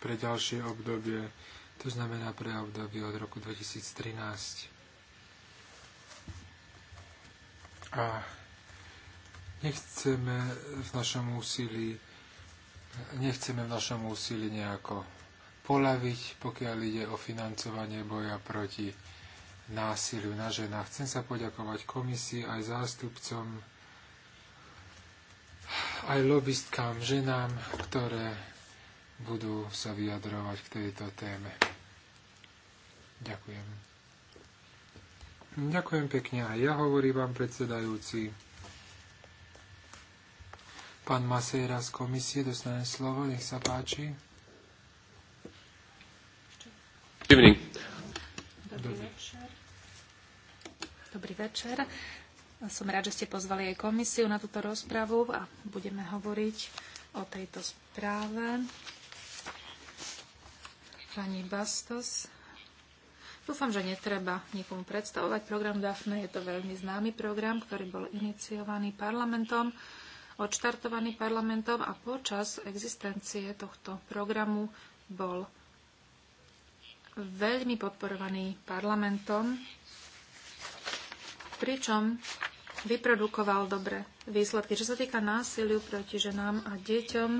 pre ďalšie obdobie, to znamená pre obdobie od roku 2013. A nechceme v našom úsilí nechceme v našom úsilí nejako polaviť, pokiaľ ide o financovanie boja proti násiliu na ženách. Chcem sa poďakovať komisii aj zástupcom, aj lobbystkám, ženám, ktoré budú sa vyjadrovať k tejto téme. Ďakujem. Ďakujem pekne aj ja, hovorí vám predsedajúci. Pán Masejra z komisie dostane slovo, nech sa páči. Dobrý večer. Dobrý večer. Som rád, že ste pozvali aj komisiu na túto rozpravu a budeme hovoriť o tejto správe. Pani Bastos. Dúfam, že netreba nikomu predstavovať program DAFNE. Je to veľmi známy program, ktorý bol iniciovaný parlamentom, odštartovaný parlamentom a počas existencie tohto programu bol veľmi podporovaný parlamentom pričom vyprodukoval dobre výsledky. Čo sa týka násiliu proti ženám a deťom,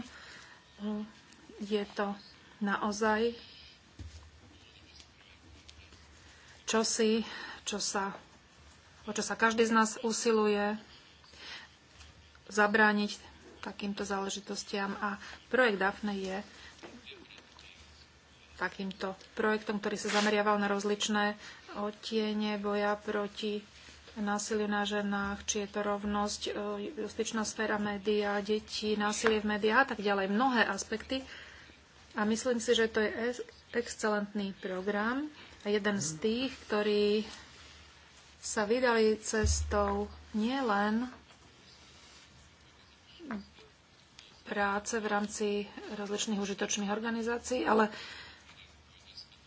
je to naozaj čosi, čo sa, o čo sa každý z nás usiluje zabrániť takýmto záležitostiam a projekt DAFNE je takýmto projektom, ktorý sa zameriaval na rozličné otiene boja proti násilie na ženách, či je to rovnosť, e, justičná sféra média, deti, násilie v médiách a tak ďalej. Mnohé aspekty. A myslím si, že to je excelentný program a jeden z tých, ktorí sa vydali cestou nielen práce v rámci rozličných užitočných organizácií, ale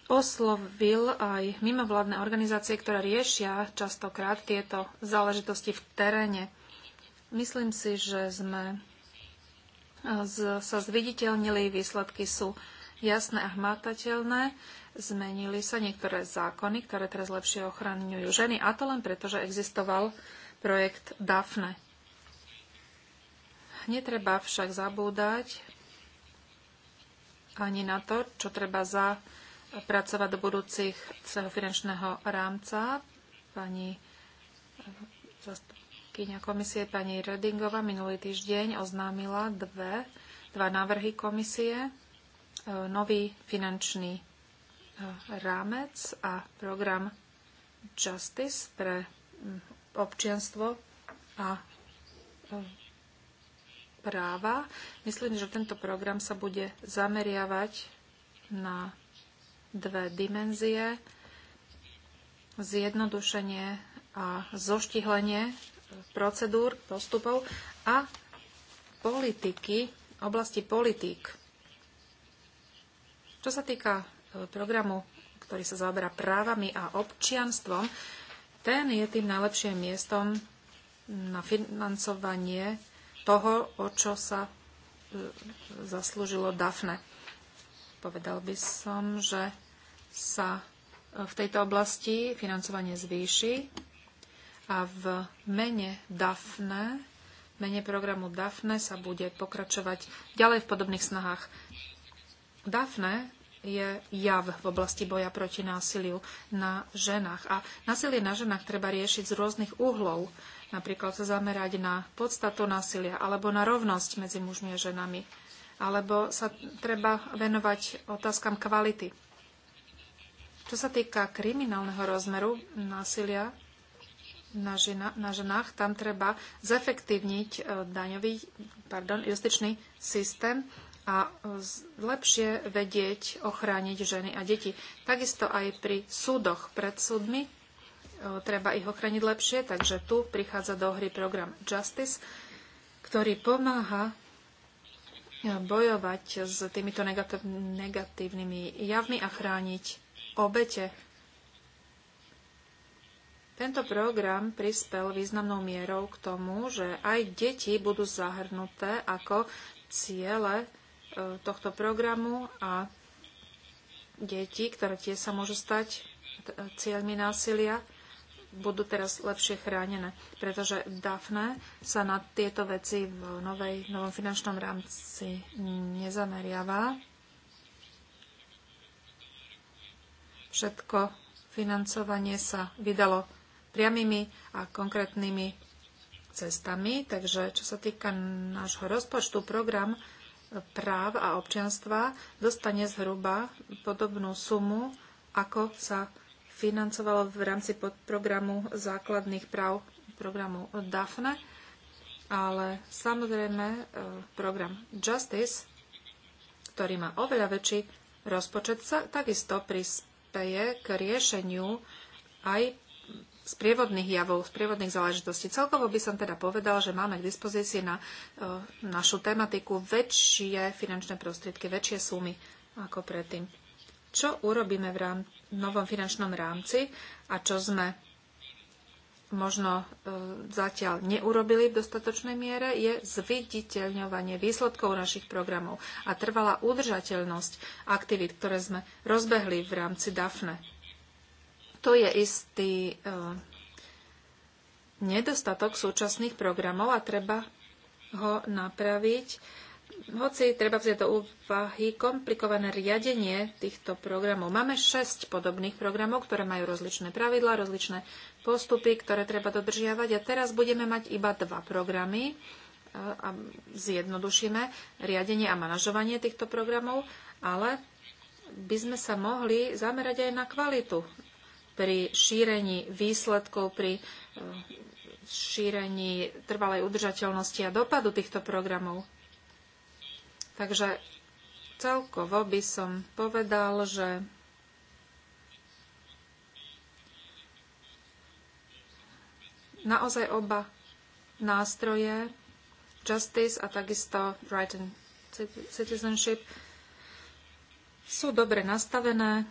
oslovil aj mimovládne organizácie, ktoré riešia častokrát tieto záležitosti v teréne. Myslím si, že sme e, sa zviditeľnili, výsledky sú jasné a hmatateľné. Zmenili sa niektoré zákony, ktoré teraz lepšie ochraňujú ženy, a to len preto, že existoval projekt DAFNE. Netreba však zabúdať ani na to, čo treba za pracovať do budúcich celého finančného rámca. Pani zastupkynia komisie, pani Redingova, minulý týždeň oznámila dve, dva návrhy komisie. E, nový finančný e, rámec a program Justice pre občianstvo a e, práva. Myslím, že tento program sa bude zameriavať na dve dimenzie. Zjednodušenie a zoštihlenie procedúr, postupov a politiky, oblasti politík. Čo sa týka e, programu, ktorý sa zaoberá právami a občianstvom, ten je tým najlepším miestom na financovanie toho, o čo sa e, e, zaslúžilo Dafne. Povedal by som, že sa e, v tejto oblasti financovanie zvýši a v mene DAFNE, mene programu DAFNE sa bude pokračovať ďalej v podobných snahách. DAFNE je jav v oblasti boja proti násiliu na ženách. A násilie na ženách treba riešiť z rôznych uhlov. Napríklad sa zamerať na podstatu násilia alebo na rovnosť medzi mužmi a ženami. Alebo sa treba venovať otázkam kvality čo sa týka kriminálneho rozmeru násilia na, žena, na ženách, tam treba zefektívniť e, daňový, pardon, justičný systém a e, lepšie vedieť ochrániť ženy a deti. Takisto aj pri súdoch pred súdmi e, treba ich ochrániť lepšie, takže tu prichádza do hry program Justice, ktorý pomáha bojovať s týmito negatívnymi javmi a chrániť obete. Tento program prispel významnou mierou k tomu, že aj deti budú zahrnuté ako ciele e, tohto programu a deti, ktoré tie sa môžu stať e, cieľmi násilia, budú teraz lepšie chránené, pretože DAFNE sa na tieto veci v novej, novom finančnom rámci nezameriava Všetko financovanie sa vydalo priamými a konkrétnymi cestami, takže čo sa týka nášho rozpočtu, program práv a občianstva dostane zhruba podobnú sumu, ako sa financovalo v rámci podprogramu základných práv programu DAFNE, ale samozrejme e, program Justice, ktorý má oveľa väčší rozpočet, sa takisto prispieva prispeje k riešeniu aj z prievodných javov, z prievodných záležitostí. Celkovo by som teda povedal, že máme k dispozícii na e, našu tematiku väčšie finančné prostriedky, väčšie sumy ako predtým. Čo urobíme v rám- novom finančnom rámci a čo sme možno e, zatiaľ neurobili v dostatočnej miere, je zviditeľňovanie výsledkov našich programov a trvalá udržateľnosť aktivít, ktoré sme rozbehli v rámci DAFNE. To je istý e, nedostatok súčasných programov a treba ho napraviť hoci treba vziať do úvahy komplikované riadenie týchto programov. Máme šesť podobných programov, ktoré majú rozličné pravidlá, rozličné postupy, ktoré treba dodržiavať. A teraz budeme mať iba dva programy e, a zjednodušíme riadenie a manažovanie týchto programov, ale by sme sa mohli zamerať aj na kvalitu pri šírení výsledkov, pri e, šírení trvalej udržateľnosti a dopadu týchto programov. Takže celkovo by som povedal, že naozaj oba nástroje, Justice a takisto Right and Citizenship, sú dobre nastavené,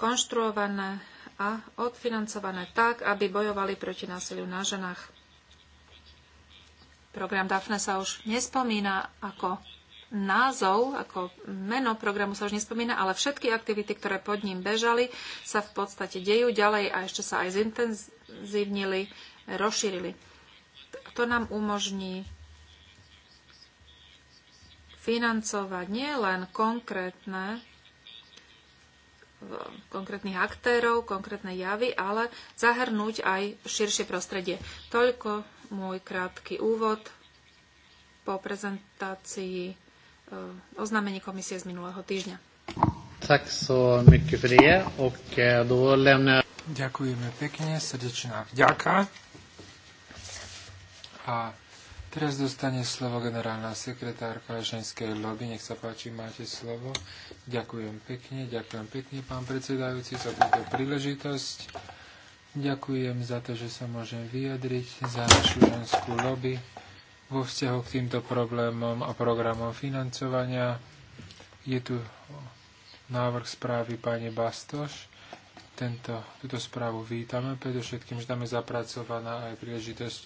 skonštruované a odfinancované tak, aby bojovali proti násiliu na ženách. Program DAFNE sa už nespomína ako názov, ako meno programu sa už nespomína, ale všetky aktivity, ktoré pod ním bežali, sa v podstate dejú ďalej a ešte sa aj zintenzívnili, rozšírili. To nám umožní financovať nielen konkrétne konkrétnych aktérov, konkrétne javy, ale zahrnúť aj širšie prostredie. Toľko môj krátky úvod po prezentácii Eh, oznámenie komisie z minulého týždňa. Tak so mycket för det och eh, då lämnar Ďakujeme pekne, srdečná vďaka. A teraz dostane slovo generálna sekretárka ženskej lobby. Nech sa páči, máte slovo. Ďakujem pekne, ďakujem pekne, pán predsedajúci, za túto príležitosť. Ďakujem za to, že sa môžem vyjadriť za našu ženskú lobby vo vzťahu k týmto problémom a programom financovania. Je tu návrh správy pani Bastoš. Tento, túto správu vítame, predovšetkým, že tam je zapracovaná aj príležitosť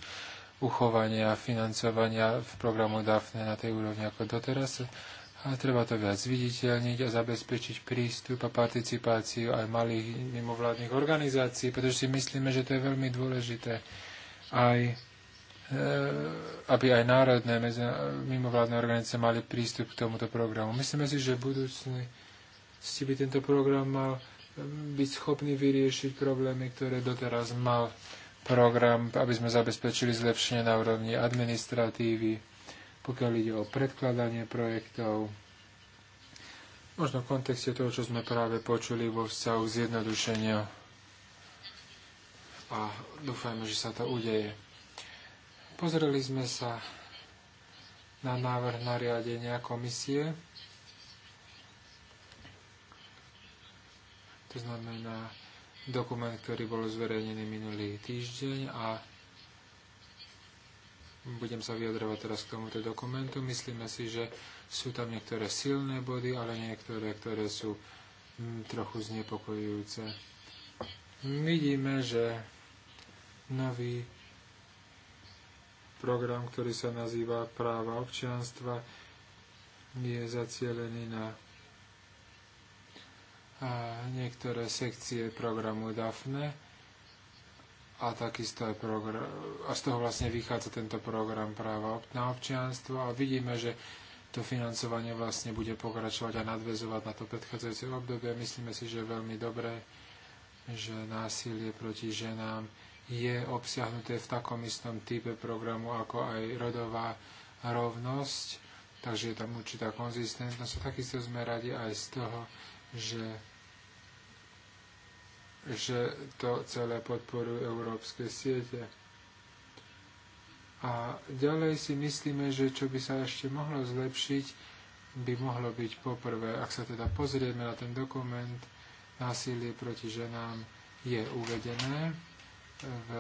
uchovania a financovania v programu DAFNE na tej úrovni ako doteraz. A treba to viac zviditeľniť a zabezpečiť prístup a participáciu aj malých mimovládnych organizácií, pretože si myslíme, že to je veľmi dôležité aj Eh, aby aj národné mimovládne organizácie mali prístup k tomuto programu. Myslíme si, že v budúcnosti by tento program mal eh, byť schopný vyriešiť problémy, ktoré doteraz mal program, aby sme zabezpečili zlepšenie na úrovni administratívy, pokiaľ ide o predkladanie projektov, možno v kontexte toho, čo sme práve počuli vo vzťahu zjednodušenia A dúfajme, že sa to udeje. Pozreli sme sa na návrh nariadenia komisie. To znamená dokument, ktorý bol zverejnený minulý týždeň a budem sa vyjadrovať teraz k tomuto dokumentu. Myslíme si, že sú tam niektoré silné body, ale niektoré, ktoré sú mm, trochu znepokojujúce. Vidíme, že nový program, ktorý sa nazýva práva občianstva, je zacielený na niektoré sekcie programu DAFNE a takisto aj program, a z toho vlastne vychádza tento program práva na občianstvo a vidíme, že to financovanie vlastne bude pokračovať a nadvezovať na to predchádzajúce obdobie. Myslíme si, že je veľmi dobré, že násilie proti ženám je obsiahnuté v takom istom type programu ako aj rodová rovnosť, takže je tam určitá konzistentnosť. A takisto sme radi aj z toho, že, že to celé podporujú európske siete. A ďalej si myslíme, že čo by sa ešte mohlo zlepšiť, by mohlo byť poprvé, ak sa teda pozrieme na ten dokument, násilie proti ženám je uvedené v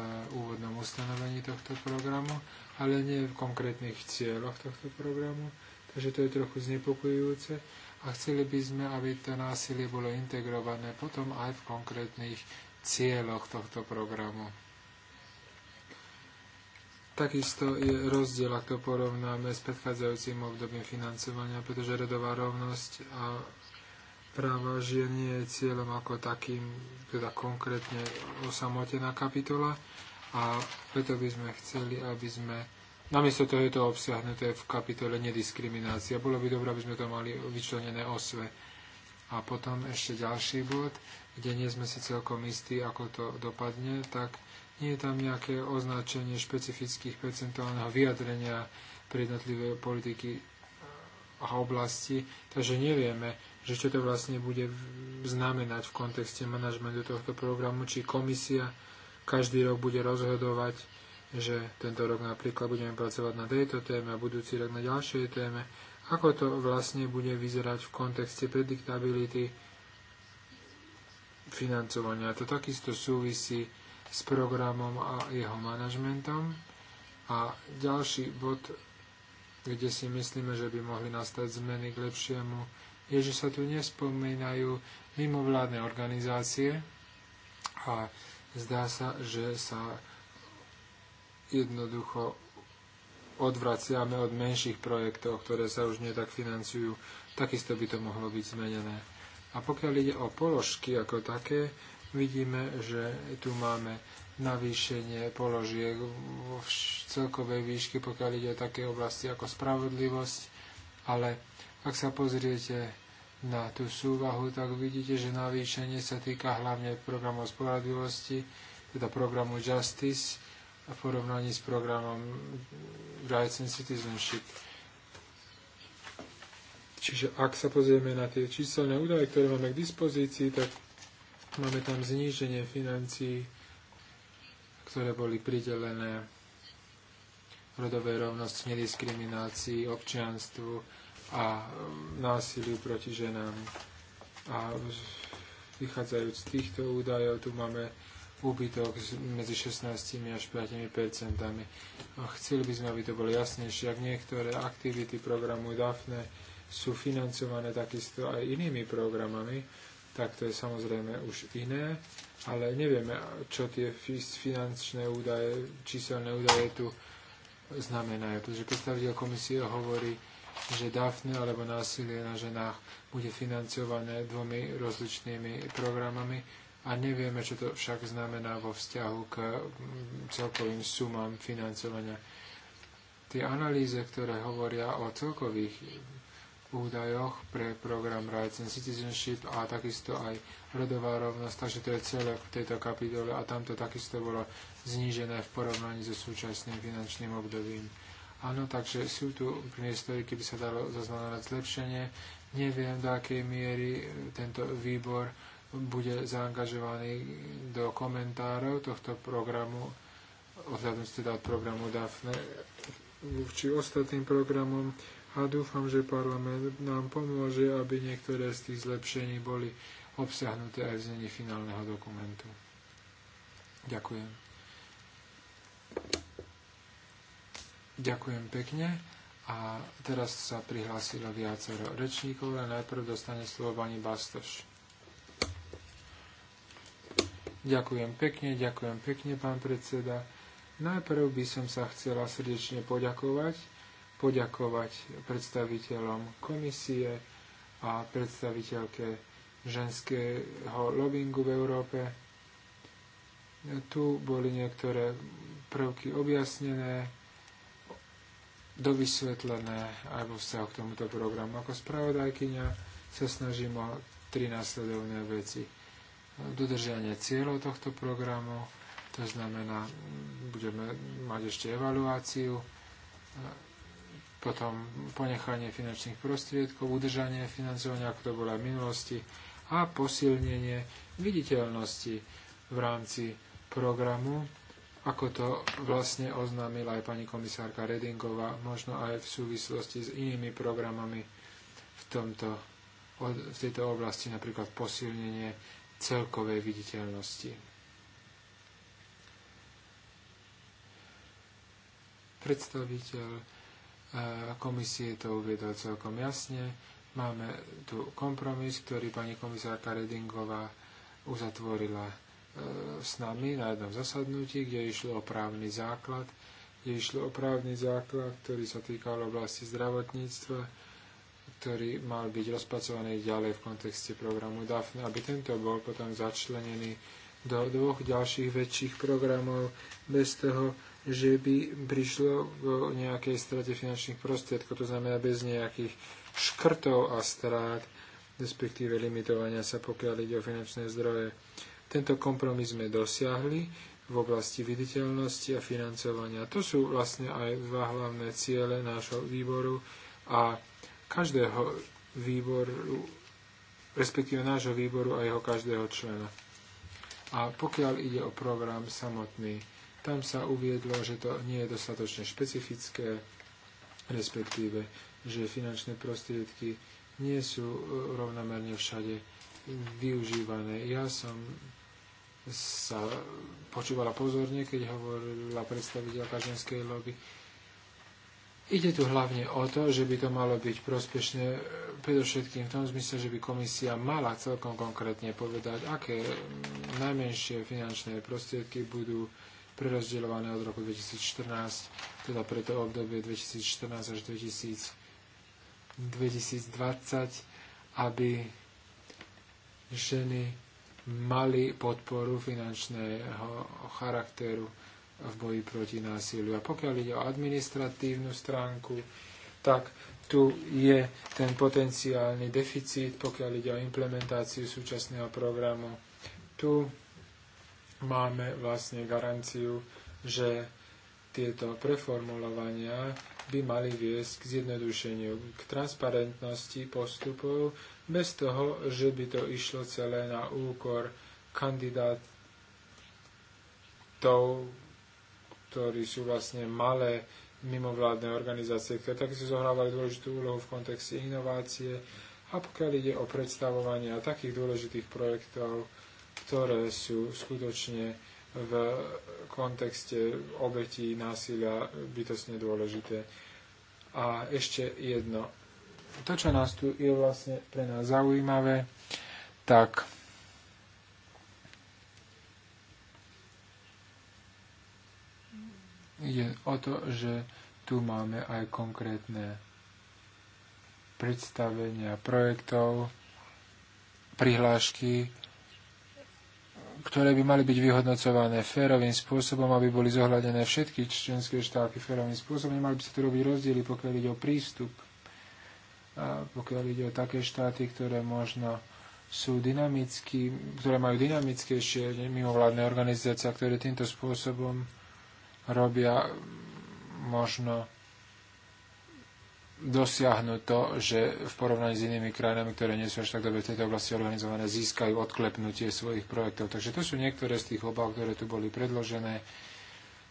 úvodnom ustanovení tohto programu, ale nie v konkrétnych cieľoch tohto programu, takže to je trochu znepokojujúce a chceli by sme, aby to násilie bolo integrované potom aj v konkrétnych cieľoch tohto programu. Takisto je rozdiel, ak to porovnáme s predchádzajúcim obdobím financovania, pretože rodová rovnosť a práva žien nie je cieľom ako takým, teda konkrétne osamotená kapitola a preto by sme chceli, aby sme Namiesto toho je to obsiahnuté v kapitole nediskriminácia. Bolo by dobré, aby sme to mali vyčlenené osve. A potom ešte ďalší bod, kde nie sme si celkom istí, ako to dopadne, tak nie je tam nejaké označenie špecifických percentuálneho vyjadrenia pre jednotlivé politiky a oblasti, takže nevieme, že čo to vlastne bude znamenať v kontexte manažmentu tohto programu, či komisia každý rok bude rozhodovať, že tento rok napríklad budeme pracovať na tejto téme a budúci rok na ďalšej téme, ako to vlastne bude vyzerať v kontexte prediktability financovania. To takisto súvisí s programom a jeho manažmentom. A ďalší bod, kde si myslíme, že by mohli nastať zmeny k lepšiemu, je, že sa tu nespomínajú mimovládne organizácie a zdá sa, že sa jednoducho odvraciame od menších projektov, ktoré sa už nie tak financujú, takisto by to mohlo byť zmenené. A pokiaľ ide o položky ako také, vidíme, že tu máme navýšenie položiek v celkovej výške, pokiaľ ide o také oblasti ako spravodlivosť, ale ak sa pozriete na tú súvahu, tak vidíte, že navýšenie sa týka hlavne programu spravodlivosti, teda programu Justice a v porovnaní s programom Rights and Citizenship. Čiže ak sa pozrieme na tie číselné údaje, ktoré máme k dispozícii, tak máme tam zníženie financií, ktoré boli pridelené rodovej rovnosti, nediskriminácii, občianstvu, a um, násiliu proti ženám. A vychádzajúc z týchto údajov, tu máme úbytok medzi 16 až 5 percentami. A chceli by sme, aby to bolo jasnejšie, ak niektoré aktivity programu DAFNE sú financované takisto aj inými programami, tak to je samozrejme už iné, ale nevieme, čo tie finančné údaje, číselné údaje tu znamenajú. Pretože predstaviteľ komisie hovorí, že Dafne alebo násilie na ženách bude financované dvomi rozličnými programami a nevieme, čo to však znamená vo vzťahu k mm, celkovým sumám financovania. Tie analýze, ktoré hovoria o celkových údajoch pre program Rights and Citizenship a takisto aj rodová rovnosť, takže to je celé v tejto kapitole a tamto takisto bolo znížené v porovnaní so súčasným finančným obdobím. Áno, takže sú tu priestory, keby sa dalo zaznamenať zlepšenie. Neviem, do akej miery tento výbor bude zaangažovaný do komentárov tohto programu, ohľadom teda od programu DAFNE či ostatným programom a dúfam, že parlament nám pomôže, aby niektoré z tých zlepšení boli obsiahnuté aj v znení finálneho dokumentu. Ďakujem. Ďakujem pekne. A teraz sa prihlásilo viacero rečníkov, ale najprv dostane slovo pani Bastoš. Ďakujem pekne, ďakujem pekne, pán predseda. Najprv by som sa chcela srdečne poďakovať, poďakovať predstaviteľom komisie a predstaviteľke ženského lobingu v Európe. Tu boli niektoré prvky objasnené, dovysvetlené aj vo vzťahu k tomuto programu. Ako spravodajkyňa sa snažím o tri následovné veci. Dodržanie cieľov tohto programu, to znamená, budeme mať ešte evaluáciu, potom ponechanie finančných prostriedkov, udržanie financovania, ako to bolo aj v minulosti, a posilnenie viditeľnosti v rámci programu ako to vlastne oznámila aj pani komisárka Redingová, možno aj v súvislosti s inými programami v, tomto, v tejto oblasti, napríklad posilnenie celkovej viditeľnosti. Predstaviteľ eh, komisie to uviedol celkom jasne. Máme tu kompromis, ktorý pani komisárka Redingová uzatvorila E, s nami na jednom zasadnutí, kde išlo o právny základ, kde išlo o právny základ, ktorý sa týkal oblasti zdravotníctva, ktorý mal byť rozpracovaný ďalej v kontexte programu DAFNE, aby tento bol potom začlenený do dvoch ďalších väčších programov bez toho, že by prišlo k nejakej strate finančných prostriedkov, to znamená bez nejakých škrtov a strát, respektíve limitovania sa, pokiaľ ide o finančné zdroje. Tento kompromis sme dosiahli v oblasti viditeľnosti a financovania. To sú vlastne aj dva hlavné ciele nášho výboru a každého výboru, respektíve nášho výboru a jeho každého člena. A pokiaľ ide o program samotný, tam sa uviedlo, že to nie je dostatočne špecifické, respektíve, že finančné prostriedky nie sú e, rovnomerne všade využívané. Ja som sa počúvala pozorne, keď hovorila predstaviteľka ženskej lobby. Ide tu hlavne o to, že by to malo byť prospešné e, predovšetkým v tom zmysle, že by komisia mala celkom konkrétne povedať, aké mm, najmenšie finančné prostriedky budú prerozdeľované od roku 2014, teda pre to obdobie 2014 až 2000, 2020, aby ženy mali podporu finančného charakteru v boji proti násiliu. A pokiaľ ide o administratívnu stránku, tak tu je ten potenciálny deficit, pokiaľ ide o implementáciu súčasného programu. Tu máme vlastne garanciu, že tieto preformulovania by mali viesť k zjednodušeniu, k transparentnosti postupov, bez toho, že by to išlo celé na úkor kandidátov, ktorí sú vlastne malé mimovládne organizácie, ktoré takisto zohrávali dôležitú úlohu v kontexte inovácie a pokiaľ ide o predstavovanie takých dôležitých projektov, ktoré sú skutočne v kontexte obetí násilia bytostne dôležité. A ešte jedno. To, čo nás tu je vlastne pre nás zaujímavé, tak je o to, že tu máme aj konkrétne predstavenia projektov, prihlášky, ktoré by mali byť vyhodnocované férovým spôsobom, aby boli zohľadené všetky členské štáty férovým spôsobom. Nemali by sa tu robiť rozdiely, pokiaľ ide o prístup, a pokiaľ ide o také štáty, ktoré možno sú dynamicky, ktoré majú dynamickejšie mimovládne organizácie, ktoré týmto spôsobom robia možno dosiahnuť to, že v porovnaní s inými krajinami, ktoré nie sú až tak dobre v tejto oblasti organizované, získajú odklepnutie svojich projektov. Takže to sú niektoré z tých obav, ktoré tu boli predložené,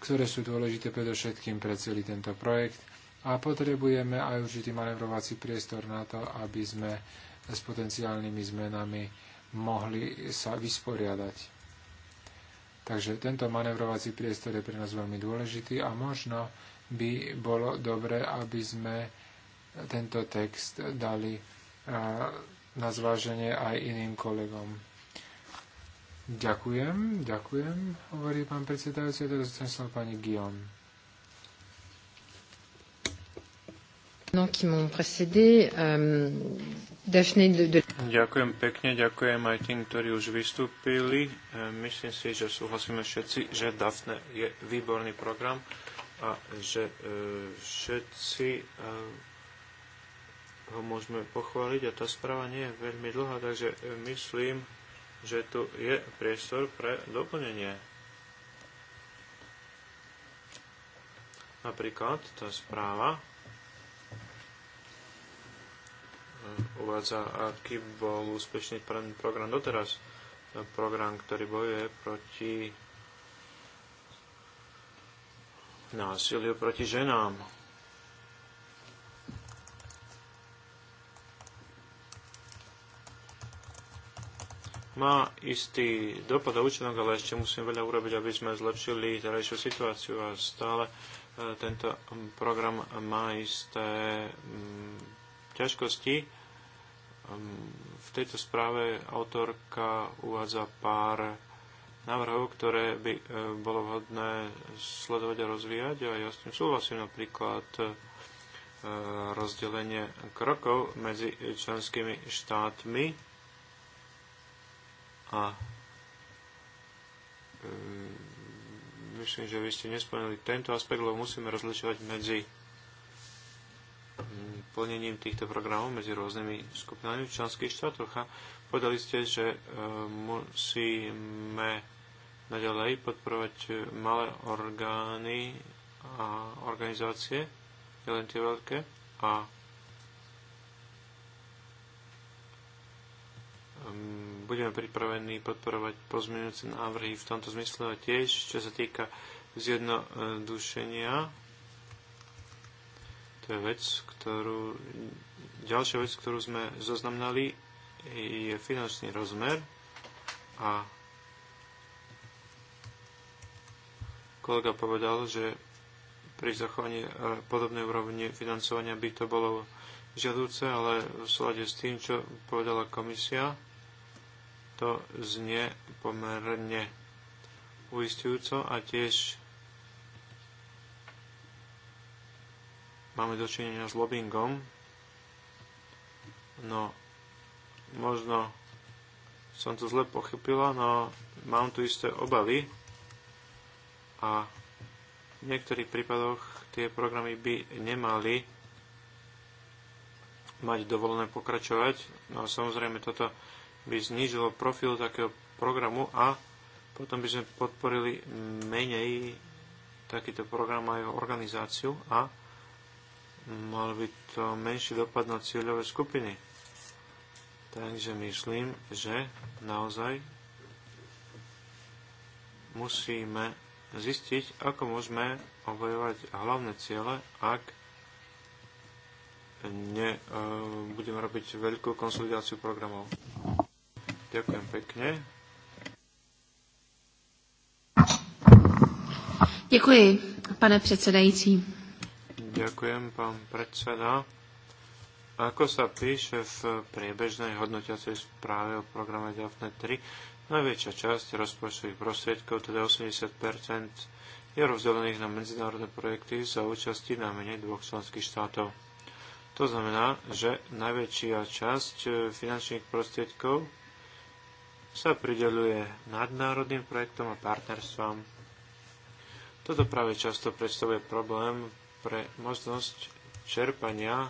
ktoré sú dôležité predovšetkým pre celý tento projekt. A potrebujeme aj určitý manevrovací priestor na to, aby sme s potenciálnymi zmenami mohli sa vysporiadať. Takže tento manevrovací priestor je pre nás veľmi dôležitý a možno by bolo dobre, aby sme tento text dali na zváženie aj iným kolegom. Ďakujem, ďakujem, hovorí pán predsedajúci, a teraz chcem sa pani Guillaume. Euh, ďakujem pekne, ďakujem aj tým, ktorí už vystúpili. E, myslím si, že súhlasíme všetci, že Daphne je výborný program a že e, všetci e, ho môžeme pochváliť a tá správa nie je veľmi dlhá, takže e, myslím, že tu je priestor pre doplnenie. Napríklad tá správa e, uvádza, aký bol úspešný program doteraz. E, program, ktorý bojuje proti násiliu proti ženám má istý dopad a účinok, ale ešte musím veľa urobiť, aby sme zlepšili terajšiu situáciu a stále e, tento program má isté mm, ťažkosti. Ehm, v tejto správe autorka uvádza pár návrhov, ktoré by e, bolo vhodné sledovať a rozvíjať a ja s tým súhlasím napríklad e, rozdelenie krokov medzi členskými štátmi a e, myslím, že vy ste nespomenuli tento aspekt, lebo musíme rozlišovať medzi mm, plnením týchto programov medzi rôznymi skupinami v členských štátoch. A povedali ste, že e, musíme naďalej podporovať malé orgány a organizácie, len tie veľké. A mm, budeme pripravení podporovať pozmeňujúce návrhy v tomto zmysle a tiež, čo sa týka zjednodušenia. To je vec, ktorú... Ďalšia vec, ktorú sme zoznamnali, je finančný rozmer a kolega povedal, že pri zachovaní e, podobnej úrovne financovania by to bolo žiadúce, ale v súlade s tým, čo povedala komisia, to znie pomerne uistujúco a tiež máme dočinenia s lobbyingom. No, možno som to zle pochopila, no mám tu isté obavy a v niektorých prípadoch tie programy by nemali mať dovolené pokračovať. No a samozrejme toto by znížilo profil takého programu a potom by sme podporili menej takýto program aj organizáciu a mal by to menší dopad na cieľové skupiny. Takže myslím, že naozaj musíme zistiť, ako môžeme obojovať hlavné ciele, ak nebudeme e, robiť veľkú konsolidáciu programov. Ďakujem pekne. Ďakujem, pane predsedajúci. Ďakujem, pán predseda. Ako sa píše v priebežnej hodnotiacej správe o programe DAFNE 3, najväčšia časť rozpočtových prostriedkov, teda 80 je rozdelených na medzinárodné projekty za účasti na menej dvoch členských štátov. To znamená, že najväčšia časť eh, finančných prostriedkov sa prideluje nadnárodným projektom a partnerstvom. Toto práve často predstavuje problém pre možnosť čerpania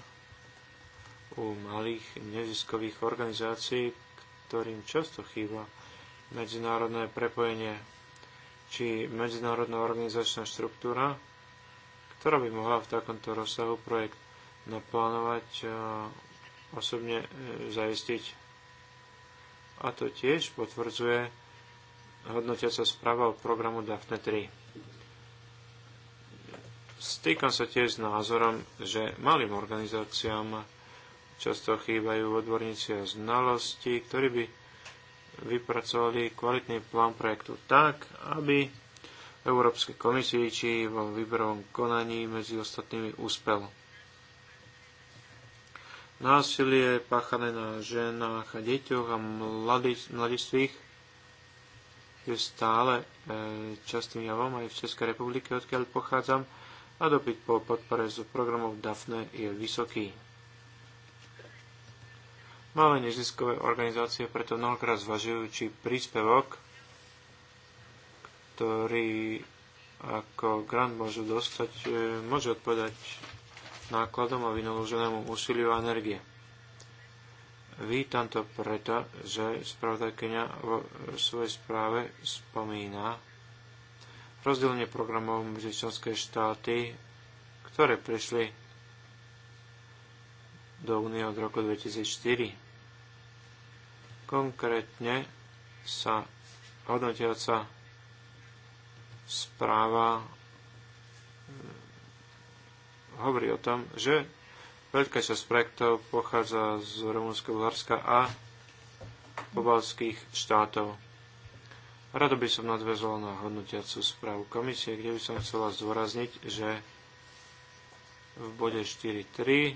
u malých neziskových organizácií, ktorým často chýba medzinárodné prepojenie či medzinárodná organizačná štruktúra, ktorá by mohla v takomto rozsahu projekt naplánovať a osobne e, zaistiť a to tiež potvrdzuje hodnotiaca správa o programu DAFNE 3. Stýkam sa tiež s názorom, že malým organizáciám často chýbajú odborníci a znalosti, ktorí by vypracovali kvalitný plán projektu tak, aby Európskej komisii či vo výberovom konaní medzi ostatnými úspel násilie páchané na ženách a deťoch a mladistvých je stále e, častým javom aj v Českej republike, odkiaľ pochádzam a dopyt po podpore z programov DAFNE je vysoký. Malé neziskové organizácie preto mnohokrát zvažujú, či príspevok, ktorý ako grant môžu dostať, e, môže odpovedať nákladom a vynaloženému úsiliu a energie. Vítam to preto, že spravodajkyňa vo svojej správe spomína rozdelenie programov medzi členské štáty, ktoré prišli do únie od roku 2004. Konkrétne sa hodnotiaca správa hovorí o tom, že veľká časť projektov pochádza z Rumunského Bulharska a pobalských štátov. Rado by som nadvezol na hodnotiacu správu komisie, kde by som chcela zdôrazniť, že v bode 4.3,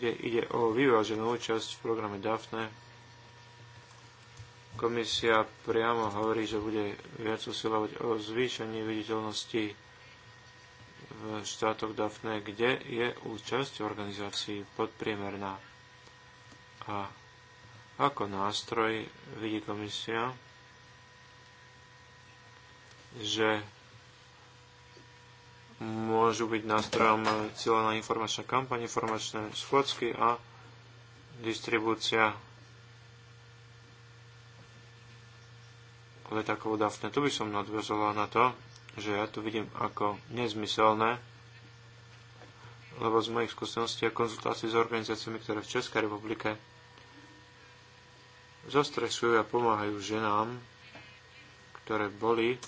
kde ide o vyváženú účasť v programe DAFNE, komisia priamo hovorí, že bude viac usilovať o zvýšení viditeľnosti v štátoch Dafne, kde je účasť v organizácii podpriemerná. A ako nástroj vidí komisia, že môžu byť nástrojom cieľená informačná kampaň, informačné schôdzky a distribúcia letákov Dafne. Tu by som nadviazala na to, že ja to vidím ako nezmyselné, lebo z mojich skúseností a konzultácií s organizáciami, ktoré v Českej republike zostresujú a pomáhajú ženám, ktoré boli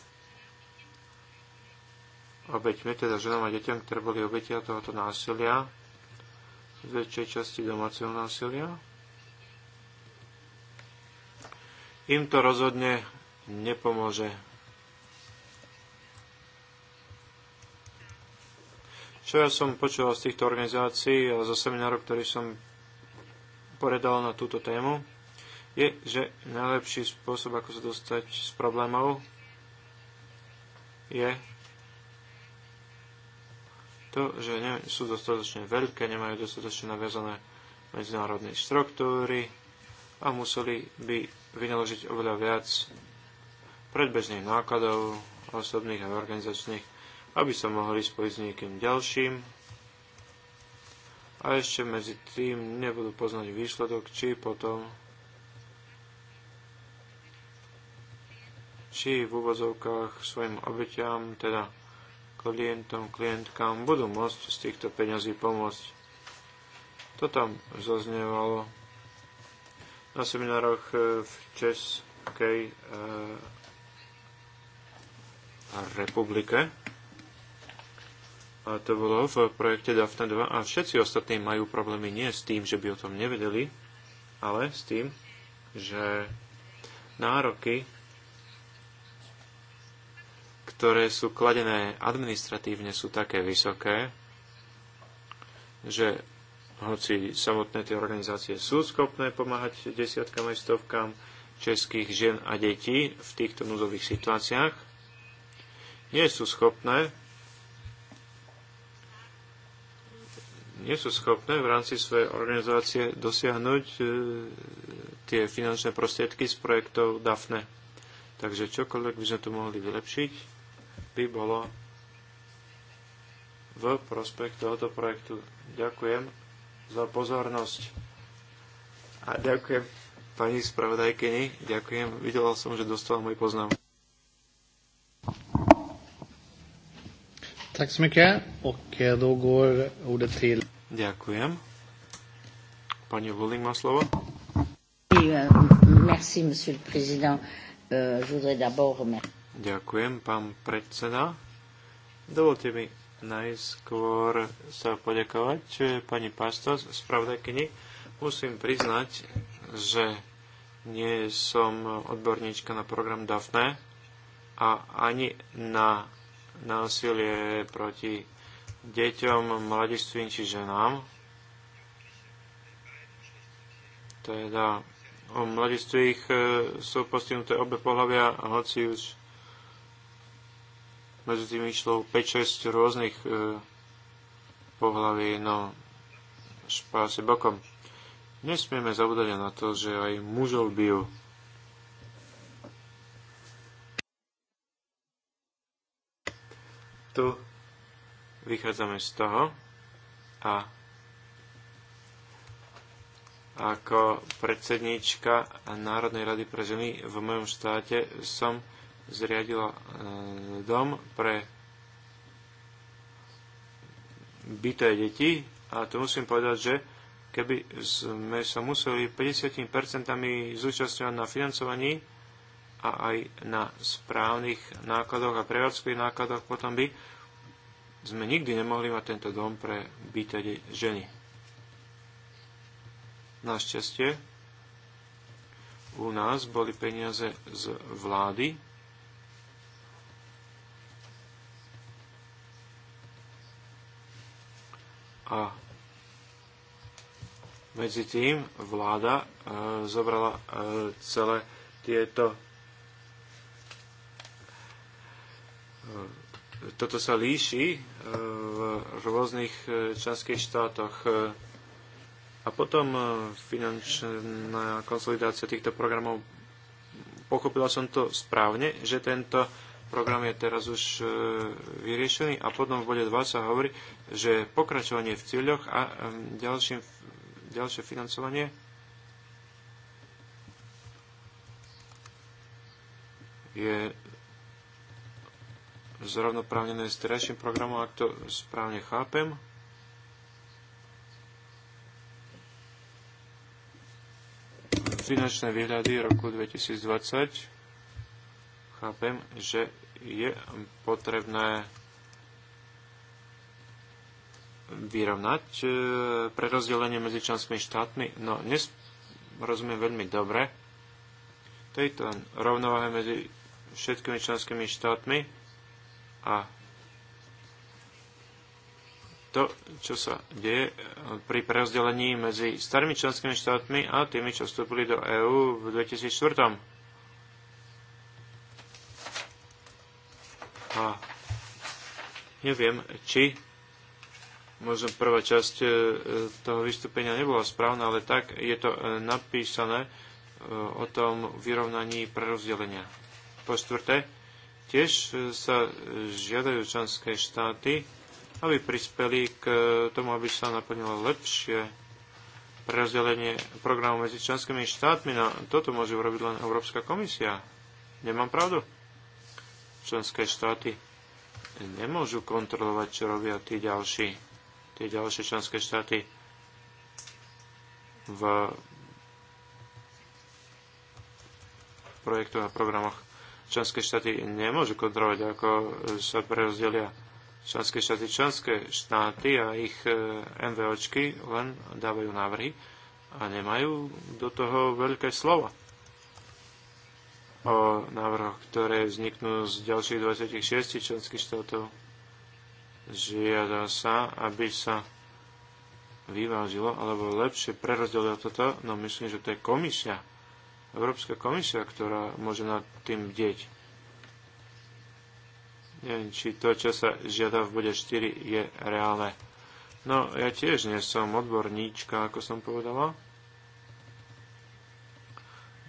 obeťmi, teda ženám a deťom, ktoré boli obetia tohoto násilia, z väčšej časti domáceho násilia. Im to rozhodne nepomôže Čo ja som počúval z týchto organizácií a zo seminárov, ktorý som poredal na túto tému, je, že najlepší spôsob, ako sa dostať z problémov, je to, že ne, sú dostatočne veľké, nemajú dostatočne naviazané medzinárodné štruktúry a museli by vynaložiť oveľa viac predbežných nákladov osobných a organizačných aby sa mohli spojiť s niekým ďalším a ešte medzi tým nebudú poznať výsledok, či potom či v úvozovkách svojim obeťam, teda klientom, klientkám budú môcť z týchto peňazí pomôcť. To tam zaznievalo na seminároch eh, v Českej eh, republike to bolo v projekte Daphne 2 a všetci ostatní majú problémy nie s tým, že by o tom nevedeli, ale s tým, že nároky, ktoré sú kladené administratívne, sú také vysoké, že hoci samotné tie organizácie sú schopné pomáhať desiatkam aj stovkám českých žien a detí v týchto núzových situáciách, nie sú schopné nie sú schopné v rámci svojej organizácie dosiahnuť e, tie finančné prostriedky z projektov DAFNE. Takže čokoľvek by sme tu mohli vylepšiť, by bolo v prospech tohoto projektu. Ďakujem za pozornosť. A ďakujem pani spravodajkyni. Ďakujem. Videla som, že dostala môj poznám. Tack så mycket. Och eh, då går ordet till... Ďakujem. Pani Vulling má slovo. Euh, merci, monsieur le président. Euh, je voudrais d'abord remercier... Ďakujem, pán predseda. Dovolte mi najskôr sa poďakovať eh, pani pastor Pastos, spravodajkyni. Musím priznať, že nie som odborníčka na program DAFNE a ani na násilie proti deťom, mladistvím či ženám. Teda o mladistvých e, sú postihnuté obe pohľavia, hoci už medzi tým išlo 5-6 rôznych e, pohľaví, no špáse bokom. Nesmieme zabúdať na to, že aj mužov bijú. tu vychádzame z toho a ako predsednička Národnej rady pre ženy v mojom štáte som zriadila e, dom pre byté deti a tu musím povedať, že keby sme sa museli 50% zúčastňovať na financovaní, a aj na správnych nákladoch a prevádzkových nákladoch potom by sme nikdy nemohli mať tento dom pre byté ženy. Našťastie u nás boli peniaze z vlády, a medzi tým vláda e, zobrala e, celé tieto toto sa líši e, v rôznych e, členských štátoch. E, a potom finančná konsolidácia týchto programov. Pochopila som to správne, že tento program je teraz už vyriešený a potom v bode 2 sa hovorí, že pokračovanie v cieľoch a ďalšie, ďalšie financovanie je zrovnoprávnené s terajším programom, ak to správne chápem. Finančné výhľady roku 2020 chápem, že je potrebné vyrovnať e, pre rozdelenie medzi členskými štátmi. No, dnes rozumiem veľmi dobre tejto rovnováhe medzi všetkými členskými štátmi a to, čo sa deje e, pri prerozdelení medzi starými členskými štátmi a tými, čo vstúpili do EÚ v 2004. A neviem, či možno prvá časť e, toho vystúpenia nebola správna, ale tak je to e, napísané o tom vyrovnaní prerozdelenia. Po štvrté, Tiež e, sa e, žiadajú členské štáty, aby prispeli k e, tomu, aby sa naplnilo lepšie prerozdelenie programu medzi členskými štátmi. No, toto môže urobiť len Európska komisia. Nemám pravdu? Členské štáty nemôžu kontrolovať, čo robia tie ďalší, tie ďalšie členské štáty v projektoch a programoch členské štáty nemôžu kontrolovať, ako sa prerozdelia členské štáty. Členské štáty a ich e, MVOčky len dávajú návrhy a nemajú do toho veľké slova o návrhoch, ktoré vzniknú z ďalších 26 členských štátov. Žiada sa, aby sa vyvážilo alebo lepšie prerozdelilo toto, no myslím, že to je komisia, Európska komisia, ktorá môže nad tým deť. Neviem, či to, čo sa žiada v bode 4, je reálne. No, ja tiež nie som odborníčka, ako som povedala.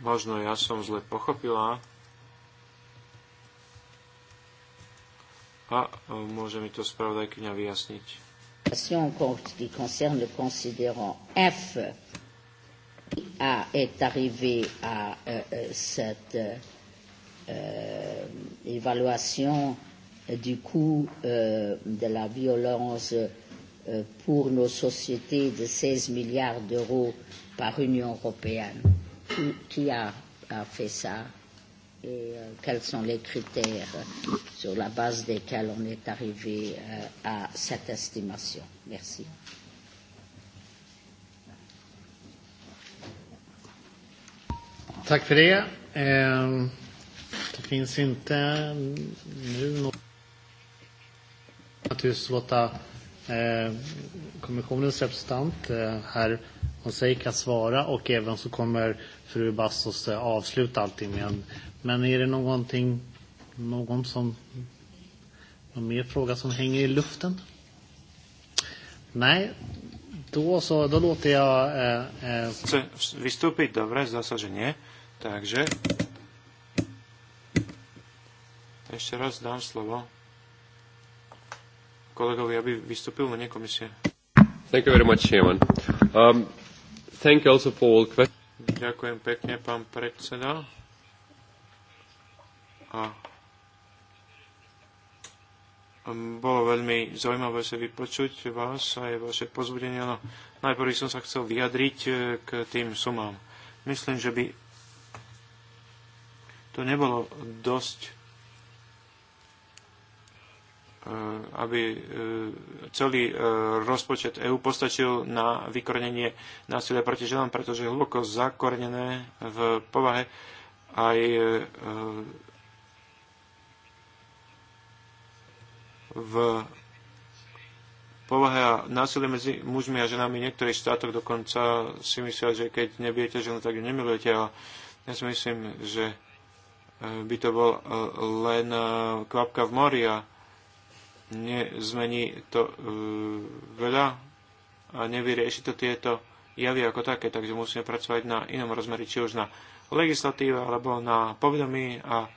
Možno ja som zle pochopila. A e, môže mi to spravodajkyňa vyjasniť. Concerne le considérant F a, est arrivé à euh, euh cette euh, euh, évaluation du coût euh, de la violence euh, pour nos sociétés de 16 milliards d'euros par Union européenne. Qui, qui a, a fait ça et euh, quels sont les critères sur la base desquels on est arrivé euh, à cette estimation Merci. Euh, Tack för det. Ehm, det finns inte nu något naturligtvis låta eh, kommissionens representant eh, herr svara och även så kommer fru Bassos eh, avsluta allting med Men är det någonting, någon som, någon mer fråga som hänger i luften? Nej, då så, då låter jag... Eh, eh... Chce vystúpiť? dobra, zdá že nie. Takže ešte raz dám slovo kolegovi, aby vystúpil na komisie. Thank you very much, Chairman. Um, thank you also for all questions. Ďakujem pekne, pán predseda. A bolo veľmi zaujímavé sa vypočuť vás a aj vaše pozbudenie. No, najprv som sa chcel vyjadriť eh, k tým sumám. Myslím, že by to nebolo dosť, e, aby e, celý e, rozpočet EÚ postačil na vykorenenie násilia proti ženám, pretože je hlboko zakorenené v povahe aj v povahe a násilie medzi mužmi a ženami v niektorých štátok dokonca si myslia, že keď nebijete ženu, tak ju nemilujete. A ja si myslím, že Eh, by to bol eh, len eh, kvapka v mori a nezmení to veľa a nevyrieši to tieto javy ako také, takže musíme pracovať na inom rozmeri, či už na legislatíve alebo na povedomí a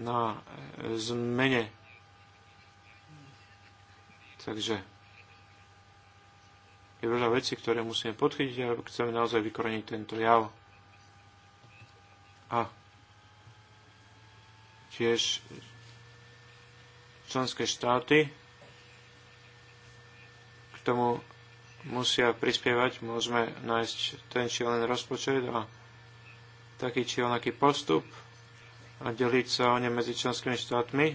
na zmene. Takže je veľa vecí, ktoré musíme podchytiť a chceme naozaj vykoreniť tento jav. A Tiež členské štáty k tomu musia prispievať, môžeme nájsť ten či len rozpočet a taký či onaký postup a deliť sa o ne medzi členskými štátmi.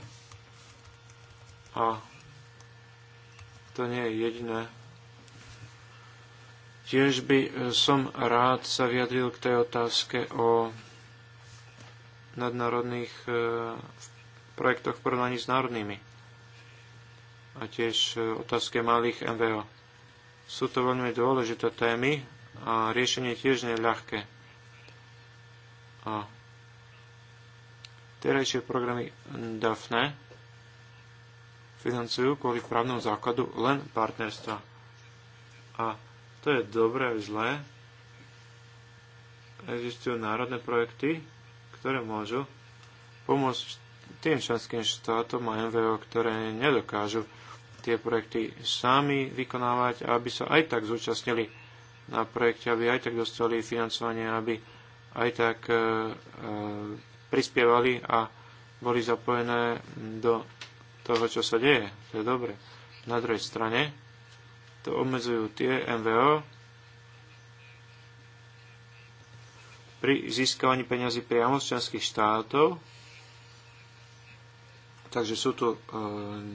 A to nie je jediné. Tiež by som rád sa vyjadril k tej otázke o nadnárodných e, projektoch v porovnaní s národnými. A tiež e, otázke malých MVO. Sú to veľmi dôležité témy a riešenie tiež nie je ľahké. A terajšie programy DAFNE financujú kvôli právnom základu len partnerstva. A to je dobré a zlé. Existujú národné projekty, ktoré môžu pomôcť tým členským štátom a MVO, ktoré nedokážu tie projekty sami vykonávať, aby sa aj tak zúčastnili na projekte, aby aj tak dostali financovanie, aby aj tak e, e, prispievali a boli zapojené do toho, čo sa deje. To je dobre. Na druhej strane to obmedzujú tie MVO, pri získavaní peňazí priamo z členských štátov. Takže sú tu e,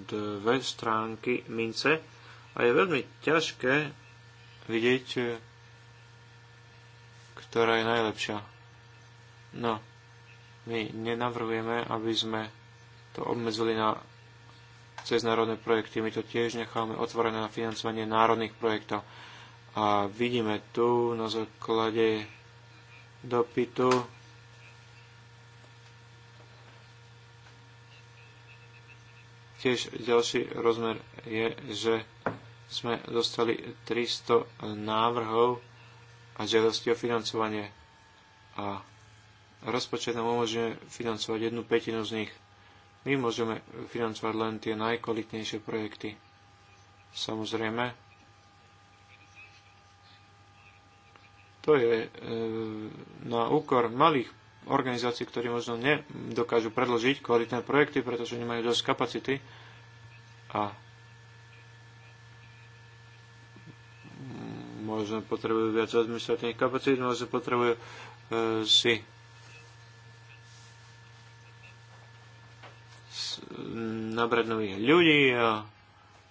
dve stránky mince a je veľmi ťažké vidieť, e, ktorá je najlepšia. No, my nenavrhujeme, aby sme to obmedzili na cez národné projekty. My to tiež necháme otvorené na financovanie národných projektov. A vidíme tu na základe dopytu Tiež ďalší rozmer je, že sme dostali 300 návrhov a žiadosti o financovanie a rozpočet nám umožňuje financovať jednu petinu z nich. My môžeme financovať len tie najkvalitnejšie projekty. Samozrejme, To je e, na úkor malých organizácií, ktorí možno nedokážu predložiť kvalitné projekty, pretože nemajú dosť kapacity a možno potrebujú viac administratívnych kapacít, možno potrebujú e, si nabrať nových ľudí a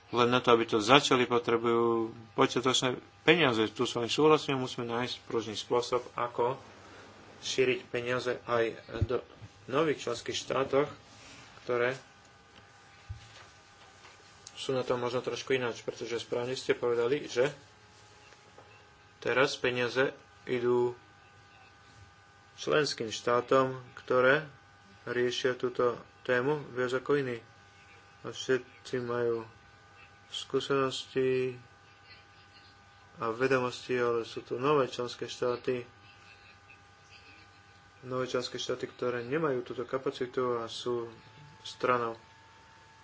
len na to, aby to začali, potrebujú počiatočné peniaze. Tu s vami súhlasím, musíme nájsť pružný spôsob, ako šíriť peniaze aj do nových členských štátoch, ktoré sú na tom možno trošku ináč, pretože správne ste povedali, že teraz peniaze idú členským štátom, ktoré riešia túto tému viac ako iní. A všetci majú skúsenosti a vedomosti, ale sú tu nové členské štáty, nové členské štáty, ktoré nemajú túto kapacitu a sú stranou.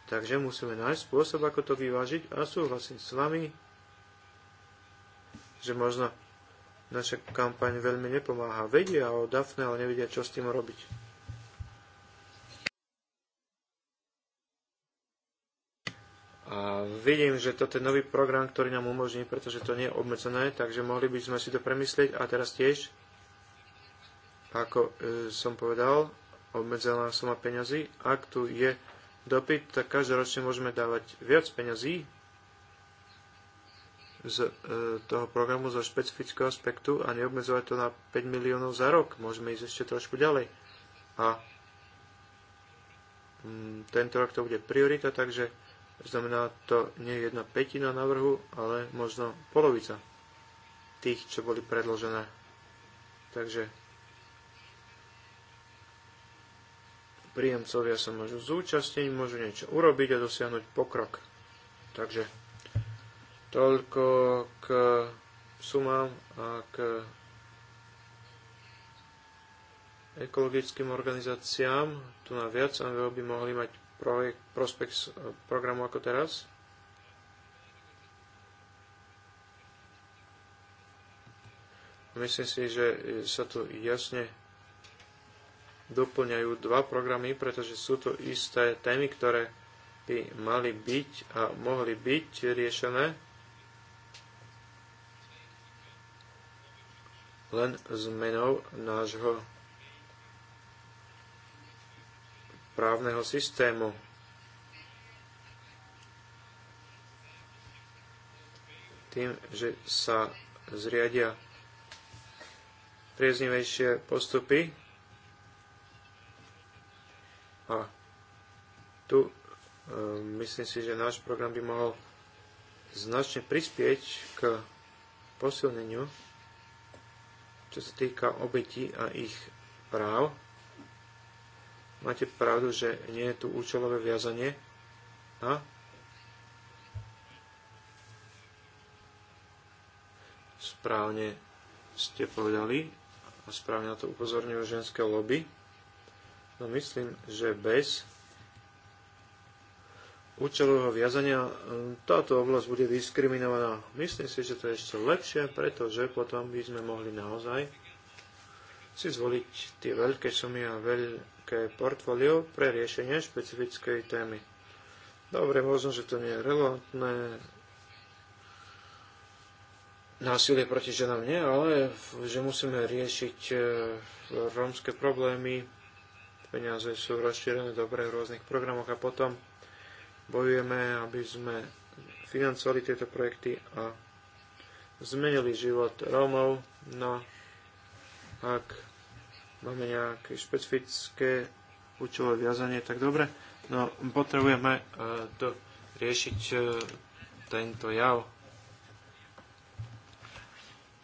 Takže musíme nájsť spôsob, ako to vyvážiť a súhlasím s vami, že možno naša kampaň veľmi nepomáha. Vedia o Dafne, ale nevedia, čo s tým robiť. A vidím, že to je nový program, ktorý nám umožní, pretože to nie je obmedzené, takže mohli by sme si to premyslieť. A teraz tiež, ako e, som povedal, obmedzená suma peňazí. Ak tu je dopyt, tak každoročne môžeme dávať viac peňazí z e, toho programu zo špecifického aspektu a neobmedzovať to na 5 miliónov za rok. Môžeme ísť ešte trošku ďalej. A mm, tento rok to bude priorita, takže Znamená, to nie je jedna petina návrhu, ale možno polovica tých, čo boli predložené. Takže príjemcovia sa môžu zúčastniť, môžu niečo urobiť a dosiahnuť pokrok. Takže toľko k sumám a k ekologickým organizáciám. Tu na viac MVO by mohli mať prospekt programu ako teraz. Myslím si, že e, sa tu jasne doplňajú dva programy, pretože sú to isté témy, ktoré by mali byť a mohli byť riešené. len zmenou nášho právneho systému. Tým, že sa zriadia prieznivejšie postupy a tu e, myslím si, že náš program by mohol značne prispieť k posilneniu, čo sa týka obetí a ich práv. Máte pravdu, že nie je tu účelové viazanie. A? Správne ste povedali a správne na to upozorňujú ženské lobby. No myslím, že bez účelového viazania hm, táto oblasť bude diskriminovaná. Myslím si, že to je ešte lepšie, pretože potom by sme mohli naozaj si zvoliť tie veľké sumy a veľké portfólio pre riešenie špecifickej témy. Dobre, možno, že to nie je relevantné. Násilie proti ženám nie, ale že musíme riešiť e, rómske problémy. Peniaze sú rozšírené dobre v rôznych programoch a potom bojujeme, aby sme financovali tieto projekty a zmenili život Rómov. No, ak máme nejaké špecifické účelové viazanie, tak dobre. No, potrebujeme e, to riešiť e, tento jav.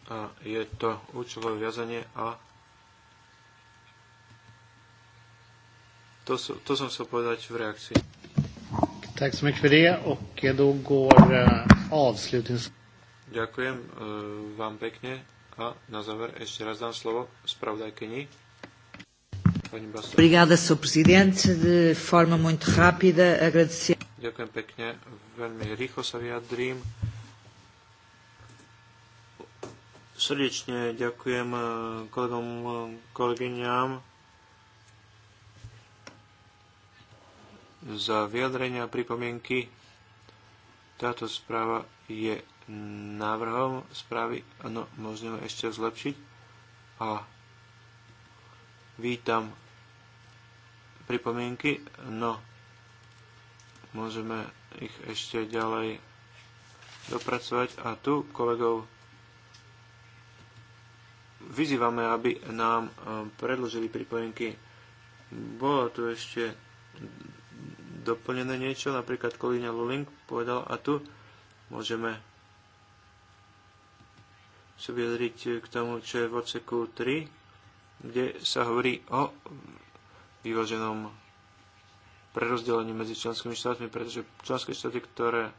A je to účelové viazanie a to, to som chcel povedať v reakcii. Tak sme mycket för det går avslutnings... Ďakujem e, vám pekne. A na záver ešte raz dám slovo spravodajkyni. Obrigada, Sr. Presidente. De forma muito rápida, agradecer. Ďakujem pekne. Veľmi rýchlo sa vyjadrím. Srdečne ďakujem eh, kolegom, kolegyňám za vyjadrenia a pripomienky. Táto správa je návrhom správy, no, možno ešte zlepšiť a vítam pripomienky, no môžeme ich ešte ďalej dopracovať a tu kolegov vyzývame, aby nám e, predložili pripojenky. Bolo tu ešte doplnené niečo, napríklad kolíňa Luling povedal, a tu môžeme sa vyjadriť k tomu, čo je v odseku 3, kde sa hovorí o vyvoženom prerozdelení medzi členskými štátmi, pretože členské štáty, ktoré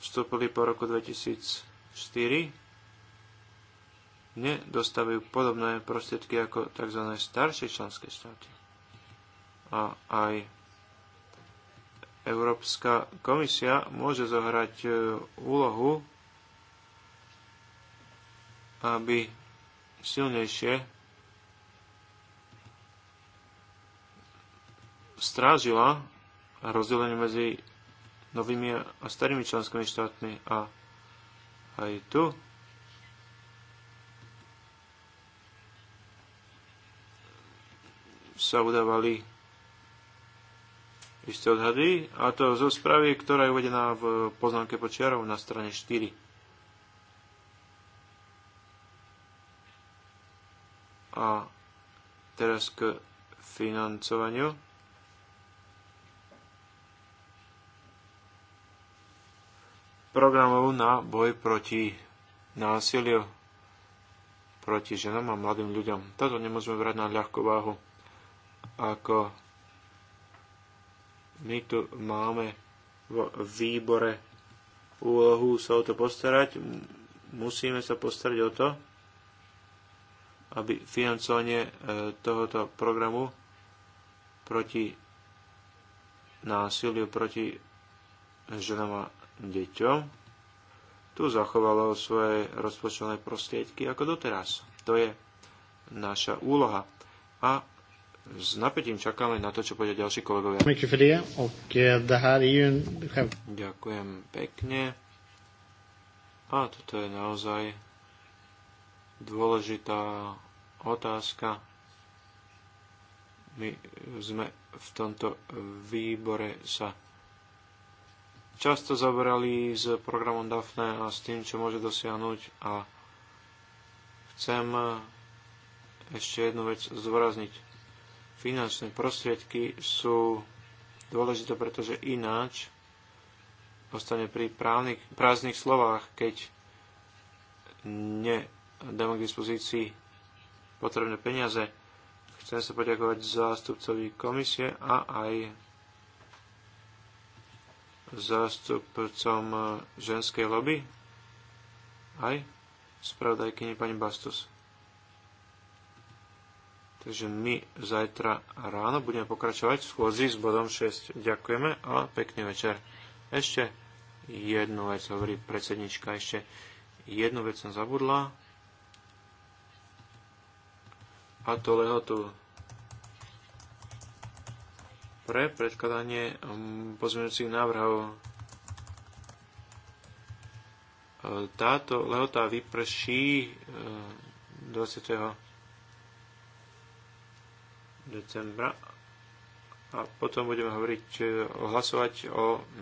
vstúpili po roku 2004, nedostávajú podobné prostriedky ako tzv. staršie členské štáty. A aj Európska komisia môže zohrať e, úlohu aby silnejšie strážila rozdelenie medzi novými a starými členskými štátmi a aj tu sa udávali isté odhady a to zo správy, ktorá je uvedená v poznámke počiarov na strane 4. Teraz k financovaniu. Programov na boj proti násiliu proti ženom a mladým ľuďom. Toto nemôžeme brať na ľahkú váhu. Ako my tu máme v výbore úlohu sa o to postarať, musíme sa postarať o to, aby financovanie e, tohoto programu proti násiliu proti ženám a deťom tu zachovalo svoje rozpočtované prostriedky ako doteraz. To je naša úloha. A s napätím čakáme na to, čo povedia ďalší kolegovia. Ďakujem pekne. A toto je naozaj dôležitá otázka. My sme v tomto výbore sa často zabrali s programom DAFNE a s tým, čo môže dosiahnuť a chcem ešte jednu vec zdôrazniť. Finančné prostriedky sú dôležité, pretože ináč ostane pri právnych, prázdnych slovách, keď ne dáme k dispozícii potrebné peniaze. Chcem sa poďakovať zástupcovi komisie a aj zástupcom ženskej lobby, aj spravodajkyni pani Bastos. Takže my zajtra ráno budeme pokračovať v schôdzi s bodom 6. Ďakujeme a pekný večer. Ešte jednu vec hovorí predsednička, ešte jednu vec som zabudla a to lehotu pre predkladanie um, pozmeňujúcich návrhov. E, táto lehota vyprší 20. E, decembra a potom budeme hovoriť, e, hlasovať o